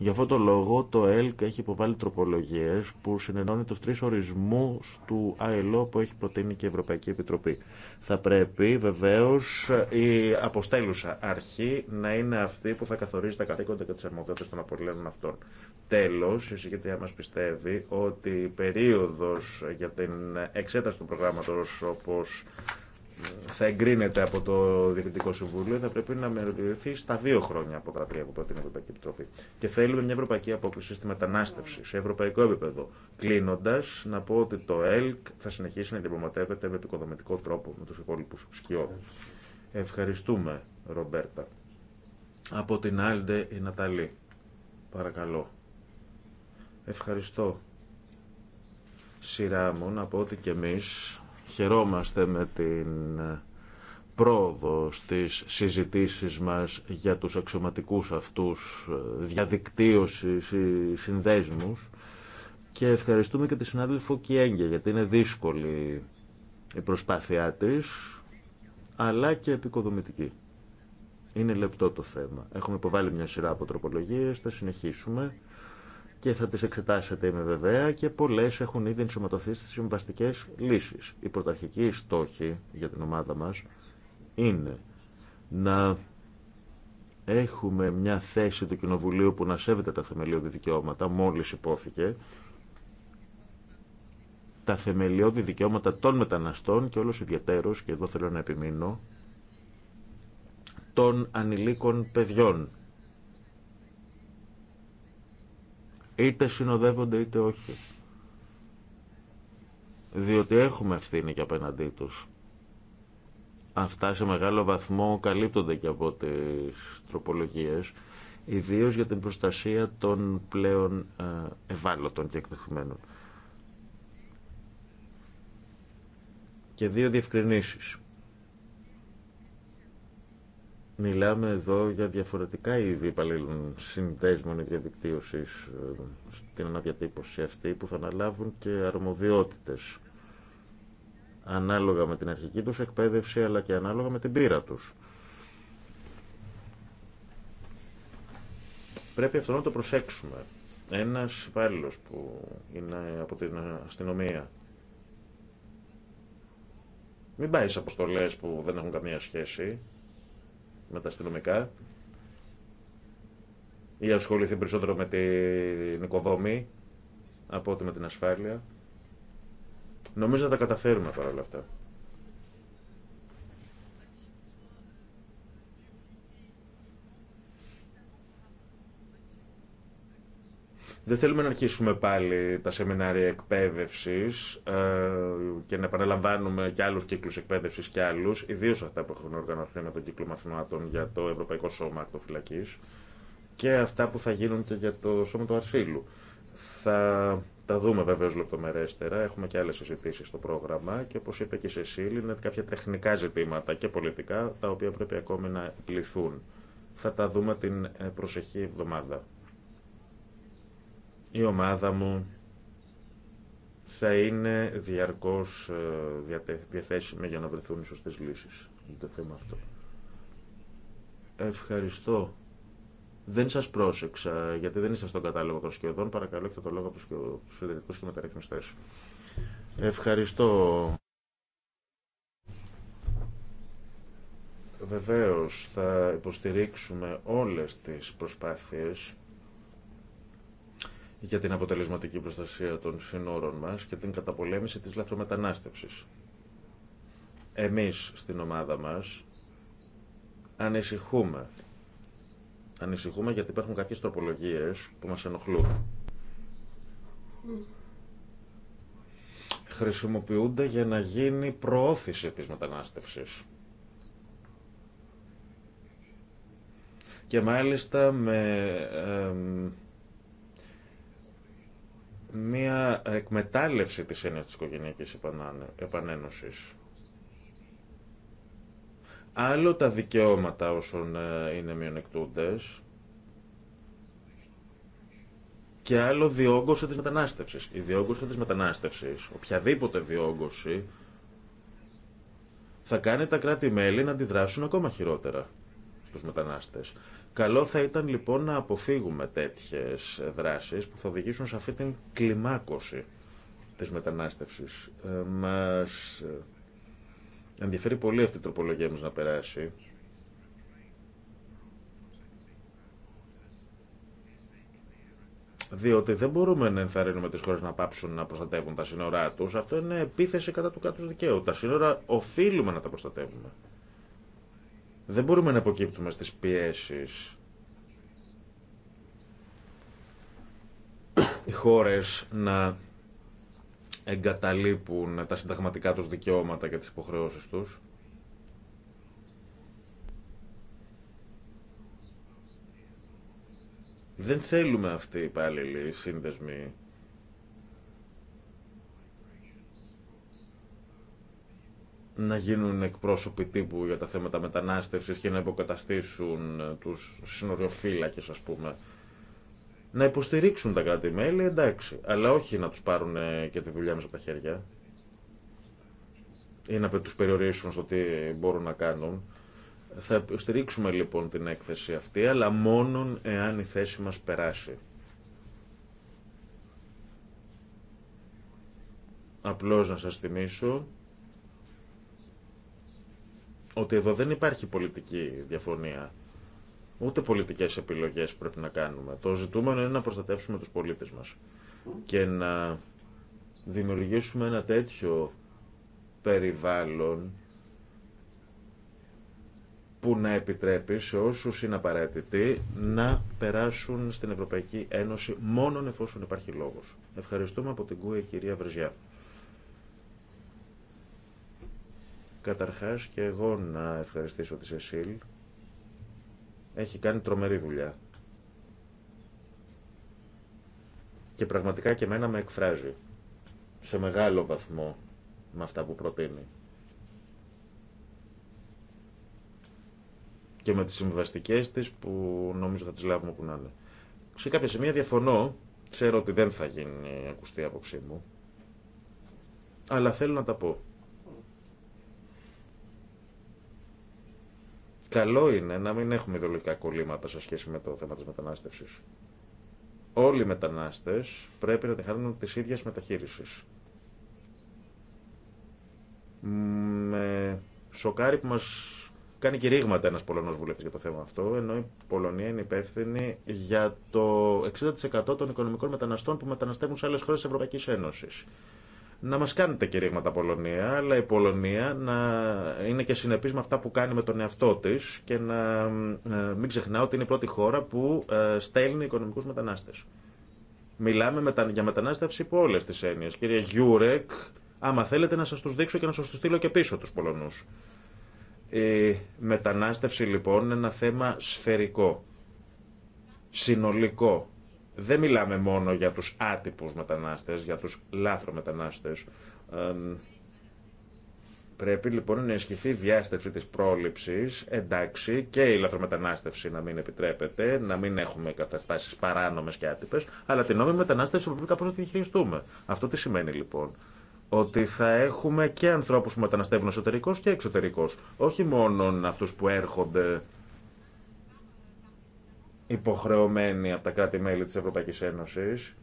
Speaker 3: Γι' αυτό το λόγο το ΕΛΚ έχει υποβάλει τροπολογίε που συνενώνει του τρει ορισμού του ΑΕΛΟ που έχει προτείνει και η Ευρωπαϊκή Επιτροπή. Θα πρέπει βεβαίω η αποστέλουσα αρχή να είναι αυτή που θα καθορίζει τα καθήκοντα και τι αρμοδιότητε των απολύων αυτών. Τέλο, η συγκεκριμένη μα πιστεύει ότι η περίοδο για την εξέταση του προγράμματο όπω θα εγκρίνεται από το Διευθυντικό Συμβούλιο θα πρέπει να μελετηθεί στα δύο χρόνια από τα τρία που την Ευρωπαϊκή Επιτροπή. Και θέλουμε μια ευρωπαϊκή απόκριση στη μετανάστευση σε ευρωπαϊκό επίπεδο. Κλείνοντα, να πω ότι το ΕΛΚ θα συνεχίσει να διαπραγματεύεται με επικοδομητικό τρόπο με του υπόλοιπου σκιώδου. Ευχαριστούμε, Ρομπέρτα. Από την Άλντε, η Ναταλή. Παρακαλώ. Ευχαριστώ. Σειρά μου να πω ότι και εμείς Χαιρόμαστε με την ε, πρόοδο στις συζητήσεις μας για τους αξιωματικούς αυτούς ε, διαδικτύωσης ή συνδέσμους και ευχαριστούμε και τη συνάδελφο Κιέγγε γιατί είναι δύσκολη η προσπάθειά της αλλά και επικοδομητική. Είναι λεπτό το θέμα. Έχουμε υποβάλει μια σειρά από τροπολογίες, θα συνεχίσουμε και θα τις εξετάσετε είμαι βεβαία και πολλές έχουν ήδη ενσωματωθεί στις συμβαστικές λύσεις. Η πρωταρχική στόχη για την ομάδα μας είναι να έχουμε μια θέση του Κοινοβουλίου που να σέβεται τα θεμελιώδη δικαιώματα, μόλις υπόθηκε, τα θεμελιώδη δικαιώματα των μεταναστών και όλος ιδιαίτερος, και εδώ θέλω να επιμείνω, των ανηλίκων παιδιών είτε συνοδεύονται είτε όχι. Διότι έχουμε ευθύνη και απέναντί τους. Αυτά σε μεγάλο βαθμό καλύπτονται και από τις τροπολογίες, ιδίως για την προστασία των πλέον ε, ευάλωτων και εκτεθειμένων. Και δύο διευκρινήσεις Μιλάμε εδώ για διαφορετικά είδη υπαλλήλων συνδέσμων διαδικτύωση ε, στην αναδιατύπωση αυτή που θα αναλάβουν και αρμοδιότητες ανάλογα με την αρχική τους εκπαίδευση αλλά και ανάλογα με την πείρα τους. Πρέπει αυτό να το προσέξουμε. Ένας υπάλληλο που είναι από την αστυνομία μην πάει σε αποστολές που δεν έχουν καμία σχέση με τα αστυνομικά ή ασχοληθεί περισσότερο με την οικοδόμη από ότι με την ασφάλεια. Νομίζω θα τα καταφέρουμε παρόλα αυτά. Δεν θέλουμε να αρχίσουμε πάλι τα σεμινάρια εκπαίδευση ε, και να επαναλαμβάνουμε και άλλου κύκλου εκπαίδευση και άλλου, ιδίω αυτά που έχουν οργανωθεί με τον κύκλο μαθημάτων για το Ευρωπαϊκό Σώμα Ακτοφυλακή και αυτά που θα γίνουν και για το Σώμα του Αρσίλου. Θα τα δούμε βεβαίω λεπτομερέστερα. Έχουμε και άλλε συζητήσει στο πρόγραμμα και όπω είπε και η Σεσίλη είναι κάποια τεχνικά ζητήματα και πολιτικά τα οποία πρέπει ακόμη να πληθούν. Θα τα δούμε την ε, προσεχή εβδομάδα η ομάδα μου θα είναι διαρκώς ε, διαθέσιμη για να βρεθούν οι σωστές λύσεις για το θέμα αυτό. Ευχαριστώ. Δεν σας πρόσεξα, γιατί δεν είστε στον κατάλογο των σχεδόν. Παρακαλώ, έχετε το λόγο από τους συντηρητικούς και μεταρρυθμιστές. Ευχαριστώ. Βεβαίως, θα υποστηρίξουμε όλες τις προσπάθειες για την αποτελεσματική προστασία των συνόρων μας και την καταπολέμηση της λαθρομετανάστευσης. Εμείς στην ομάδα μας ανησυχούμε. Ανησυχούμε γιατί υπάρχουν κάποιες τροπολογίες που μας ενοχλούν. Χρησιμοποιούνται για να γίνει προώθηση της μετανάστευσης. Και μάλιστα με μία εκμετάλλευση της έννοιας της οικογενειακής επανένωσης. Άλλο τα δικαιώματα όσων ε, είναι μειονεκτούντες και άλλο διόγκωση της μετανάστευσης. Η διόγκωση της μετανάστευσης, οποιαδήποτε διόγκωση, θα κάνει τα κράτη-μέλη να αντιδράσουν ακόμα χειρότερα στους μετανάστες. Καλό θα ήταν λοιπόν να αποφύγουμε τέτοιες δράσεις που θα οδηγήσουν σε αυτή την κλιμάκωση της μετανάστευσης. Ε, μας ε, ενδιαφέρει πολύ αυτή η τροπολογία μας να περάσει. Διότι δεν μπορούμε να ενθαρρύνουμε τις χώρες να πάψουν να προστατεύουν τα σύνορά τους. Αυτό είναι επίθεση κατά του κάτους δικαίου. Τα σύνορα οφείλουμε να τα προστατεύουμε. Δεν μπορούμε να αποκύπτουμε στις πιέσεις. Οι χώρες να εγκαταλείπουν τα συνταγματικά τους δικαιώματα και τις υποχρεώσεις τους. Δεν θέλουμε αυτοί οι υπάλληλοι σύνδεσμοι να γίνουν εκπρόσωποι τύπου για τα θέματα μετανάστευσης και να υποκαταστήσουν ε, τους συνοριοφύλακες ας πούμε. Να υποστηρίξουν τα κράτη-μέλη, εντάξει, αλλά όχι να τους πάρουν ε, και τη δουλειά μας από τα χέρια ή να τους περιορίσουν στο τι μπορούν να κάνουν. Θα υποστηρίξουμε λοιπόν την έκθεση αυτή, αλλά μόνον εάν η θέση μας περάσει. Απλώς να σας θυμίσω ότι εδώ δεν υπάρχει πολιτική διαφωνία, ούτε πολιτικές επιλογές πρέπει να κάνουμε. Το ζητούμενο είναι να προστατεύσουμε τους πολίτε μας και να δημιουργήσουμε ένα τέτοιο περιβάλλον που να επιτρέπει σε όσους είναι απαραίτητοι να περάσουν στην Ευρωπαϊκή Ένωση μόνον εφόσον υπάρχει λόγος. Ευχαριστούμε από την ΚΟΕ κυρία Βρεζιά. Καταρχάς και εγώ να ευχαριστήσω τη Σεσίλ. Έχει κάνει τρομερή δουλειά. Και πραγματικά και μένα με εκφράζει σε μεγάλο βαθμό με αυτά που προτείνει. Και με τις συμβαστικές της που νομίζω θα τις λάβουμε που να είναι. Σε κάποια σημεία διαφωνώ, ξέρω ότι δεν θα γίνει ακουστή άποψή μου, αλλά θέλω να τα πω. Καλό είναι να μην έχουμε ιδεολογικά κολλήματα σε σχέση με το θέμα της μετανάστευσης. Όλοι οι μετανάστες πρέπει να τη χάνουν της ίδιας μεταχείρισης. Με σοκάρει που μας κάνει κηρύγματα ένας Πολωνός βουλευτής για το θέμα αυτό, ενώ η Πολωνία είναι υπεύθυνη για το 60% των οικονομικών μεταναστών που μεταναστεύουν σε άλλες χώρες της Ευρωπαϊκής Ένωσης να μας τα κηρύγματα Πολωνία, αλλά η Πολωνία να είναι και συνεπής με αυτά που κάνει με τον εαυτό της και να ε, μην ξεχνάω ότι είναι η πρώτη χώρα που ε, στέλνει οικονομικούς μετανάστες. Μιλάμε για μετανάστευση υπό όλες τις έννοιες. Κύριε Γιούρεκ, άμα θέλετε να σας τους δείξω και να σας τους στείλω και πίσω τους Πολωνούς. Η μετανάστευση λοιπόν είναι ένα θέμα σφαιρικό, συνολικό δεν μιλάμε μόνο για τους άτυπους μετανάστες, για τους λάθρο μετανάστες. Πρέπει λοιπόν να ισχυθεί η διάστευση της πρόληψης, εντάξει, και η λαθρομετανάστευση να μην επιτρέπεται, να μην έχουμε καταστάσεις παράνομες και άτυπες, αλλά την νόμιμη μετανάστευση πρέπει κάπως να τη χειριστούμε. Αυτό τι σημαίνει λοιπόν. Ότι θα έχουμε και ανθρώπους που μεταναστεύουν εσωτερικώς και εξωτερικώς. Όχι μόνο αυτούς που έρχονται υποχρεωμένοι από τα κράτη-μέλη της Ευρωπαϊκής Ένωσης.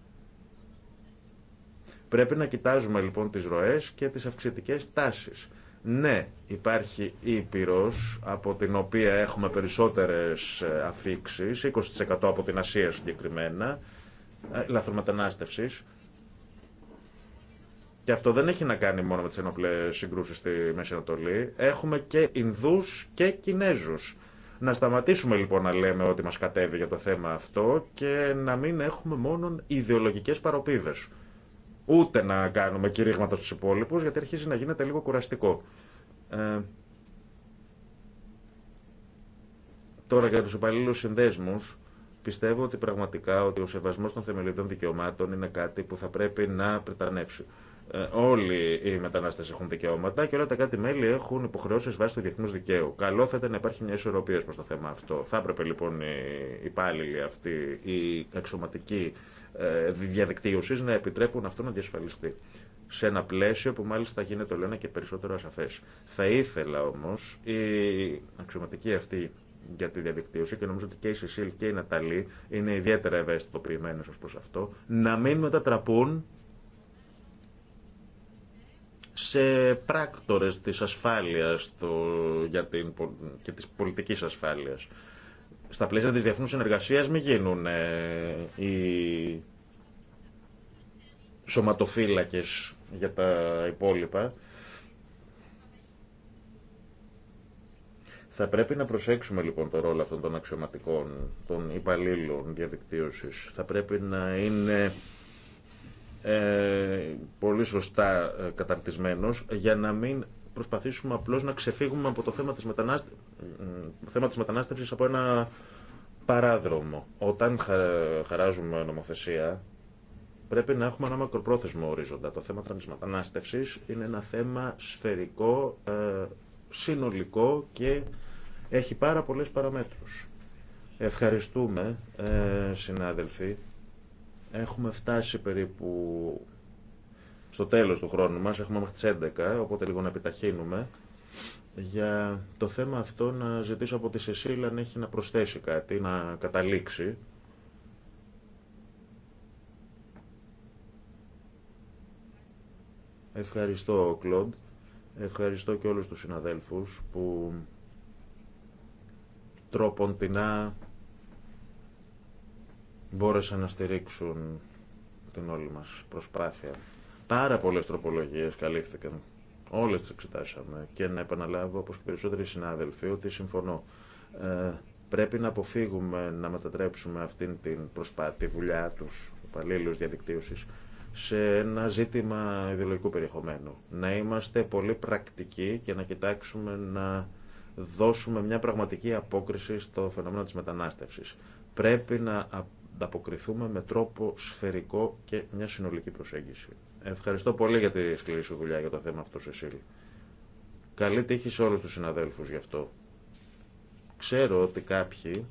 Speaker 3: Πρέπει να κοιτάζουμε λοιπόν τις ροές και τις αυξητικές τάσεις. Ναι, υπάρχει Ήπειρος, από την οποία έχουμε περισσότερες ε, αφήξεις, 20% από την Ασία συγκεκριμένα, ε, λαθρομετανάστευσης. Και αυτό δεν έχει να κάνει μόνο με τις ενόπλες συγκρούσεις στη Μέση Ανατολή. Έχουμε και Ινδούς και Κινέζους να σταματήσουμε λοιπόν να λέμε ότι μας κατέβει για το θέμα αυτό και να μην έχουμε μόνο ιδεολογικές παροπίδες. Ούτε να κάνουμε κηρύγματα στους υπόλοιπους γιατί αρχίζει να γίνεται λίγο κουραστικό. Ε, τώρα για τους υπαλλήλους συνδέσμους πιστεύω ότι πραγματικά ότι ο σεβασμός των θεμελιωδών δικαιωμάτων είναι κάτι που θα πρέπει να πρετανεύσει. Ε, όλοι οι μετανάστε έχουν δικαιώματα και όλα τα κράτη-μέλη έχουν υποχρεώσει βάσει του διεθνού δικαίου. Καλό θα ήταν να υπάρχει μια ισορροπία προ το θέμα αυτό. Θα έπρεπε λοιπόν οι υπάλληλοι αυτοί, οι αξιωματικοί ε, διαδικτύωση να επιτρέπουν αυτό να διασφαλιστεί. Σε ένα πλαίσιο που μάλιστα γίνεται όλο και περισσότερο ασαφέ. Θα ήθελα όμω οι αξιωματικοί αυτοί για τη διαδικτύωση και νομίζω ότι και η Σεσίλ και η Ναταλή είναι ιδιαίτερα ευαισθητοποιημένε ω προ αυτό, να μην μετατραπούν σε πράκτορες της ασφάλειας το, για την, και της πολιτικής ασφάλειας. Στα πλαίσια της διεθνούς συνεργασίας μην γίνουν οι σωματοφύλακες για τα υπόλοιπα. Θα πρέπει να προσέξουμε λοιπόν το ρόλο αυτών των αξιωματικών, των υπαλλήλων διαδικτύωσης. Θα πρέπει να είναι ε, πολύ σωστά ε, καταρτισμένος για να μην προσπαθήσουμε απλώς να ξεφύγουμε από το θέμα της, μετανάστε... θέμα της μετανάστευσης από ένα παράδρομο. Όταν χαράζουμε νομοθεσία πρέπει να έχουμε ένα μακροπρόθεσμο ορίζοντα. Το θέμα της μετανάστευσης είναι ένα θέμα σφαιρικό, ε, συνολικό και έχει πάρα πολλές παραμέτρους. Ευχαριστούμε, συνάδελφοι. Έχουμε φτάσει περίπου στο τέλος του χρόνου μας, έχουμε μέχρι τις 11, οπότε λίγο να επιταχύνουμε. Για το θέμα αυτό να ζητήσω από τη Σεσίλα να έχει να προσθέσει κάτι, να καταλήξει. Ευχαριστώ, Κλοντ. Ευχαριστώ και όλους τους συναδέλφους που τρόπον τηνά μπόρεσαν να στηρίξουν την όλη μας προσπάθεια. Πάρα πολλές τροπολογίες καλύφθηκαν. Όλες τις εξετάσαμε και να επαναλάβω, όπως και περισσότεροι συνάδελφοι, ότι συμφωνώ. Ε, πρέπει να αποφύγουμε να μετατρέψουμε αυτήν την προσπάθεια, τη δουλειά τους, υπαλλήλου διαδικτύωσης, σε ένα ζήτημα ιδεολογικού περιεχομένου. Να είμαστε πολύ πρακτικοί και να κοιτάξουμε να δώσουμε μια πραγματική απόκριση στο φαινόμενο της μετανάστευσης. Πρέπει να ανταποκριθούμε με τρόπο σφαιρικό και μια συνολική προσέγγιση. Ευχαριστώ πολύ για τη σκληρή σου δουλειά για το θέμα αυτό, Σεσίλ. Καλή τύχη σε όλους τους συναδέλφους γι' αυτό. Ξέρω ότι κάποιοι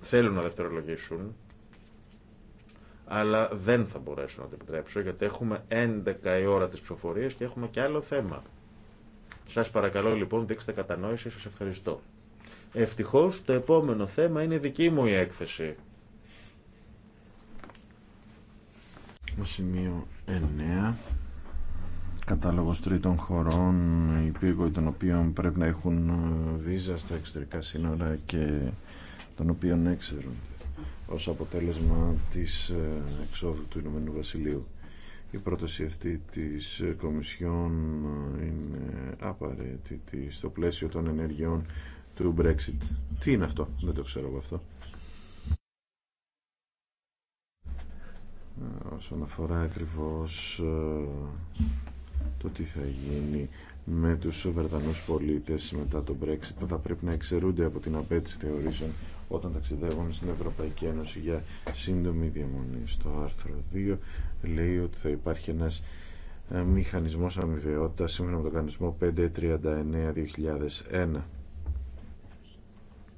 Speaker 3: θέλουν να δευτερολογήσουν, αλλά δεν θα μπορέσω να το επιτρέψω, γιατί έχουμε 11 η ώρα της ψηφοφορίας και έχουμε και άλλο θέμα. Σας παρακαλώ λοιπόν δείξτε κατανόηση, σας ευχαριστώ. Ευτυχώς το επόμενο θέμα είναι δική μου η έκθεση.
Speaker 4: Το σημείο 9 κατάλογος τρίτων χωρών υπήρχοι των οποίων πρέπει να έχουν ε, βίζα στα εξωτερικά σύνορα και των οποίων έξερουν ε, ως αποτέλεσμα της ε, εξόδου του Ηνωμένου Βασιλείου. Η πρόταση αυτή της Κομισιόν είναι απαραίτητη στο πλαίσιο των ενεργειών του Brexit. Τι είναι αυτό, δεν το ξέρω από αυτό. Όσον αφορά ακριβώς ε, το τι θα γίνει με τους Βρετανούς πολίτες μετά το Brexit που θα πρέπει να εξαιρούνται από την απέτηση θεωρήσεων όταν ταξιδεύουν στην Ευρωπαϊκή Ένωση για σύντομη διαμονή. Στο άρθρο 2 λέει ότι θα υπάρχει ένας ε, μηχανισμός αμοιβαιότητας σύμφωνα με τον κανονισμό 539-2001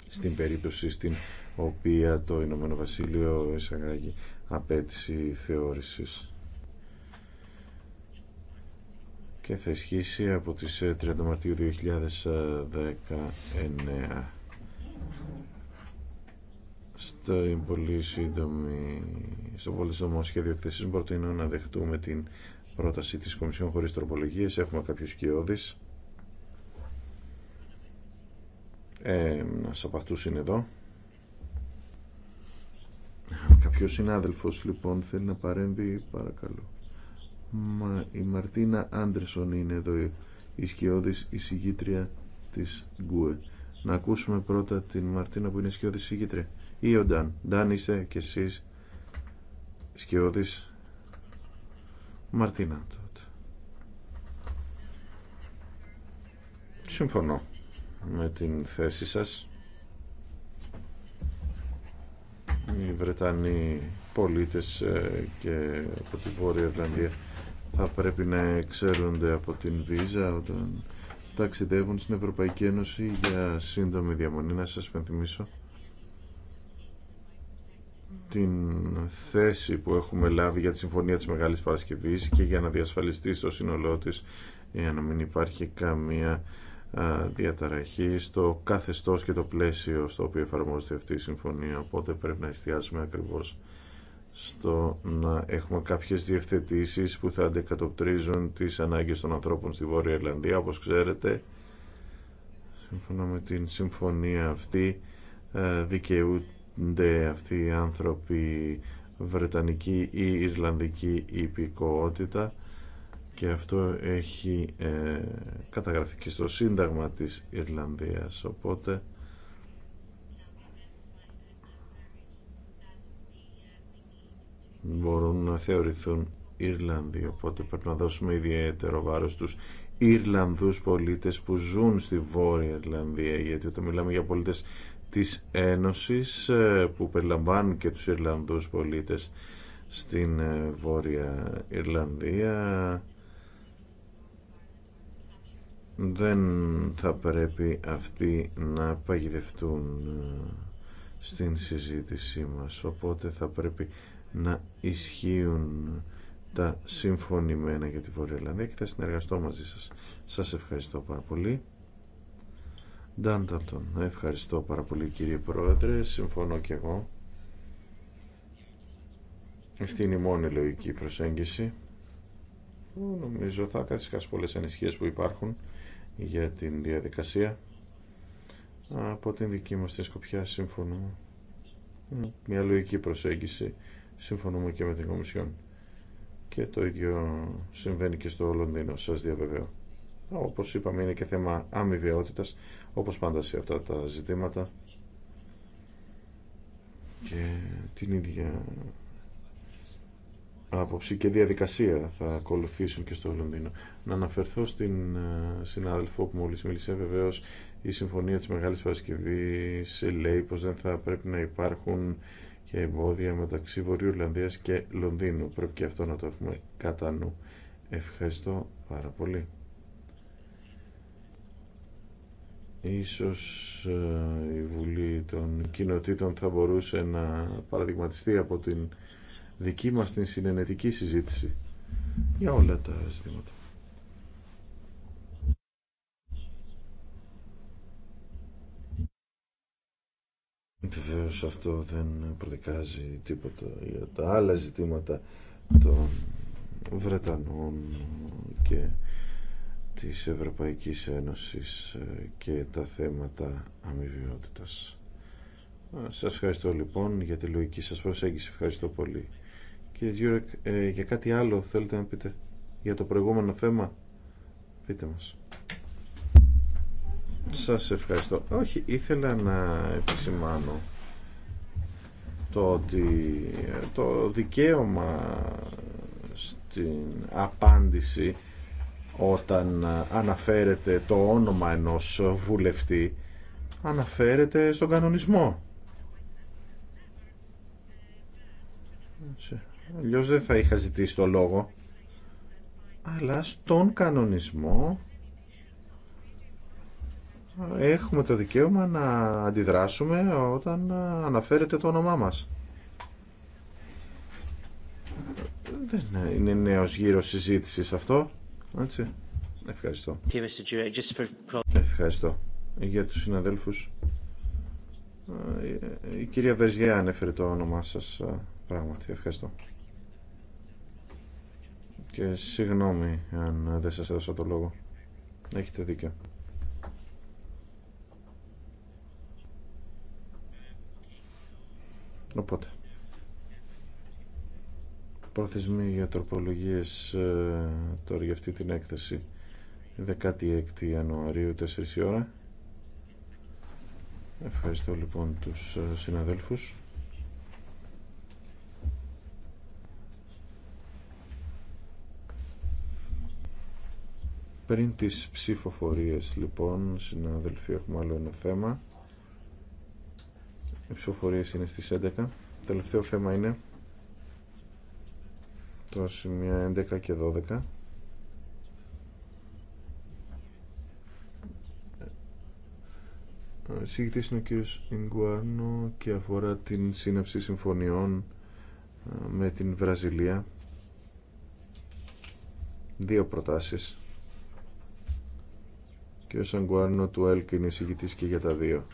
Speaker 4: στην περίπτωση στην οποία το Ηνωμένο Βασίλειο εισαγάγει απέτηση θεώρησης και θα ισχύσει από τις 30 ε, Μαρτίου 2019 στο πολύ, σύντομη, στο πολύ σύντομο σχέδιο εκθεσής προτείνω να δεχτούμε την πρόταση της Κομισιόν χωρίς τροπολογίες. Έχουμε κάποιους κοιόδης. Ε, ένας από αυτούς είναι εδώ. Κάποιο συνάδελφο λοιπόν θέλει να παρέμβει, παρακαλώ. η Μαρτίνα Άντρεσον είναι εδώ, η σκιώδης εισηγήτρια της Γκουε. Να ακούσουμε πρώτα την Μαρτίνα που είναι σκιώδη εισηγήτρια ο Ντάν είσαι και εσείς σκιώδης Μαρτίνα Συμφωνώ με την θέση σας. Οι Βρετανοί πολίτες ε, και από τη Βόρεια Ιρλανδία θα πρέπει να εξαίρονται από την Βίζα όταν ταξιδεύουν στην Ευρωπαϊκή Ένωση για σύντομη διαμονή. Να σας πενθυμίσω την θέση που έχουμε λάβει για τη Συμφωνία της Μεγάλης Παρασκευής και για να διασφαλιστεί στο σύνολό της για να μην υπάρχει καμία διαταραχή στο καθεστώς και το πλαίσιο στο οποίο εφαρμόζεται αυτή η συμφωνία οπότε πρέπει να εστιάσουμε ακριβώς στο να έχουμε κάποιες διευθετήσεις που θα αντικατοπτρίζουν τις ανάγκες των ανθρώπων στη Βόρεια Ελλανδία όπως ξέρετε σύμφωνα με την συμφωνία αυτή δικαιούται αυτοί οι άνθρωποι βρετανική ή ιρλανδική υπηκότητα και αυτό έχει ε, καταγραφεί και στο Σύνταγμα της Ιρλανδίας οπότε μπορούν να θεωρηθούν Ιρλανδοί οπότε πρέπει να δώσουμε ιδιαίτερο βάρος στους Ιρλανδούς πολίτες που ζουν στη Βόρεια Ιρλανδία γιατί όταν μιλάμε για πολίτες της Ένωσης ε, που περιλαμβάνουν και τους Ιρλανδούς πολίτες στην ε, Βόρεια Ιρλανδία δεν θα πρέπει αυτοί να παγιδευτούν ε, στην συζήτησή μας οπότε θα πρέπει να ισχύουν τα συμφωνημένα για τη Βόρεια Ιρλανδία και θα συνεργαστώ μαζί σας. Σας ευχαριστώ πάρα πολύ. Ντάνταλτον. Ευχαριστώ πάρα πολύ κύριε Πρόεδρε. Συμφωνώ και εγώ. Αυτή είναι η μόνη λογική προσέγγιση που νομίζω θα καθισκάσει πολλέ ανησυχίε που υπάρχουν για την διαδικασία. Από την δική μας τη σκοπιά συμφωνούμε. Μια λογική προσέγγιση συμφωνούμε και με την Κομισιόν. Και το ίδιο συμβαίνει και στο Λονδίνο, σας διαβεβαιώ. Όπως είπαμε είναι και θέμα αμοιβαιότητας όπως πάντα σε αυτά τα ζητήματα και την ίδια άποψη και διαδικασία θα ακολουθήσουν και στο Λονδίνο. Να αναφερθώ στην ε, συνάδελφο που μόλις μίλησε βεβαίως η Συμφωνία της Μεγάλης Παρασκευής λέει πως δεν θα πρέπει να υπάρχουν και εμπόδια μεταξύ Βορείου Ιρλανδίας και Λονδίνου. Πρέπει και αυτό να το έχουμε κατά νου. Ευχαριστώ πάρα πολύ. Ίσως ε, η Βουλή των Κοινοτήτων θα μπορούσε να παραδειγματιστεί από την δική μας την συνενετική συζήτηση για όλα τα ζητήματα. Βεβαίω αυτό δεν προδικάζει τίποτα για τα άλλα ζητήματα των Βρετανών και της Ευρωπαϊκής Ένωσης ε, και τα θέματα αμοιβιότητας. Σας ευχαριστώ λοιπόν για τη λογική σας προσέγγιση. Ευχαριστώ πολύ. Κύριε Τζιούρεκ, ε, για κάτι άλλο θέλετε να πείτε για το προηγούμενο θέμα. Πείτε μας. Σας ευχαριστώ. Όχι, ήθελα να επισημάνω το ότι ε, το δικαίωμα στην απάντηση όταν ε, αναφέρεται το όνομα ενός βουλευτή αναφέρεται στον κανονισμό. Αλλιώ δεν θα είχα ζητήσει το λόγο. Αλλά στον κανονισμό έχουμε το δικαίωμα να αντιδράσουμε όταν ε, αναφέρεται το όνομά μας. Δεν είναι νέος γύρος συζήτησης αυτό. Έτσι. Ευχαριστώ. Ευχαριστώ. Για τους συναδέλφους. Ε, η κυρία Βεζιά ανέφερε το όνομά σας ε, πράγματι. Ευχαριστώ. Και συγγνώμη αν δεν σας έδωσα το λόγο. Έχετε δίκιο. Οπότε. Προθεσμοί για τροπολογίες ε, τώρα για αυτή την έκθεση 16 Ιανουαρίου 4 η ώρα. Ευχαριστώ λοιπόν τους ε, συναδέλφους. Πριν τις ψηφοφορίες λοιπόν, συναδελφοί, έχουμε άλλο ένα θέμα. Οι ψηφοφορίες είναι στις 11. Το τελευταίο θέμα είναι το σημεία 11 και 12 ε, Συγητής είναι ο κ. Ιγκουάνο και αφορά την σύναψη συμφωνιών ε, με την Βραζιλία. Δύο προτάσεις. Ο κ. του ΕΛΚ είναι συγητής και για τα δύο.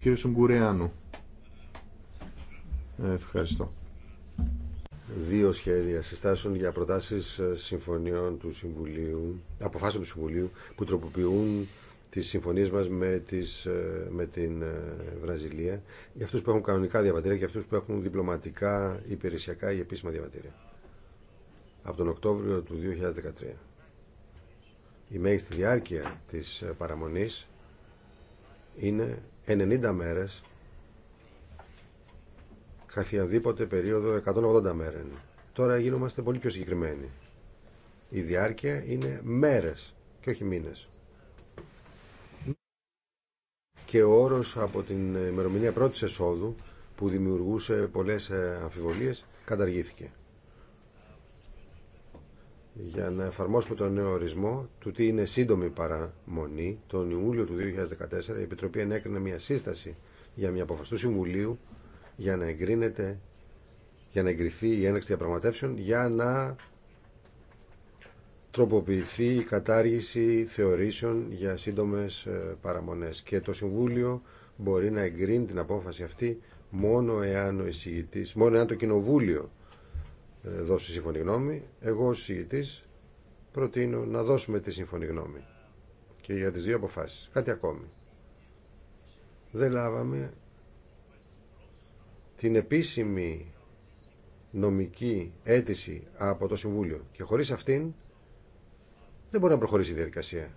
Speaker 4: Κύριε Σουγκουρεάνου. Ευχαριστώ.
Speaker 2: Δύο σχέδια συστάσεων για προτάσεις ε, συμφωνιών του Συμβουλίου, αποφάσεων του Συμβουλίου που τροποποιούν τις συμφωνίες μας με, τις, ε, με την ε, Βραζιλία για αυτούς που έχουν κανονικά διαβατήρια και αυτούς που έχουν διπλωματικά, υπηρεσιακά ή επίσημα διαβατήρια. Από τον Οκτώβριο του 2013. Η μέγιστη διάρκεια της παραμονής είναι 90 μέρες καθιαδήποτε περίοδο 180 μέρες. Τώρα γινόμαστε πολύ πιο συγκεκριμένοι. Η διάρκεια είναι μέρες και όχι μήνες. Και ο όρος από την ημερομηνία πρώτης εσόδου που δημιουργούσε πολλές ε, αμφιβολίες καταργήθηκε για να εφαρμόσουμε τον νέο ορισμό του τι είναι σύντομη παραμονή, τον Ιούλιο του 2014 η Επιτροπή ενέκρινε μια σύσταση για μια αποφαστού Συμβουλίου για να εγκρίνεται, για να εγκριθεί η έναξη διαπραγματεύσεων για να τροποποιηθεί η κατάργηση θεωρήσεων για σύντομες ε, παραμονές και το Συμβούλιο μπορεί να εγκρίνει την απόφαση αυτή μόνο εάν ο μόνο εάν το Κοινοβούλιο ε, δώσει σύμφωνη γνώμη. Εγώ ως συγητής προτείνω να δώσουμε τη σύμφωνη γνώμη και για τις δύο αποφάσεις. Κάτι ακόμη. Δεν λάβαμε την επίσημη νομική αίτηση από το Συμβούλιο και χωρίς αυτήν δεν μπορεί να προχωρήσει η διαδικασία.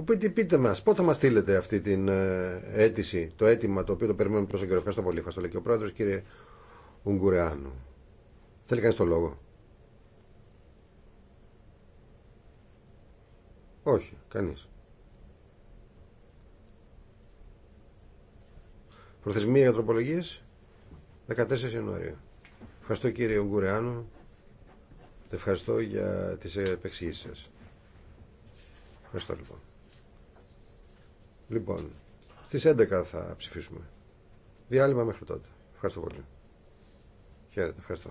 Speaker 2: Οπότε πείτε μα, πότε θα μα στείλετε αυτή την ε, αίτηση, το αίτημα το οποίο το περιμένουμε τόσο καιρό. Ευχαριστώ πολύ. Ευχαριστώ και ο πρόεδρο, κύριε Ουγγουρεάνου. Θέλει κανεί το λόγο. Όχι, κανεί. Προθεσμία για τροπολογίε 14 Ιανουαρίου. Ευχαριστώ κύριε Ουγγουρεάνου. Ευχαριστώ για τι επεξηγήσει σα. Ευχαριστώ λοιπόν. Λοιπόν, στις 11 θα ψηφίσουμε. Διάλειμμα μέχρι τότε. Ευχαριστώ πολύ. Χαίρετε. Ευχαριστώ.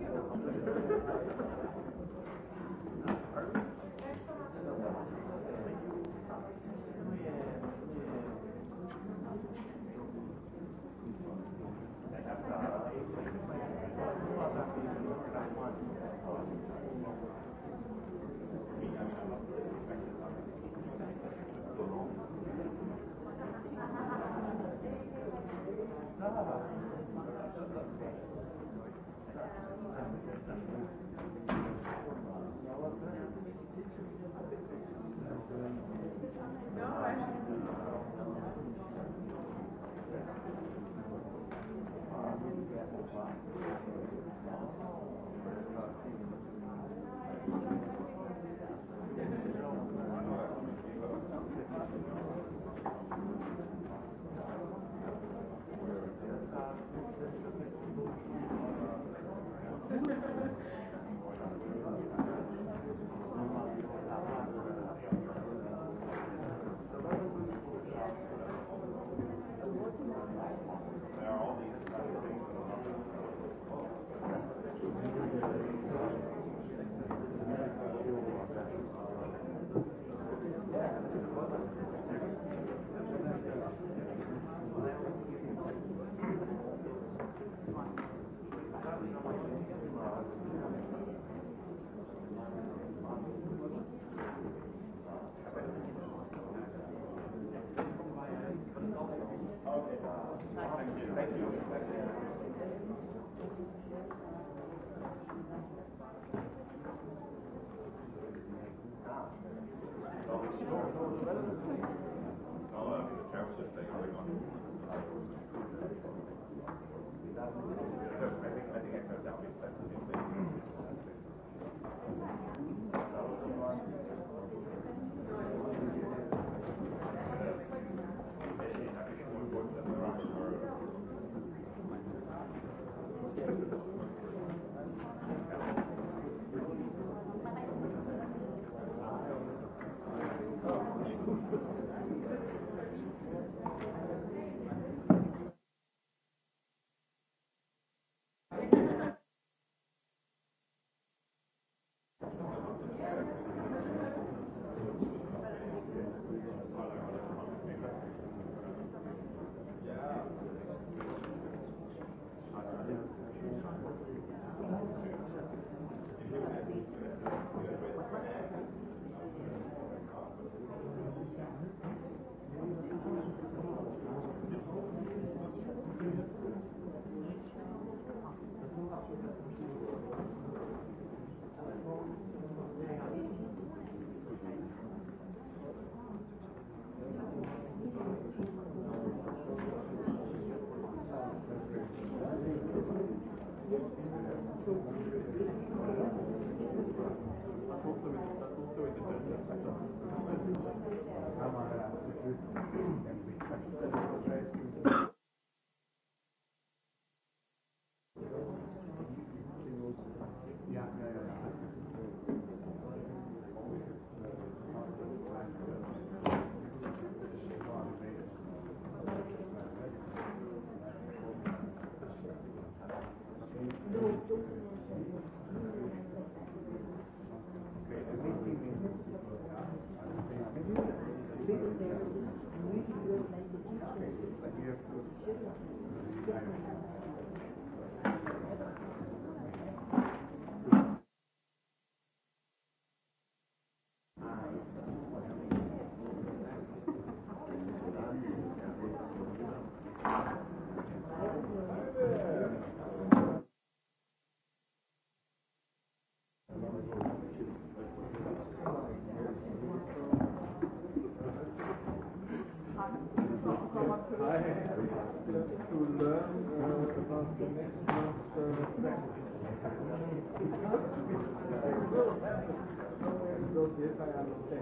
Speaker 1: Grazie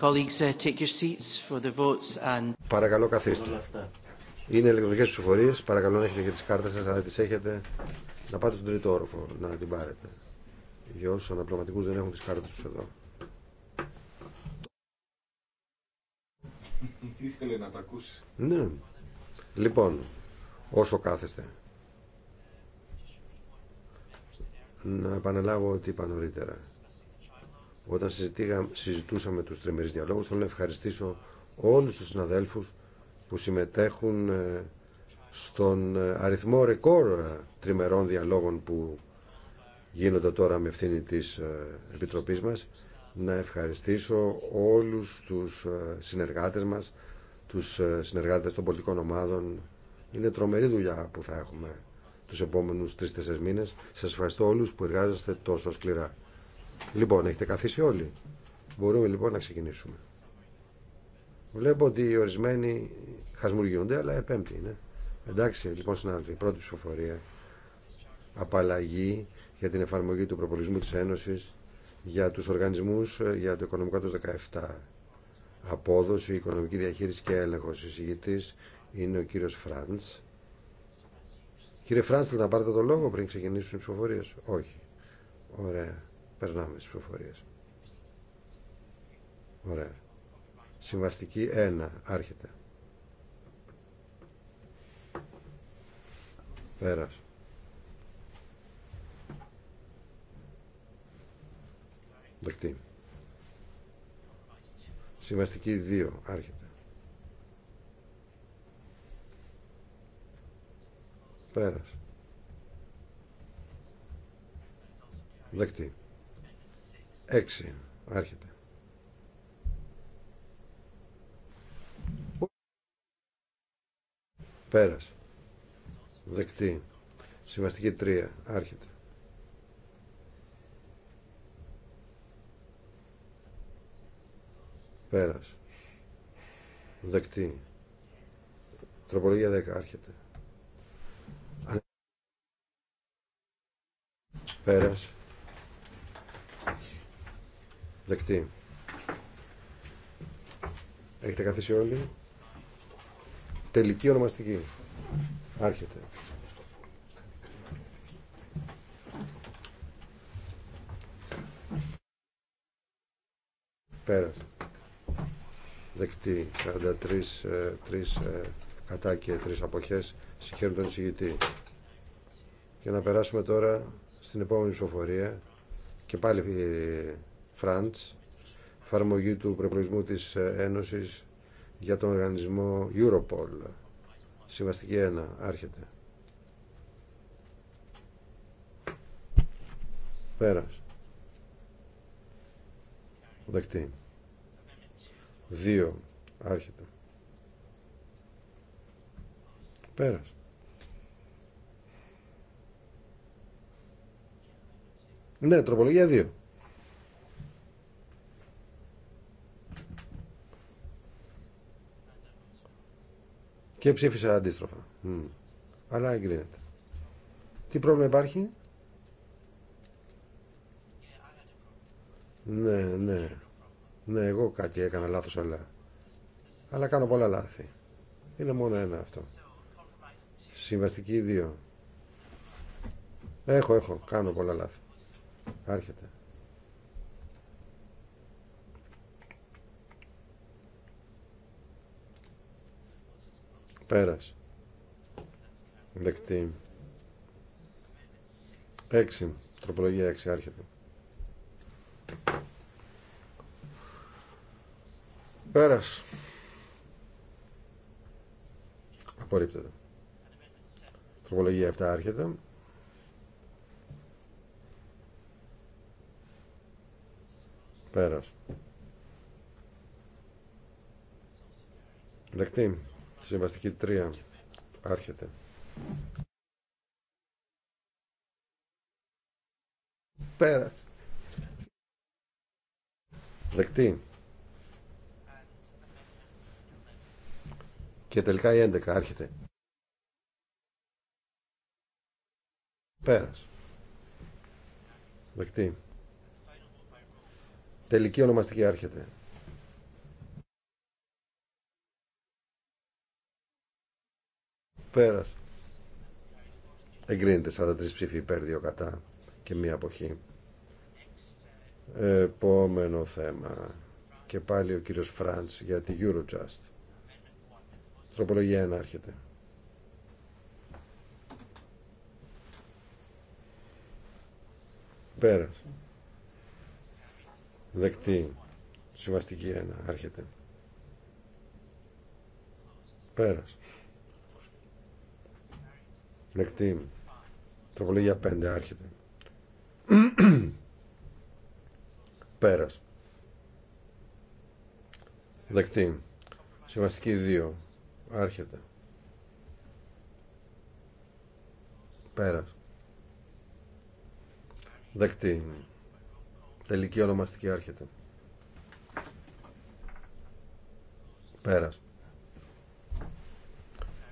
Speaker 1: Uh, Παρακαλώ καθίστε.
Speaker 2: Είναι ηλεκτρονικέ ψηφοφορίε. Παρακαλώ να έχετε και τι κάρτε σα, αν δεν τι έχετε, να πάτε στον τρίτο όροφο να την πάρετε. Για όσου αναπληρωματικού δεν έχουν τι κάρτε του εδώ.
Speaker 5: Τι
Speaker 4: ήθελε να τα ακούσει.
Speaker 2: Ναι. Λοιπόν, όσο κάθεστε. Να επαναλάβω ότι είπα νωρίτερα. Όταν συζητούσαμε τους τριμερείς διαλόγους, θέλω να ευχαριστήσω όλους τους συναδέλφους που συμμετέχουν ε, στον ε, αριθμό ρεκόρ ε, τριμερών διαλόγων που γίνονται τώρα με ευθύνη της Επιτροπής μας. Να ευχαριστήσω όλους τους συνεργάτες μας, τους συνεργάτες των πολιτικών ομάδων. Είναι τρομερή δουλειά που θα έχουμε τους επόμενους τρεις-τέσσερις μήνες. Σας ευχαριστώ όλους που εργάζεστε τόσο σκληρά. Λοιπόν, έχετε καθίσει όλοι. Μπορούμε λοιπόν να ξεκινήσουμε. Βλέπω ότι οι ορισμένοι χασμουργιούνται, αλλά επέμπτη είναι. Εντάξει, λοιπόν, συνάδελφοι, πρώτη ψηφοφορία. Απαλλαγή για την εφαρμογή του προπολισμού της Ένωσης για τους οργανισμούς ε, για το οικονομικό του 17. Απόδοση, οικονομική διαχείριση και έλεγχος. Εισηγητής είναι ο κύριος Φραντς. Κύριε Φραντς, θέλετε να πάρετε το λόγο πριν ξεκινήσουν οι ψηφοφορίες. Όχι. Ωραία. Περνάμε στις προφορίες. Ωραία. Συμβαστική 1. Άρχεται. πέρασε Δεκτή. Συμβαστική 2. Άρχεται. Πέρας. Δεκτή. 6. Άρχεται. Πέρας. Δεκτή. Συμβαστική 3. Άρχεται. Πέρας. Δεκτή. Τροπολογία 10. Άρχεται. Πέρας. Δεκτή. Έχετε καθίσει όλοι. Τελική ονομαστική. Άρχεται. Πέρα. Δεκτή. 43 τρεις, ε, ε, κατά και 3 αποχές. Συγχαίρουν τον εισηγητή. Και να περάσουμε τώρα στην επόμενη ψηφοφορία. Και πάλι ε, Φραντς, εφαρμογή του προπολογισμού της ε, Ένωσης για τον οργανισμό Europol. Συμβαστική 1. Άρχεται. Πέρας. Δεκτή. 2. Άρχεται. Πέρας. Ναι, τροπολογία 2. Και ψήφισα αντίστροφα. Mm. Αλλά εγκρίνεται. Τι πρόβλημα υπάρχει? Ναι, ναι. Ναι, εγώ κάτι έκανα λάθος, αλλά... Αλλά κάνω πολλά λάθη. Είναι μόνο ένα αυτό. Συμβαστική 2. Έχω, έχω. Κάνω πολλά λάθη. Άρχεται. Πέρας. Δεκτή. 6. Τροπολογία 6. Άρχεται. Πέρας. Απορρίπτεται. Τροπολογία 7. Άρχεται. Πέρας. Δεκτή. Συμβαστική 3. Άρχεται. Πέρα. Δεκτή. Και τελικά η 11. Άρχεται. Πέρας. Δεκτή. Τελική ονομαστική άρχεται. Πέρας. Εγκρίνεται 43 ψήφοι υπέρ, 2 κατά και μία αποχή. Επόμενο θέμα. Και πάλι ο κύριος Φραντς για τη Eurojust. Τροπολογία 1 άρχεται. Πέρας. Δεκτή. Συμβαστική 1 άρχεται. Πέρας. Δεκτή. Τροπολογία 5. Άρχεται. Πέρας. Δεκτή. Συμβαστική 2. Άρχεται. Πέρας. Δεκτή. Τελική ονομαστική άρχεται. Πέρας.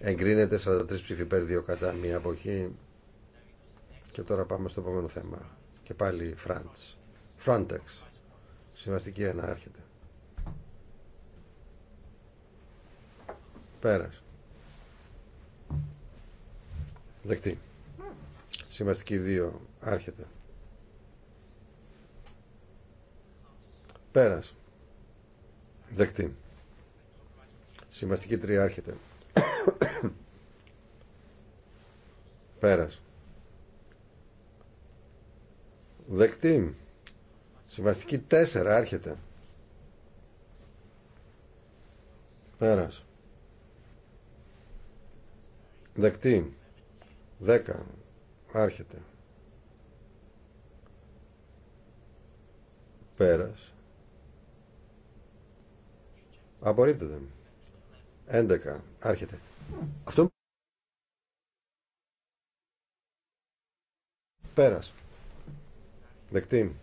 Speaker 2: Εγκρίνεται 43 ψήφοι 2 κατά μία αποχή. Και τώρα πάμε στο επόμενο θέμα. Και πάλι Φράντς. Frontex. Συμβαστική 1 άρχεται. Πέρας. Δεκτή. Σημαστική 2 άρχεται. Πέρας. Δεκτή. Σημαστική 3 άρχεται. Πέρας. Δεκτή. Συμβαστική 4. Άρχεται. Πέρας. Δεκτή. 10. Άρχεται. Πέρας. Απορρίπτεται. 11. Άρχεται. Αυτό Πέρας. Δεκτή.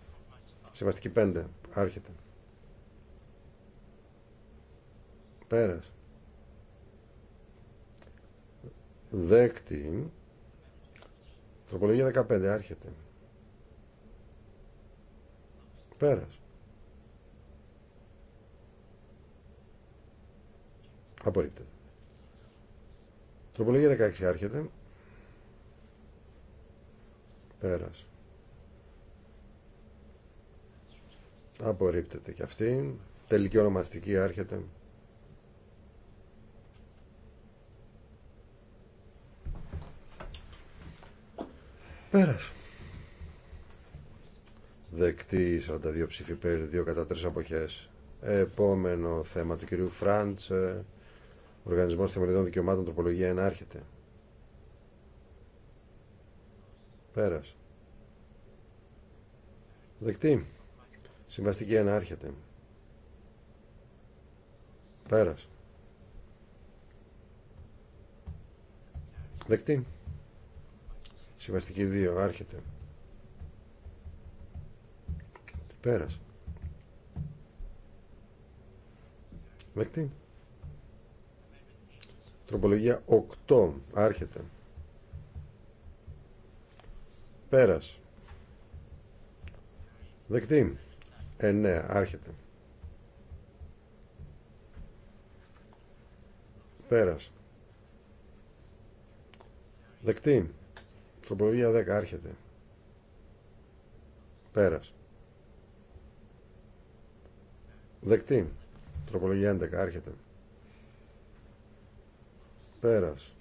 Speaker 2: Συμβαστική 5. Άρχεται. Πέρας. Δέκτη. Τροπολογία 15. Άρχεται. Πέρα. Απορρίπτεται. Τροπολογία 16. Άρχεται. Πέρας. Απορρίπτεται και αυτή. Τελική ονομαστική άρχεται. Πέρας. Δεκτή 42 ψήφι πέρι, 2 κατά 3 αποχές. Επόμενο θέμα του κυρίου Φραντς, ε, Οργανισμός Θεμελιδών Δικαιωμάτων Τροπολογία 1 άρχεται. Πέρας. Δεκτή. Συμβαστική 1 άρχεται. Πέρας. Δεκτή. Συμβαστική 2 άρχεται. Πέρας. Δεκτή. Τροπολογία 8 άρχεται. Πέρας. Δεκτή. 9. Ε, ναι, άρχεται. Πέρας. Δεκτή. Τροπολογία 10. Άρχεται. Πέρας. Δεκτή. Τροπολογία 11. Άρχεται. Πέρας.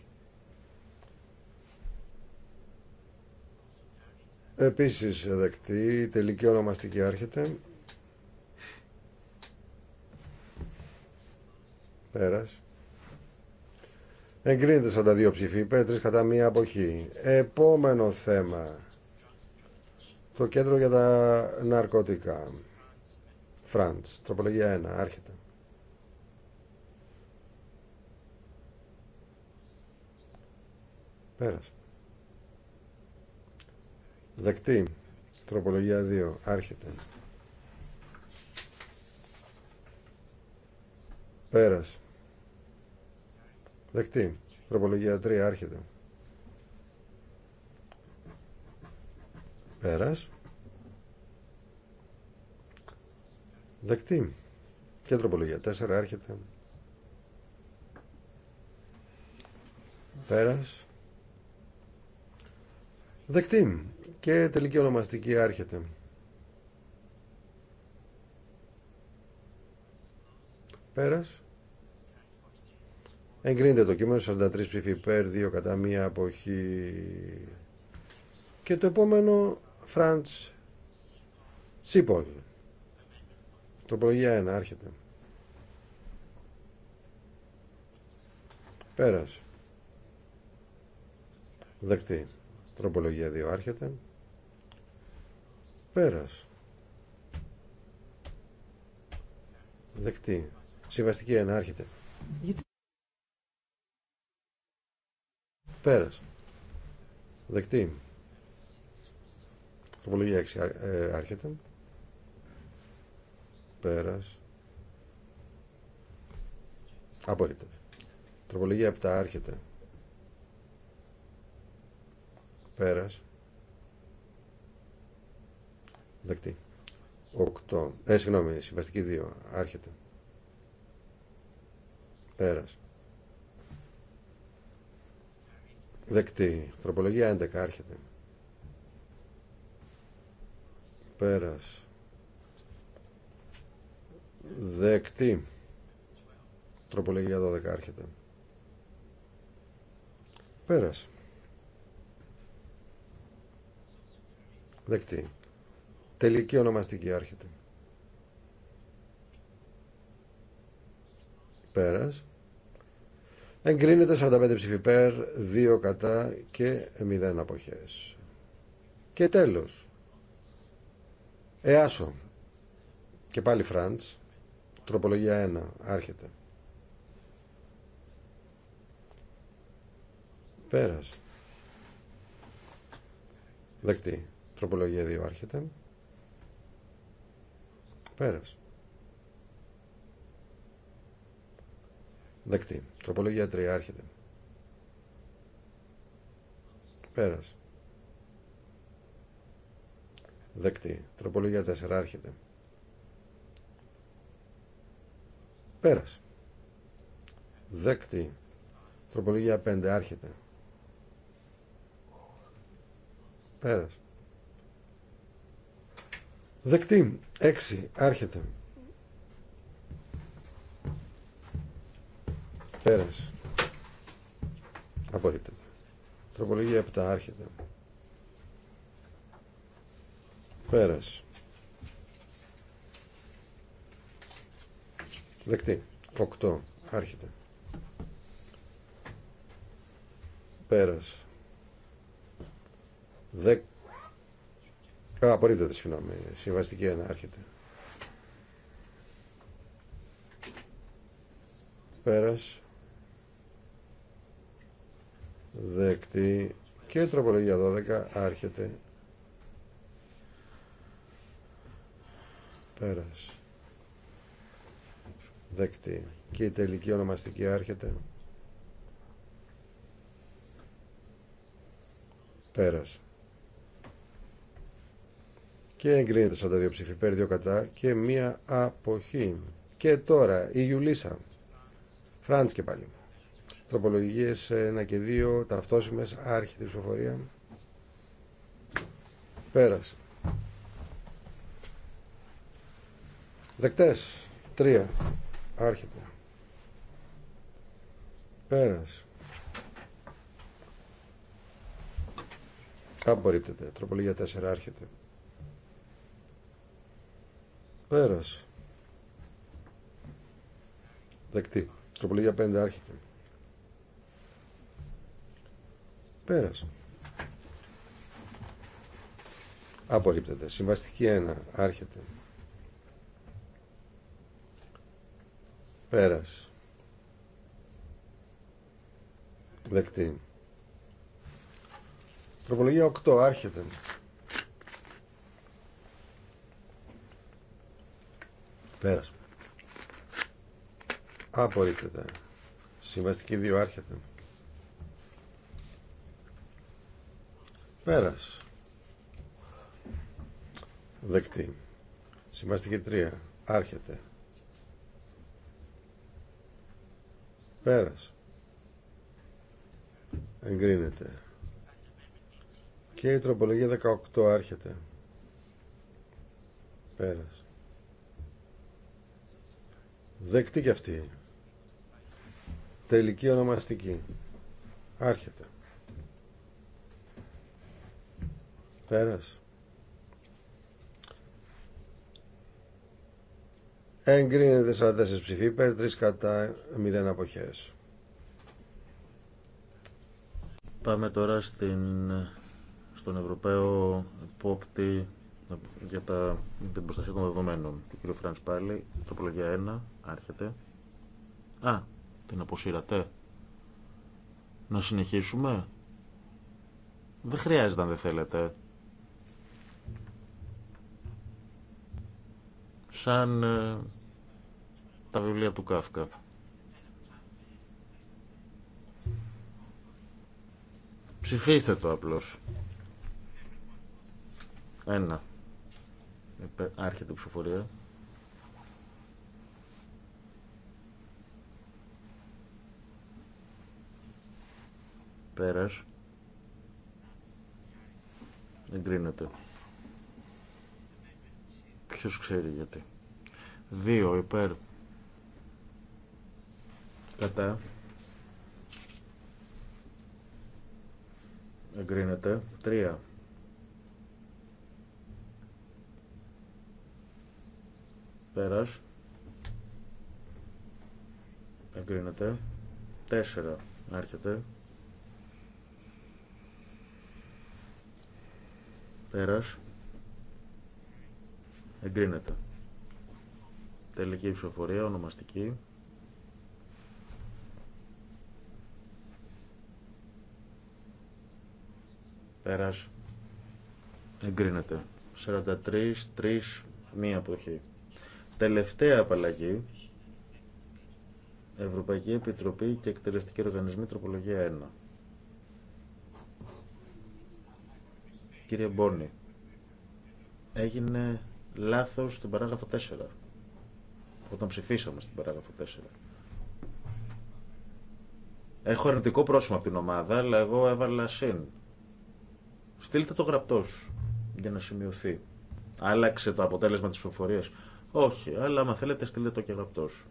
Speaker 2: Επίσης δεκτή, τελική ονομαστική άρχεται. Πέρας. Εγκρίνεται τα δύο ψηφί, πέτρες κατά μία αποχή. Επόμενο θέμα. Το κέντρο για τα ναρκωτικά. Φραντς, τροπολογία 1, άρχεται. Πέρασε. Δεκτή. Τροπολογία 2. Άρχεται. Πέρας. Δεκτή. Τροπολογία 3. Άρχεται. Πέρας. Δεκτή. Και τροπολογία 4. Άρχεται. Πέρας. Δεκτή και τελική ονομαστική άρχεται. Πέρας. Εγκρίνεται το κείμενο 43 ψήφοι υπέρ, 2 κατά μία αποχή. Και το επόμενο, Φραντς Σίπολ. Τροπολογία 1, άρχεται. Πέρας. Δεκτή. Τροπολογία 2, άρχεται. Πέρας. Δεκτή. Συμβαστική 1. Άρχεται. Γιατί... Πέρας. Δεκτή. Τροπολογία 6. Ε, άρχεται. Πέρας. Απορρίπτεται. Τροπολογία 7. Άρχεται. Πέρας. Δεκτή. 8. Ε, συγγνώμη, συμβαστική 2. Άρχεται. Πέρας. Δεκτή. Τροπολογία 11. Άρχεται. Πέρας. Δεκτή. Τροπολογία 12. Άρχεται. Πέρας. Δεκτή. Τελική ονομαστική άρχεται. Πέρας. Εγκρίνεται 45 ψηφιπέρ, 2 κατά και 0 αποχές. Και τέλος. Εάσο. Και πάλι Φραντς. Τροπολογία 1. Άρχεται. Πέρας. Δεκτή. Τροπολογία 2. Άρχεται. Πέρας. Δεκτή. Τροπολογία 3. Άρχεται. Πέρας. Δεκτή. Τροπολογία 4. Άρχεται. Πέρας. Δεκτή. Τροπολογία 5. Άρχεται. Πέρας. Δεκτή. 6. Άρχεται. Πέρας. Απορρίπτεται. Τροπολογία 7. Άρχεται. Πέρας. Δεκτή. 8. Άρχεται. Πέρας. Δεκτή Απορρίπτεται, συγγνώμη. Συμβαστική 1 άρχεται. Πέρας. Δεκτή. Και τροπολογία 12 άρχεται. Πέρας. Δεκτή. Και η τελική ονομαστική άρχεται. Πέρας και εγκρίνεται σαν δύο ψήφοι υπέρ, δύο κατά και μία αποχή. Και τώρα η Γιουλίσα. Φραντς και πάλι. Τροπολογίες 1 και 2, ταυτόσιμες, άρχιτη ψηφοφορία. Πέρασε. Δεκτές. 3. Άρχεται. Πέρασε. Απορρίπτεται. Τροπολογία 4 άρχεται. Πέρας. Δεκτή. Τροπολογία 5 άρχεται. Πέρας. Απορρίπτεται. Συμβαστική 1 άρχεται. Πέρας. Δεκτή. Τροπολογία 8 άρχεται. Πέρας. Απορρίπτεται. Συμβαστική 2 άρχεται. Πέρας. Δεκτή. Συμβαστική 3 άρχεται. Πέρας. Εγκρίνεται. Και η τροπολογία 18 άρχεται. Πέρας. Δεκτή και αυτή. Τελική ονομαστική. Άρχεται. Πέρας. Εγκρίνεται 44 ψηφί υπέρ, 3 κατά 0 αποχές.
Speaker 3: Πάμε τώρα στην, στον Ευρωπαίο υπόπτη για τα, την προστασία των δεδομένων του κ. Φραντ πάλι, τροπολογία 1, άρχεται. Α, την αποσύρατε. Να συνεχίσουμε. Δεν χρειάζεται αν δεν θέλετε. Σαν ε, τα βιβλία του Κάφκα. Ψηφίστε το απλώς. Ένα. Άρχεται η ψηφοφορία. Πέρας. Εγκρίνεται. Ποιος ξέρει γιατί. Δύο υπέρ. Κατά. Εγκρίνεται. Τρία. Πέρας. Εγκρίνεται. 4 έρχεται Πέρας. Εγκρίνεται. Τελική ψηφοφορία, ονομαστική. Πέρας. Εγκρίνεται. 43, 3, μία αποχή τελευταία απαλλαγή, Ευρωπαϊκή Επιτροπή και Εκτελεστικοί Οργανισμοί, τροπολογία 1. Κύριε Μπόνη, έγινε λάθος στην παράγραφο 4, όταν ψηφίσαμε στην παράγραφο 4. Έχω αρνητικό πρόσωπο από την ομάδα, αλλά εγώ έβαλα συν. Στείλτε το σου για να σημειωθεί. Άλλαξε το αποτέλεσμα της προφορίας όχι, αλλά άμα θέλετε στείλτε το και γραπτός.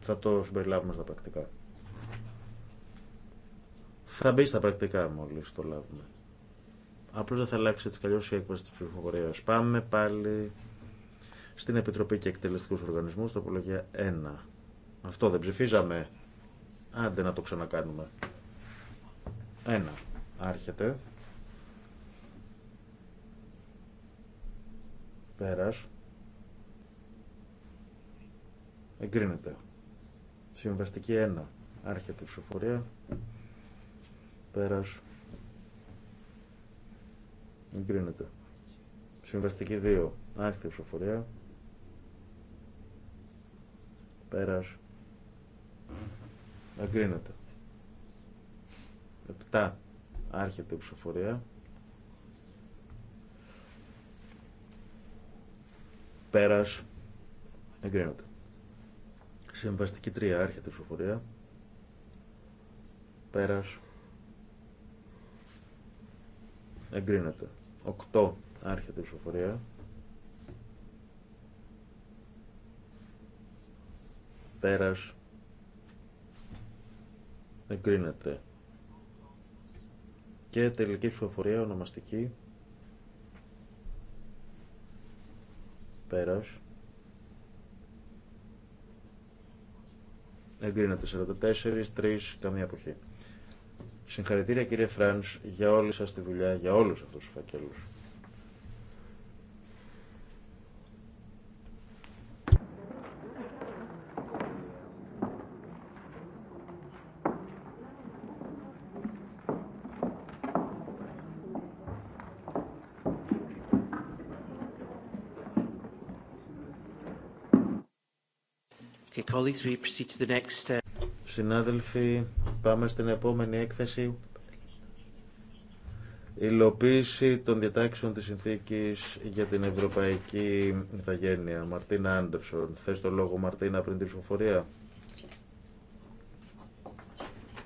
Speaker 3: Θα το συμπεριλάβουμε στα πρακτικά. Θα μπει στα πρακτικά μόλις το λάβουμε. Απλώς δεν θα αλλάξει έτσι καλλιώς η έκβαση της ψηφοφορίας. Πάμε πάλι στην Επιτροπή και Εκτελεστικούς Οργανισμούς, τοπολογία 1. Αυτό δεν ψηφίζαμε. Άντε να το ξανακάνουμε. 1. Άρχεται. Πέρας. Εγκρίνεται. Συμβαστική 1. Άρχεται η ψηφοφορία. Πέρας. Εγκρίνεται. Συμβαστική 2. Άρχεται η ψηφοφορία. Πέρας. Εγκρίνεται. 7. Άρχεται η ψηφοφορία. Πέρας. Εγκρίνεται. Συμβαστική 3. Άρχεται η ψηφοφορία. Πέρας. Εγκρίνεται. Οκτώ άρχια η ψηφοφορία. Πέρας. Εγκρίνεται. Και τελική ψηφοφορία ονομαστική. Πέρας. Εγκρίνεται 44, 3, καμία εποχή. Συγχαρητήρια κύριε Φράνς για όλη σας τη δουλειά, για όλους αυτούς τους φακέλους.
Speaker 1: Uh,
Speaker 3: Συνάδελφοι, πάμε στην επόμενη έκθεση. Υλοποίηση των διατάξεων της συνθήκης για την Ευρωπαϊκή Ιθαγένεια. Μαρτίνα Άντερσον. Θες το λόγο Μαρτίνα πριν την ψηφοφορία.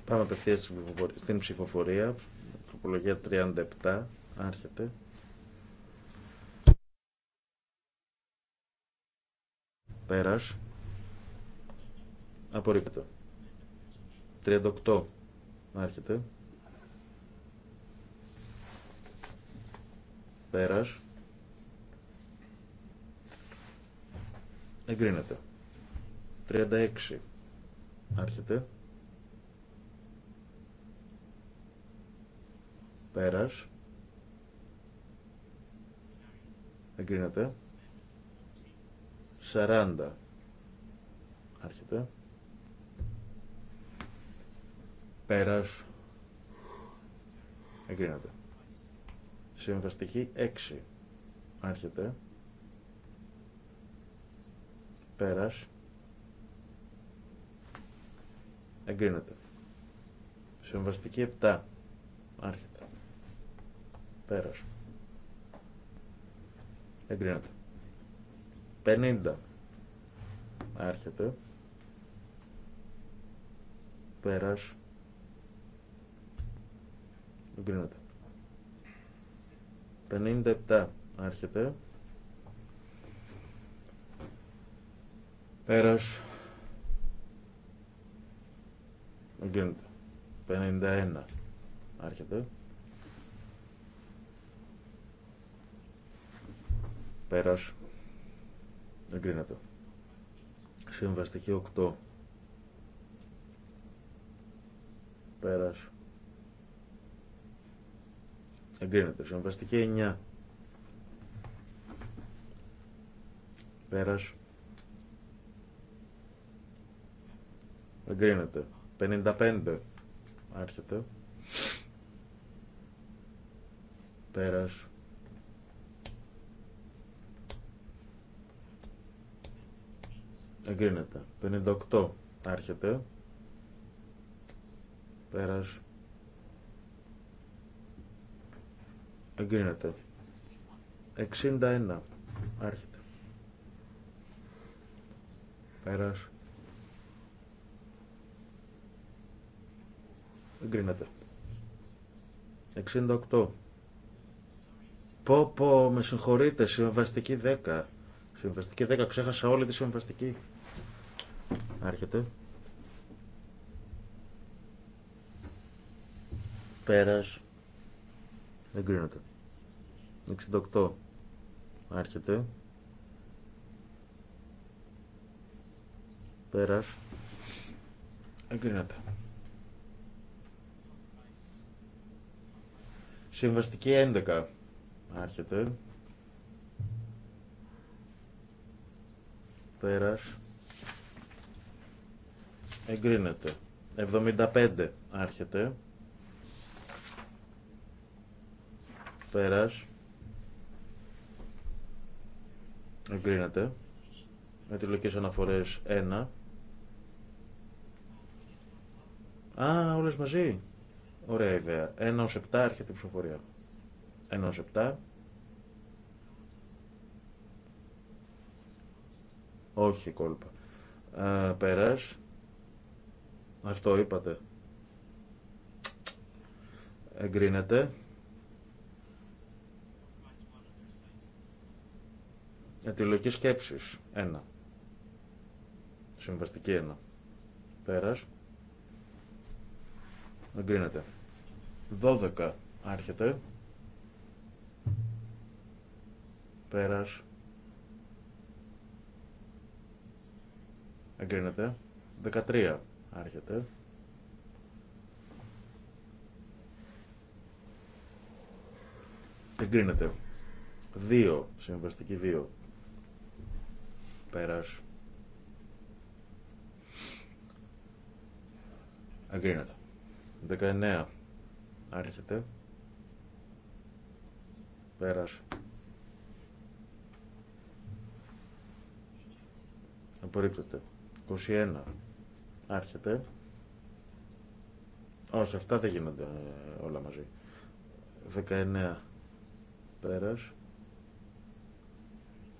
Speaker 3: Πάμε απευθεία στην ψηφοφορία. Τροπολογία 37. Άρχεται. Πέρας. Απορρίπτω. 38. έρχεται. Πέρας. Εγκρίνεται. 36. Άρχεται. Πέρας. Εγκρίνεται. 40. Άρχεται. Πέρας. Εγκρίνεται. Συμβαστική 6. Άρχεται. Πέρας. Εγκρίνεται. Συμβαστική 7. Άρχεται. Πέρας. Εγκρίνεται. 50. Άρχεται. Πέρας. Εγκρίνεται. 57 άρχεται. Πέρας. Εγκρίνεται. 51 άρχεται. Πέρας. Εγκρίνεται. Συμβαστική 8. Πέρας. Εγκρίνεται. Συμβαστική 9. Πέρας. Εγκρίνεται. 55. Άρχεται. Πέρας. Εγκρίνεται. 58. Άρχεται. Πέρας. Εγκρίνεται. 61. Άρχεται. Πέρας. Εγκρίνεται. 68. Πω πω, με συγχωρείτε, συμβαστική 10. Συμβαστική 10, ξέχασα όλη τη συμβαστική. Άρχεται. Πέρας. Εγκρίνεται. 68 άρχεται πέρας εγκρίνεται συμβαστική 11 άρχεται πέρας εγκρίνεται 75 άρχεται πέρας εγκρίνεται με τηλεοκές αναφορές 1 Α, όλες μαζί Ωραία ιδέα 1 ως 7 έρχεται η ψηφοφορία 1 ως 7 Όχι κόλπα ε, Πέρας Αυτό είπατε Εγκρίνεται Αιτιολογική σκέψη. 1. Συμβαστική 1. Πέρα. Εγκρίνεται. 12. Άρχεται. Πέρα. Εγκρίνεται. 13. Άρχεται. Εγκρίνεται. 2. Συμβαστική 2. Πέρας. Αγκρίνεται. 19. Άρχεται. Πέρας. Απορρίπτεται. 21. Άρχεται. Όχι, αυτά δεν γίνονται όλα μαζί. 19. Πέρας.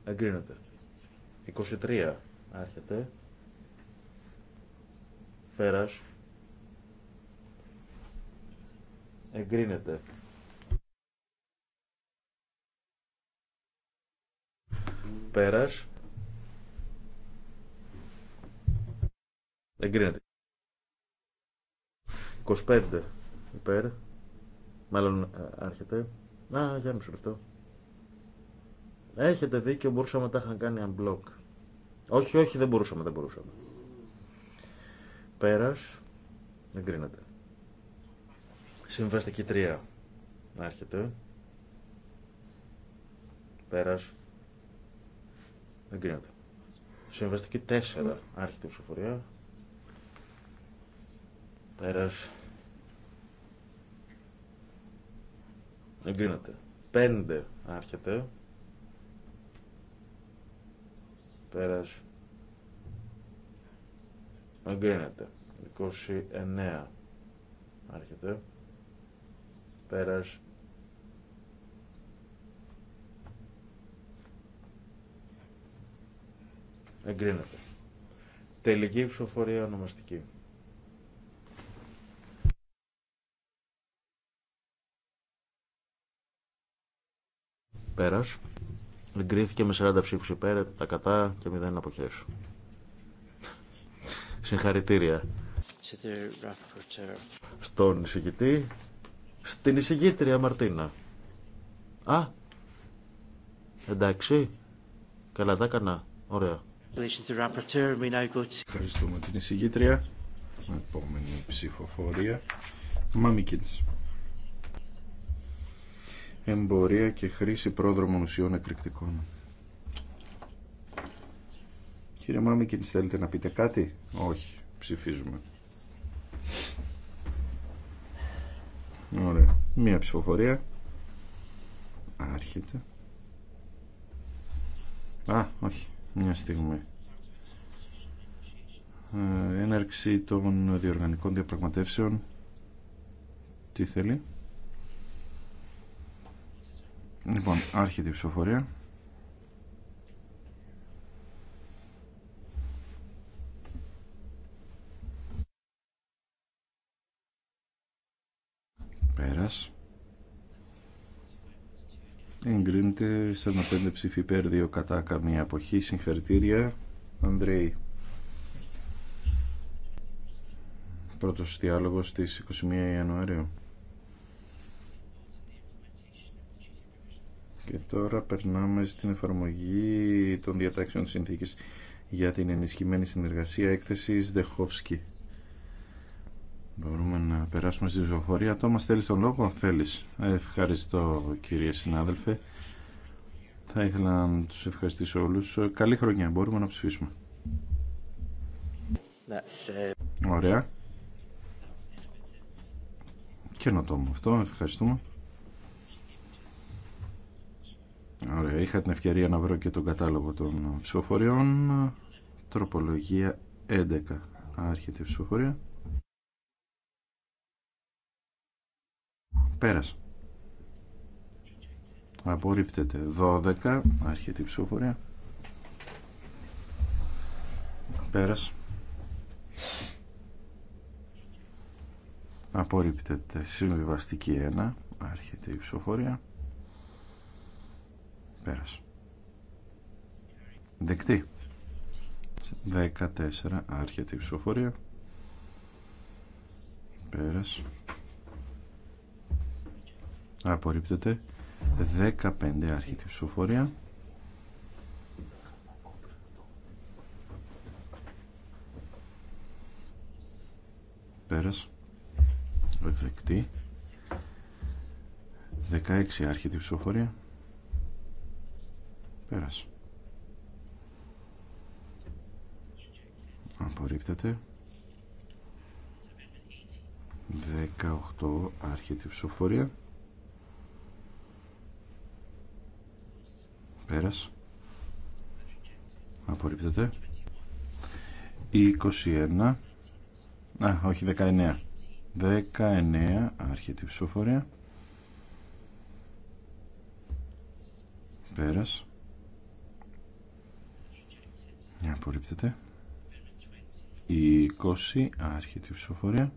Speaker 3: Εγκρίνεται. 23 άρχεται. Πέρας. Εγκρίνεται. Πέρας. Εγκρίνεται. 25 υπέρ. Μάλλον έρχεται, ε, να για μισό λεπτό. Έχετε δίκιο, μπορούσαμε να τα είχαν κάνει unblock. Όχι, όχι, δεν μπορούσαμε, δεν μπορούσαμε. Πέρας, εγκρίνεται. Συμβαστική 3. Άρχεται. Πέρας. Εγκρίνεται. Συμβαστική 4. Άρχεται η ψηφοφορία. Πέρας. Εγκρίνεται. 5. Άρχεται. Πέρας. Εγκρίνεται. 29. Άρχεται. Πέρας. Εγκρίνεται. Τελική ψηφοφορία ονομαστική. Πέρας. Εγκρίθηκε με 40 ψήφου υπέρ, τα κατά και 0 αποχές. Συγχαρητήρια. Στον εισηγητή, στην εισηγήτρια Μαρτίνα. Α, εντάξει, καλά τα έκανα,
Speaker 4: ωραία. Ευχαριστούμε την εισηγήτρια. Επόμενη ψηφοφορία. Μάμικινς εμπορία και χρήση πρόδρομων ουσιών εκρηκτικών. Κύριε Μάμικιν, θέλετε να πείτε κάτι? Όχι, ψηφίζουμε. Ωραία, μία ψηφοφορία. Άρχεται. Α, όχι, μια στιγμή. Ε, έναρξη των διοργανικών διαπραγματεύσεων. Τι θέλει. Λοιπόν, άρχεται η ψηφοφορία. Πέρας. Εγκρίνεται 45 ψήφι υπέρ, 2 κατά καμία αποχή. Συγχαρητήρια, Ανδρέη. Πρώτος διάλογος στις 21 Ιανουαρίου. Και τώρα περνάμε στην εφαρμογή των διατάξεων συνθήκης για την ενισχυμένη συνεργασία έκθεσης Δεχόφσκι. Μπορούμε να περάσουμε στη ψηφοφορία. Τόμας, θέλεις τον λόγο? Θέλεις. Ευχαριστώ κύριε συνάδελφε. Θα ήθελα να τους ευχαριστήσω όλους. Καλή χρονιά. Μπορούμε να ψηφίσουμε. Ωραία. Καινοτόμο αυτό. Ευχαριστούμε. Ωραία, είχα την ευκαιρία να βρω και τον κατάλογο των ψηφοφοριών. Τροπολογία 11. Άρχεται η ψηφοφορία. Πέρας. Απορρίπτεται. 12. Άρχεται η ψηφοφορία. Πέρας. Απορρίπτεται. Συμβιβαστική 1. Άρχεται η ψηφοφορία. Πέρασε. Δεκτή. 14 άρχεται η ψηφοφορία. Πέρασε. Απορρίπτεται. 15 άρχεται η ψηφοφορία. Πέρας. Δεκτή. 16 άρχεται η ψηφοφορία. Πέρας. Απορρίπτεται. 18 άρχεται η ψηφοφορία. Πέρας. Απορρίπτεται. 21. Α, όχι 19. 19 άρχεται η ψηφοφορία. Πέρας. Απορρίπτεται. Η 20 άρχιτη ψηφοφορία.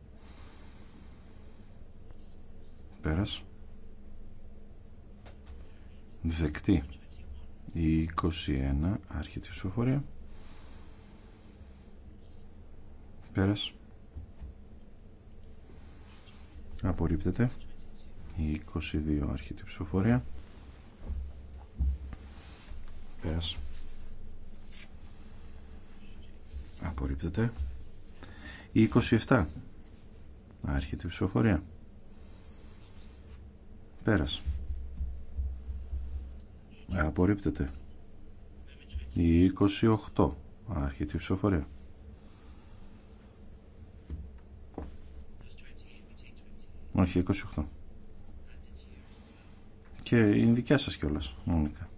Speaker 4: Πέρας. Δεκτή. Η 21 άρχιτη ψηφοφορία. Πέρας. Απορρίπτεται. Η 22 άρχιτη ψηφοφορία. Πέρας. απορρίπτεται η 27 άρχεται η ψηφοφορία πέρας απορρίπτεται η 28 άρχεται η ψηφοφορία όχι 28 και είναι δικιά σας κιόλας μόνικα.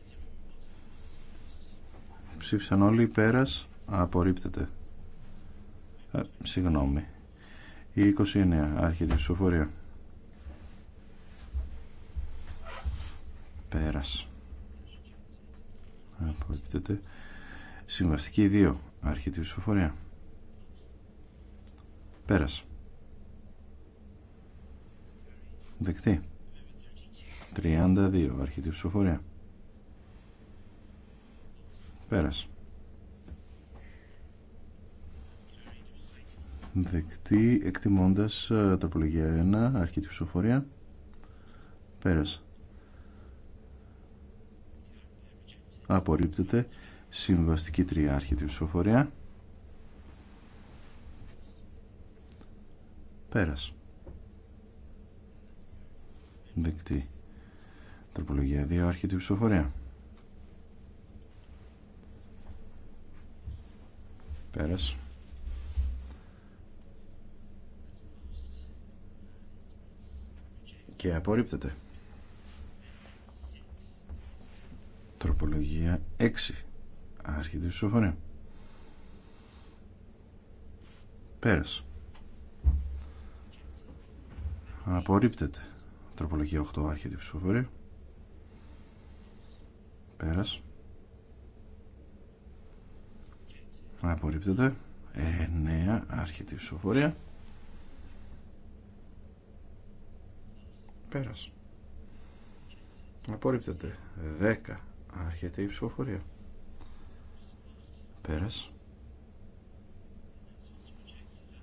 Speaker 4: ψήφισαν όλοι πέρας απορρίπτεται ε, συγγνώμη η 29 άρχεται ψηφοφορία πέρας απορρίπτεται συμβαστική 2 άρχεται ψηφοφορία πέρας δεκτή 32 άρχεται ψηφοφορία πέρας δεκτή εκτιμώντας ε, τροπολογία 1 αρχή ψηφοφορία πέρασε απορρίπτεται συμβαστική 3 αρχή ψηφοφορία πέρασε δεκτή τροπολογία 2 αρχή ψηφοφορία πέρασε και απορρίπτεται. Τροπολογία 6. Άρχεται η ψηφοφορία. Πέρασε. Απορρίπτεται. Τροπολογία 8. Άρχεται η ψηφοφορία. Πέρασε. Απορρίπτεται. 9. Ε, ναι, άρχεται η ψηφοφορία. Πέρας. Απορρίπτεται. 10. Άρχεται η ψηφοφορία. Πέρας.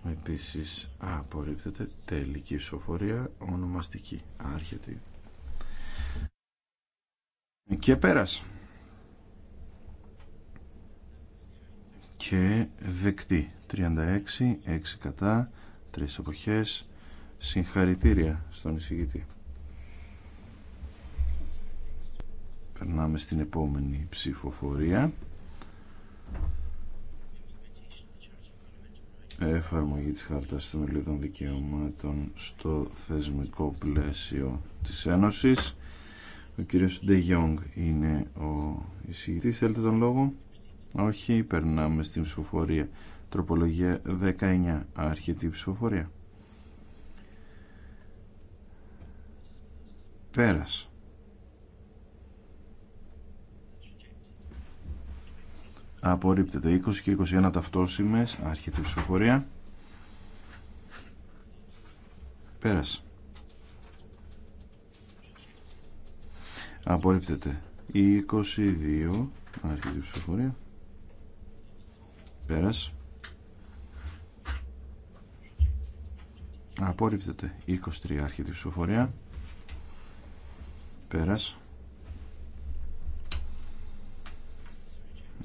Speaker 4: Επίσης απορρίπτεται τελική ψηφοφορία ονομαστική. Άρχεται. Και πέρας. Και δεκτή. 36, 6 κατά, 3 εποχές. Συγχαρητήρια στον εισηγητή. Περνάμε στην επόμενη ψηφοφορία. Εφαρμογή της Χάρτας των Δικαιωμάτων στο θεσμικό πλαίσιο της Ένωσης. Ο κύριος Ντεγιόγκ είναι ο εισηγητής. Θέλετε τον λόγο? Όχι. Περνάμε στην ψηφοφορία. Τροπολογία 19. Άρχεται η ψηφοφορία. Πέρας. απορρίπτεται 20 και 21 ταυτόσημες άρχεται ψηφοφορία πέρας απορρίπτεται 22 άρχεται η ψηφοφορία πέρας απορρίπτεται 23 άρχεται ψηφοφορία πέρας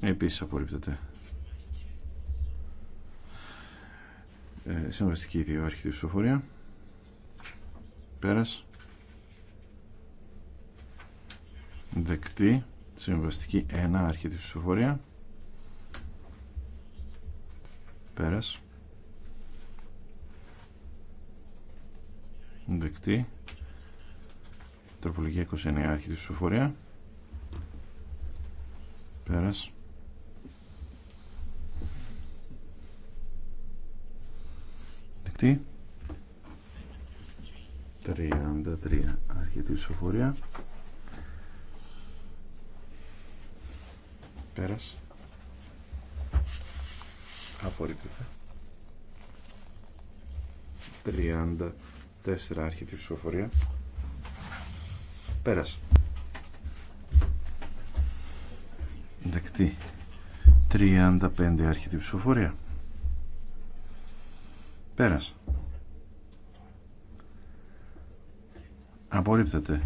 Speaker 4: Επίσης απορρίπτεται. Ε, συμβαστική 2 άρχιτη ψηφοφορία. Πέρας. Δεκτή. Συμβαστική 1 άρχιτη ψηφοφορία. Πέρας. Δεκτή. Τροπολογία 29 άρχιτη ψηφοφορία. Πέρας. δεκτή 33 αρχιτή ψηφοφορία πέρας απορρίπτεται 34 αρχιτή ψηφοφορία πέρας δεκτή 35 αρχιτή ψηφοφορία Πέρας. Απορρίπτεται.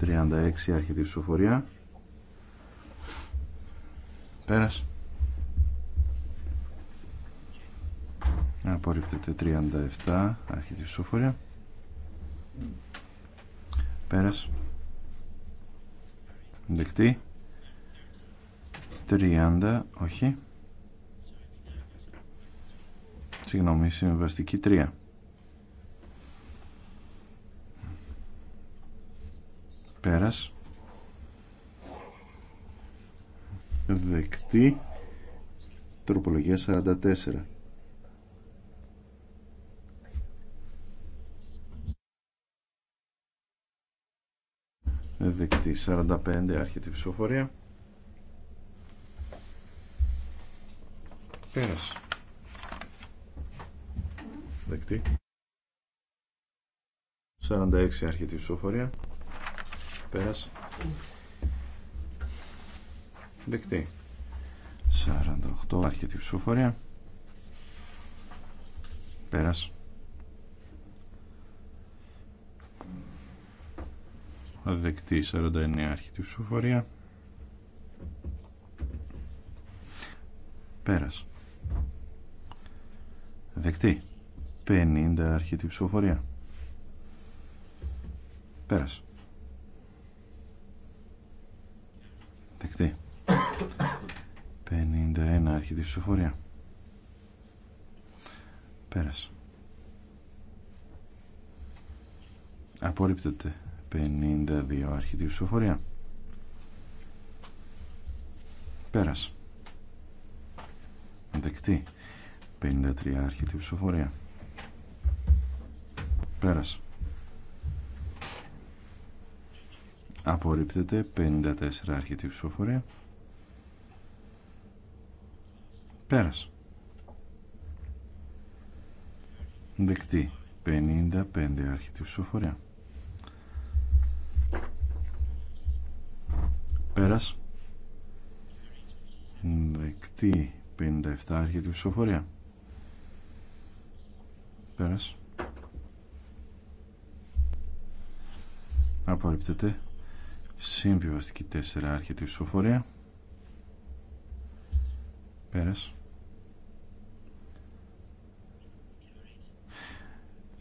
Speaker 4: 36 άρχεται Πέρας. ψηφοφορία. Πέρασε. Απορρίπτεται 37 άρχεται η ψηφοφορία. Δεκτή. 30, όχι. συγγνώμη, συμβαστική 3. Πέρας. Δεκτή.
Speaker 2: Τροπολογία 44.
Speaker 4: Δεκτή 45 άρχεται η ψηφοφορία. Πέρασε δεκτή 46 αρχιτή η ψηφοφορία πέρας δεκτή 48 αρχιτή η ψηφοφορία πέρας δεκτή 49 αρχιτή η ψηφοφορία πέρας δεκτή 50 αρχιτή ψηφοφορία. Πέρασε. Δεκτή. 51 αρχιτή ψηφοφορία. Πέρασε. Απορρίπτεται. 52 αρχιτή ψηφοφορία. Πέρασε. Δεκτή. 53 αρχιτή ψηφοφορία. Πέρας. Απορρίπτεται 54 αρχιτή ψηφοφορία. Πέρας. Δεκτή 55 αρχιτή ψηφοφορία. Πέρας. Δεκτή 57 αρχιτή ψηφοφορία. Πέρας. Απορρίπτεται. Συμβιβαστική 4 άρχεται η ψηφοφορία. Πέρας.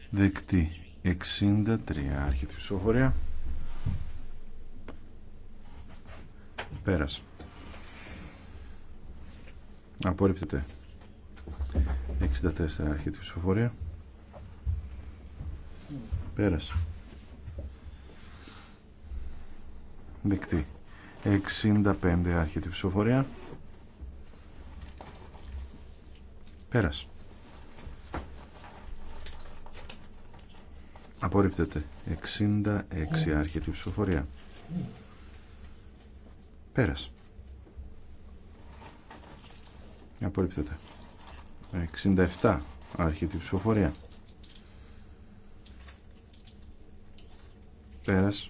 Speaker 4: Δεκτή 63 άρχεται η ψηφοφορία. Πέρας. Απορρίπτεται. 64 άρχεται η ψηφοφορία. Πέρας. δεκτεί 65 άρχεται η ψηφοφορία πέρας απορρίπτεται 66 άρχεται η ψηφοφορία πέρας απορρίπτεται 67 άρχεται η ψηφοφορία πέρας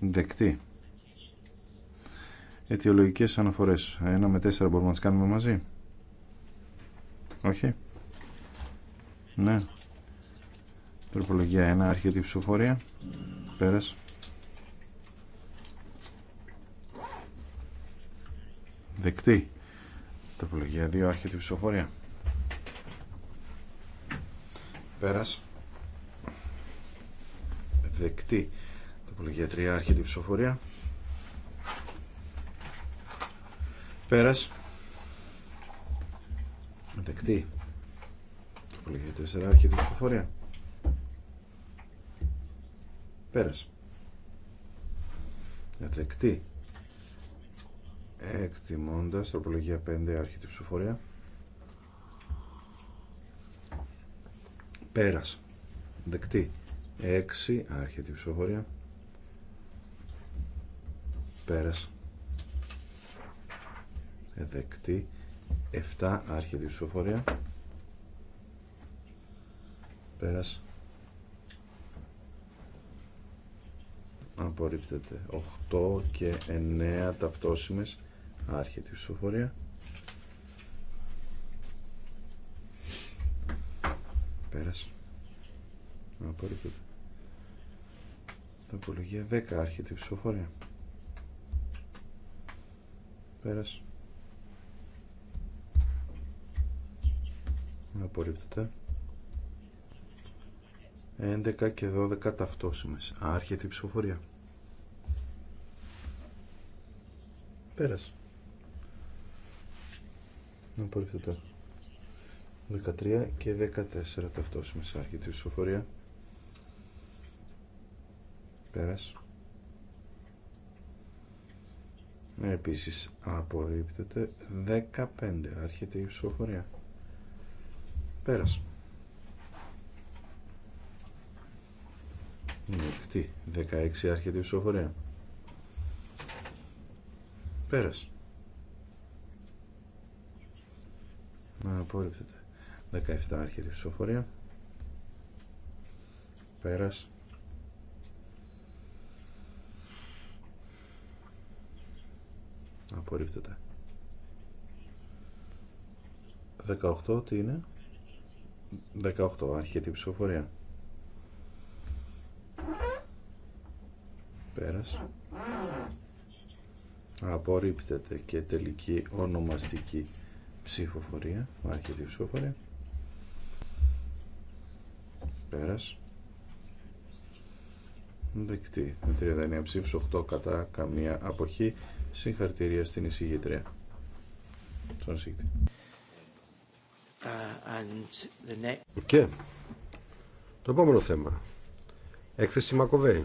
Speaker 4: δεκτή. Αιτιολογικές αναφορές. Ένα με 4 μπορούμε να τις κάνουμε μαζί. Όχι. Ναι. Τροπολογία 1. Αρχιετή ψηφοφορία. Πέρας. Δεκτή. Τροπολογία 2. Αρχιετή ψηφοφορία. Πέρας. Δεκτή. Τροπολογία 3, άρχεται ψηφοφορία. Πέρας. Δεκτή. Τροπολογία 4, άρχεται ψηφοφορία. Πέρας. Δεκτή. Εκτιμώντας, τροπολογία 5, άρχεται ψηφοφορία. Πέρας. Δεκτή. 6, άρχεται η ψηφοφορία. Πέρας. Δεκτή. 7 άρχιδη ψηφοφορία. Πέρας. Απορρίπτεται. 8 και 9 ταυτόσιμες άρχιδη ψηφοφορία. Πέρας. Απορρίπτεται. Ταπολογία 10 άρχιδη ψηφοφορία. Πέρας. Απορρίπτεται. 11 και 12 ταυτόσημες. Άρχεται η ψηφοφορία. Πέρας. Απορρίπτεται. 13 και 14 ταυτόσημες. Άρχεται η ψηφοφορία. Πέρας. Επίσης απορρίπτεται 15. Άρχεται η ψηφοφορία. Πέρας. τι ναι, 16. Άρχεται η ψηφοφορία. Πέρας. Απορρίπτεται. 17. Άρχεται η ψηφοφορία. Πέρας. απορρίπτεται 18 τι είναι 18 Αρχιετή ψηφοφορία πέρας απορρίπτεται και τελική ονομαστική ψηφοφορία Αρχιετή ψηφοφορία πέρας δεκτή 39 ψήφους 8 κατά καμία αποχή Συγχαρητήρια στην εισηγήτρια.
Speaker 2: Στον ευχαριστώ. Uh, και το επόμενο θέμα. Έκθεση Μακοβέη.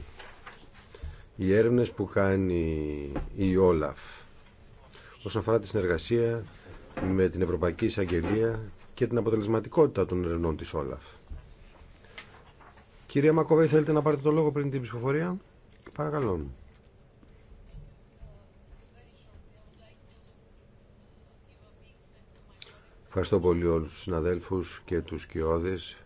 Speaker 2: Οι έρευνες που κάνει η Όλαφ όσον αφορά τη συνεργασία με την Ευρωπαϊκή Εισαγγελία και την αποτελεσματικότητα των ερευνών της Όλαφ. Κυρία Μακοβέη, θέλετε να πάρετε το λόγο πριν την ψηφοφορία. Παρακαλώ. Ευχαριστώ πολύ όλους τους συναδέλφους και τους κοιόδες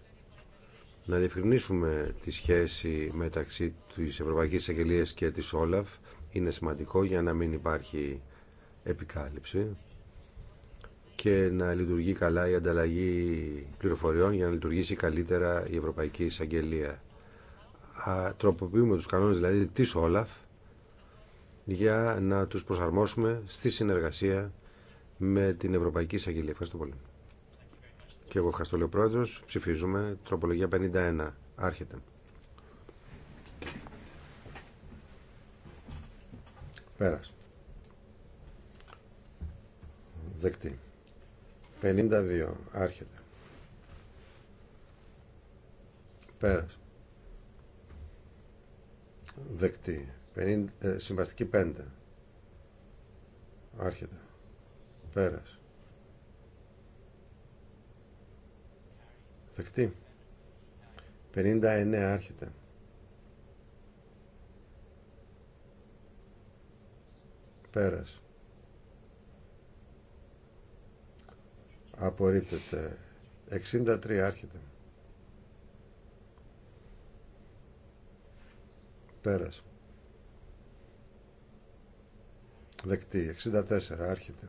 Speaker 2: να διευκρινίσουμε τη σχέση μεταξύ της Ευρωπαϊκής Αγγελίας και της Όλαφ είναι σημαντικό για να μην υπάρχει επικάλυψη και να λειτουργεί καλά η ανταλλαγή πληροφοριών για να λειτουργήσει καλύτερα η Ευρωπαϊκή Εισαγγελία. Α, τροποποιούμε τους κανόνες δηλαδή της Όλαφ για να τους προσαρμόσουμε στη συνεργασία με την Ευρωπαϊκή Εισαγγελία. Ευχαριστώ πολύ. Και εγώ ευχαριστώ, λέει Ψηφίζουμε. Τροπολογία 51. Άρχεται. Πέρας. Δεκτή. 52. Άρχεται. Πέρας. Δεκτή. Ε, συμβαστική 5. Άρχεται. Πέρας. Δεκτή. 59 άρχεται. Πέρας. Απορρίπτεται. 63 άρχεται. Πέρας. Δεκτή. 64 άρχεται.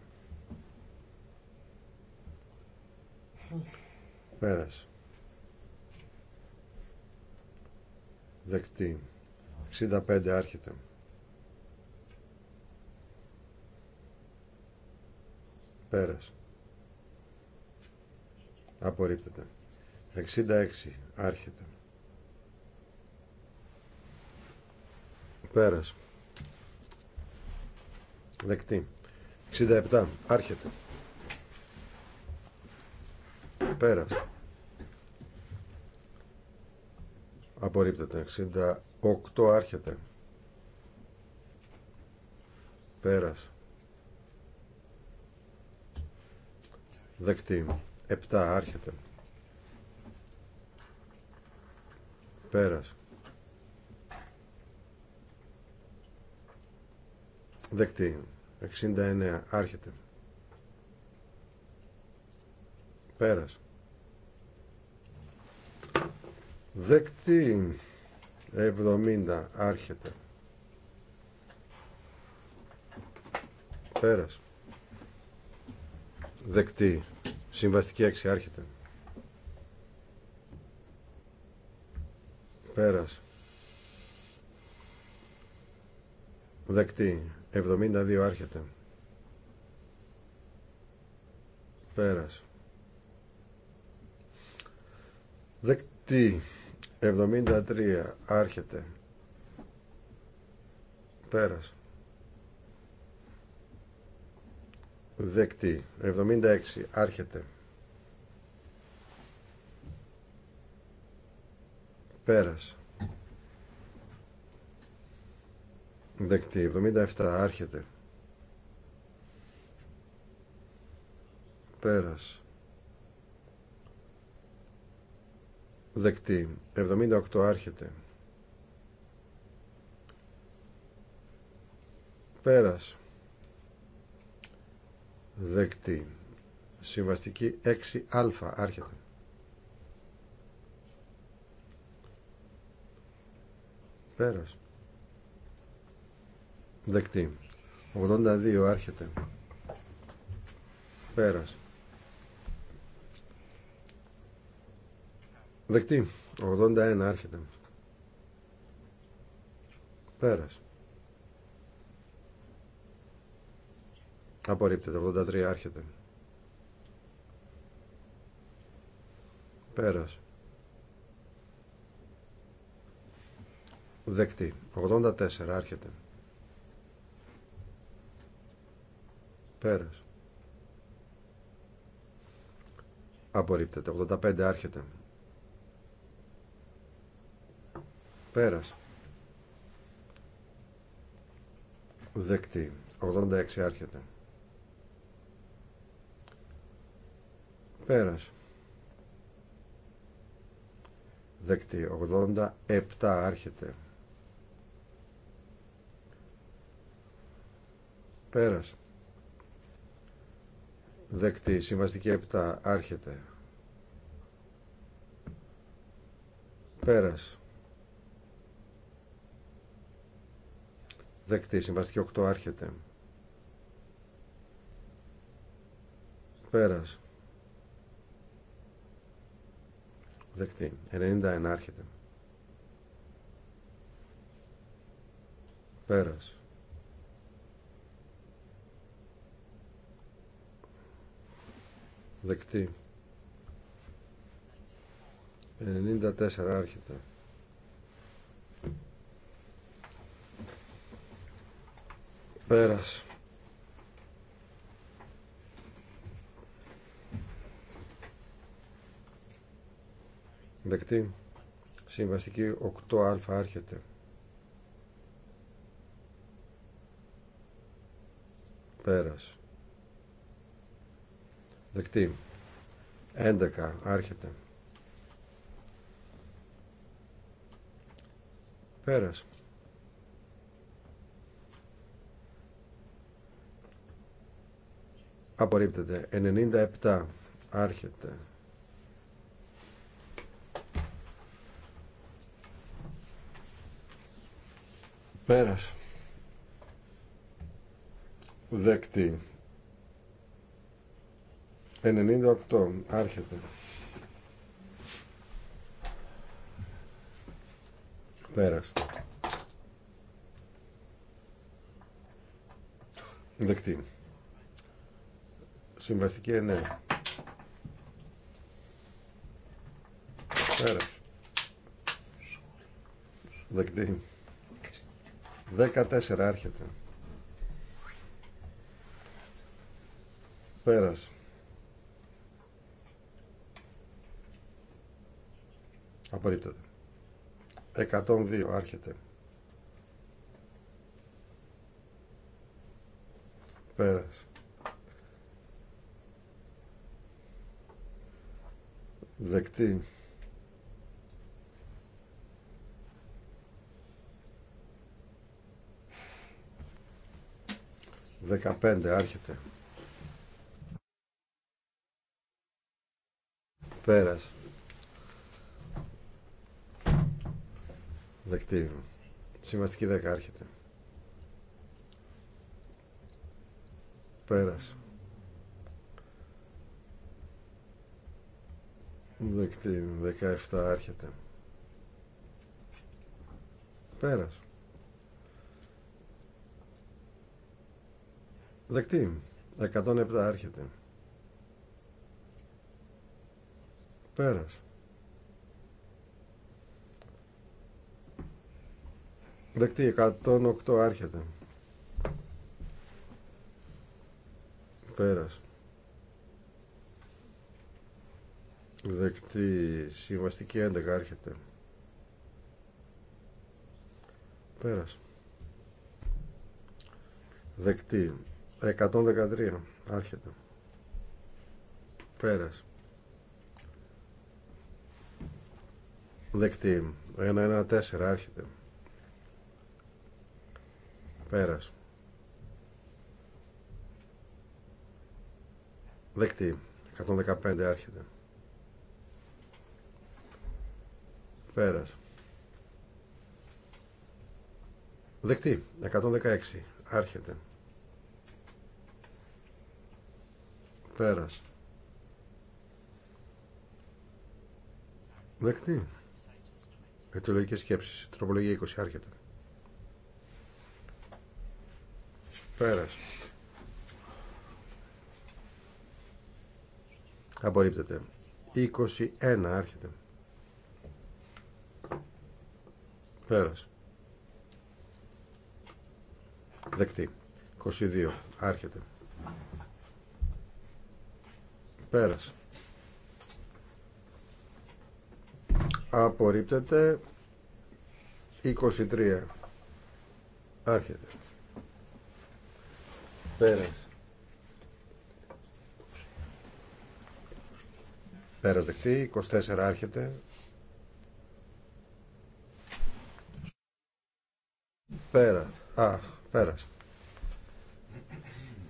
Speaker 2: Πέρασε. Δεκτή. 65 άρχεται. Πέρασε. Απορρίπτεται. 66 άρχεται. Πέρασε Δεκτή. 67 άρχεται. Πέρας. Απορρίπτεται. 68 άρχεται. Πέρας. Δεκτή. 7 άρχεται. Πέρας. Δεκτή. 69 άρχεται. Πέρας. δεκτή 70 άρχεται πέρας δεκτή συμβαστική έξι, άρχεται πέρας δεκτή 72 άρχεται πέρας δεκτή 73 άρχεται πέρας δεκτή 76 άρχεται πέρας δεκτή 77 άρχεται πέρας δεκτή 78 άρχεται πέρας δεκτή συμβαστική 6α άρχεται πέρας δεκτή 82 άρχεται πέρας Δεκτή. 81 άρχεται. Πέρας. Απορρίπτεται. 83 άρχεται. Πέρας. Δεκτή. 84 άρχεται. Πέρας. Απορρίπτεται. 85 άρχεται. Πέρας. Δεκτή. 86 άρχεται. Πέρας. Δεκτή. 87 άρχεται. Πέρας. Δεκτή. Συμβαστική 7 άρχεται. Πέρας. δεκτή. Συμβαστική 8 άρχεται. Πέρας. Δεκτή. 91 άρχεται. Πέρας. Δεκτή. 94 άρχεται. Πέρας. Δεκτή. Συμβαστική 8α άρχεται. Πέρας. Δεκτή. 11 άρχεται. Πέρας. Απορρίπτεται. 97. Άρχεται. Πέρας. Δεκτή. 98. Άρχεται. Πέρας. Δεκτή. Συμβαστική ενέργεια Πέρας. Δεκτή. Δεκατέσσερα. Άρχεται. Πέρας. Απορρίπτεται. Εκατόν δύο. Άρχεται. Πέρασε. δεκτή. Δεκαπέντε άρχεται. Πέρας. Δεκτή. Σημαστική δέκα άρχεται. Πέρας. Δεκτή 17 άρχεται. Πέρας. Δεκτή 107 άρχεται. Πέρας. Δεκτή 108 άρχεται. Πέρας. δεκτή συμβαστική 11 άρχεται πέρας δεκτή 113 άρχεται πέρας δεκτή 114 άρχεται πέρας δεκτή 115 άρχεται Πέρας. Δεκτή. 116. Άρχεται. Πέρας. Δεκτή. Αιτιολογικέ σκέψει. Τροπολογία 20. Άρχεται. Πέρας. Απορρίπτεται. 21. Άρχεται. Πέρας. Δεκτή. 22. Άρχεται. Πέρας. Απορρίπτεται. 23. Άρχεται. Πέρας. Πέρας δεκτή. 24. Άρχεται. Πέρα. Α, πέρασε.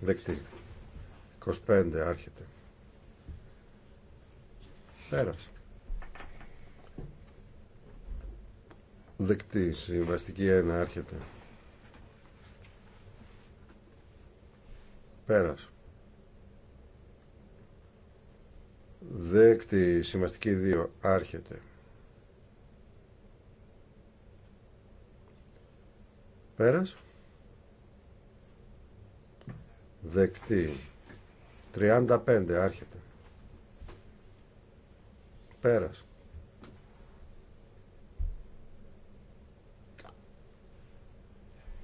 Speaker 2: Δεκτή. 25 άρχεται. Πέρασε. Δεκτή. Συμβαστική 1 άρχεται. Πέρασε. Δέκτη. Συμβαστική 2 άρχεται. Πέρας. Δεκτή. 35 άρχεται. Πέρας.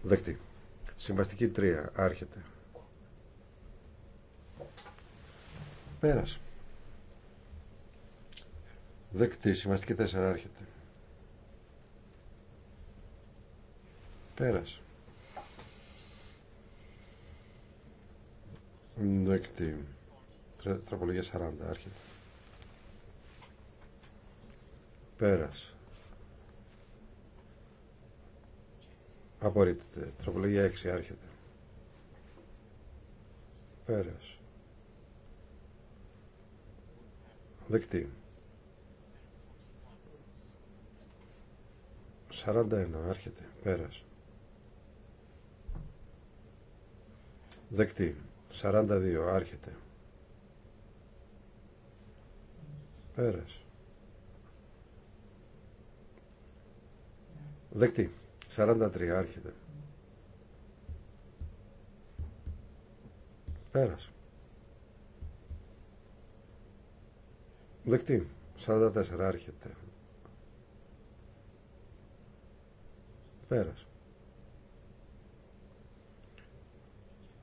Speaker 2: Δεκτή. Συμβαστική 3 άρχεται. Πέρας. Δεκτή. Συμβαστική 4 άρχεται. Πέρας. Δεκτή. Τραπολογία 40. Άρχεται. Πέρας. Απορρίπτεται. Τροπολογία 6. Άρχεται. Πέρας. Δεκτή. 41. Άρχεται. Πέρας. Δεκτή. 42. Άρχεται. Πέρας. Δεκτή. 43. Άρχεται. Πέρας. Δεκτή. 44. Άρχεται. Πέρας.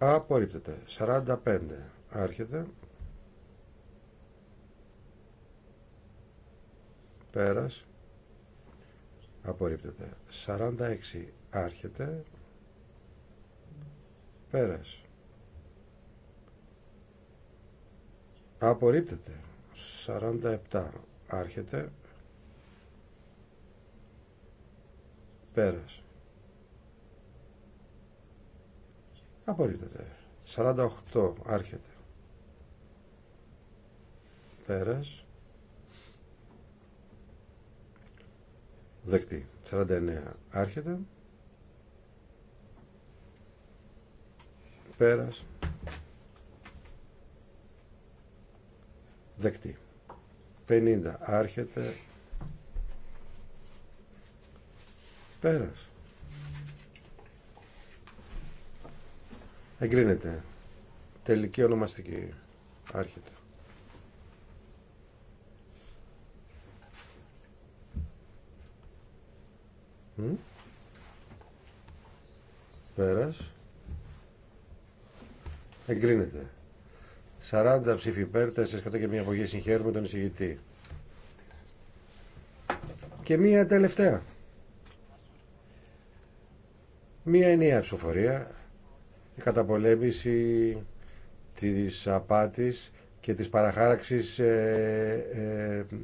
Speaker 2: Απορρίπτεται. 45. Άρχεται. Πέρας. Απορρίπτεται. 46. Άρχεται. Πέρας. Απορρίπτεται. 47. Άρχεται. Πέρας. Απορρίπτεται. 48. Άρχεται. Πέρας. Δεκτή. 49. Άρχεται. Πέρας. Δεκτή. 50. Άρχεται. Πέρας. Εγκρίνεται. Τελική ονομαστική. Άρχεται. Πέρας. Εγκρίνεται. 40 ψήφοι υπέρ, 4 και μία απογεία συγχαίρουμε τον εισηγητή. Και μία τελευταία. Μία ενιαία ψηφοφορία η καταπολέμηση της απάτης και της παραχάραξης ε, ε,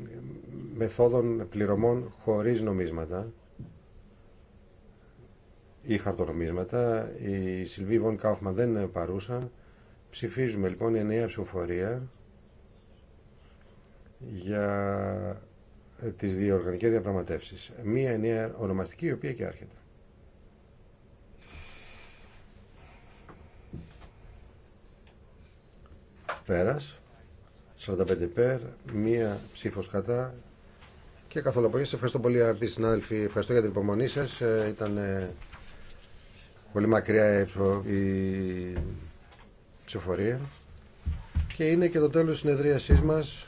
Speaker 2: μεθόδων πληρωμών χωρίς νομίσματα ή χαρτονομίσματα. Η Σιλβί Βον Κάουφμαν δεν είναι παρούσα. Ψηφίζουμε λοιπόν η σιλβι βον καουφμαν δεν παρουσα ψηφοφορία για ε, τις διοργανικές διαπραγματεύσεις. Μία νέα ονομαστική η οποία και άρχεται. Πέρας. 45 πέρα, μία ψήφος κατά και καθόλου απογεύση. Ευχαριστώ πολύ αγαπητοί συνάδελφοι, ευχαριστώ για την υπομονή σας. Ε, ήταν ε, πολύ μακριά η ψηφορία. Και είναι και το τέλος της συνεδρίασής μας.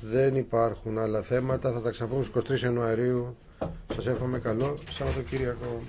Speaker 2: Δεν υπάρχουν άλλα θέματα. Θα τα ξαναπούμε στις 23 Ιανουαρίου. Σας εύχομαι καλό Σαββατοκύριακο.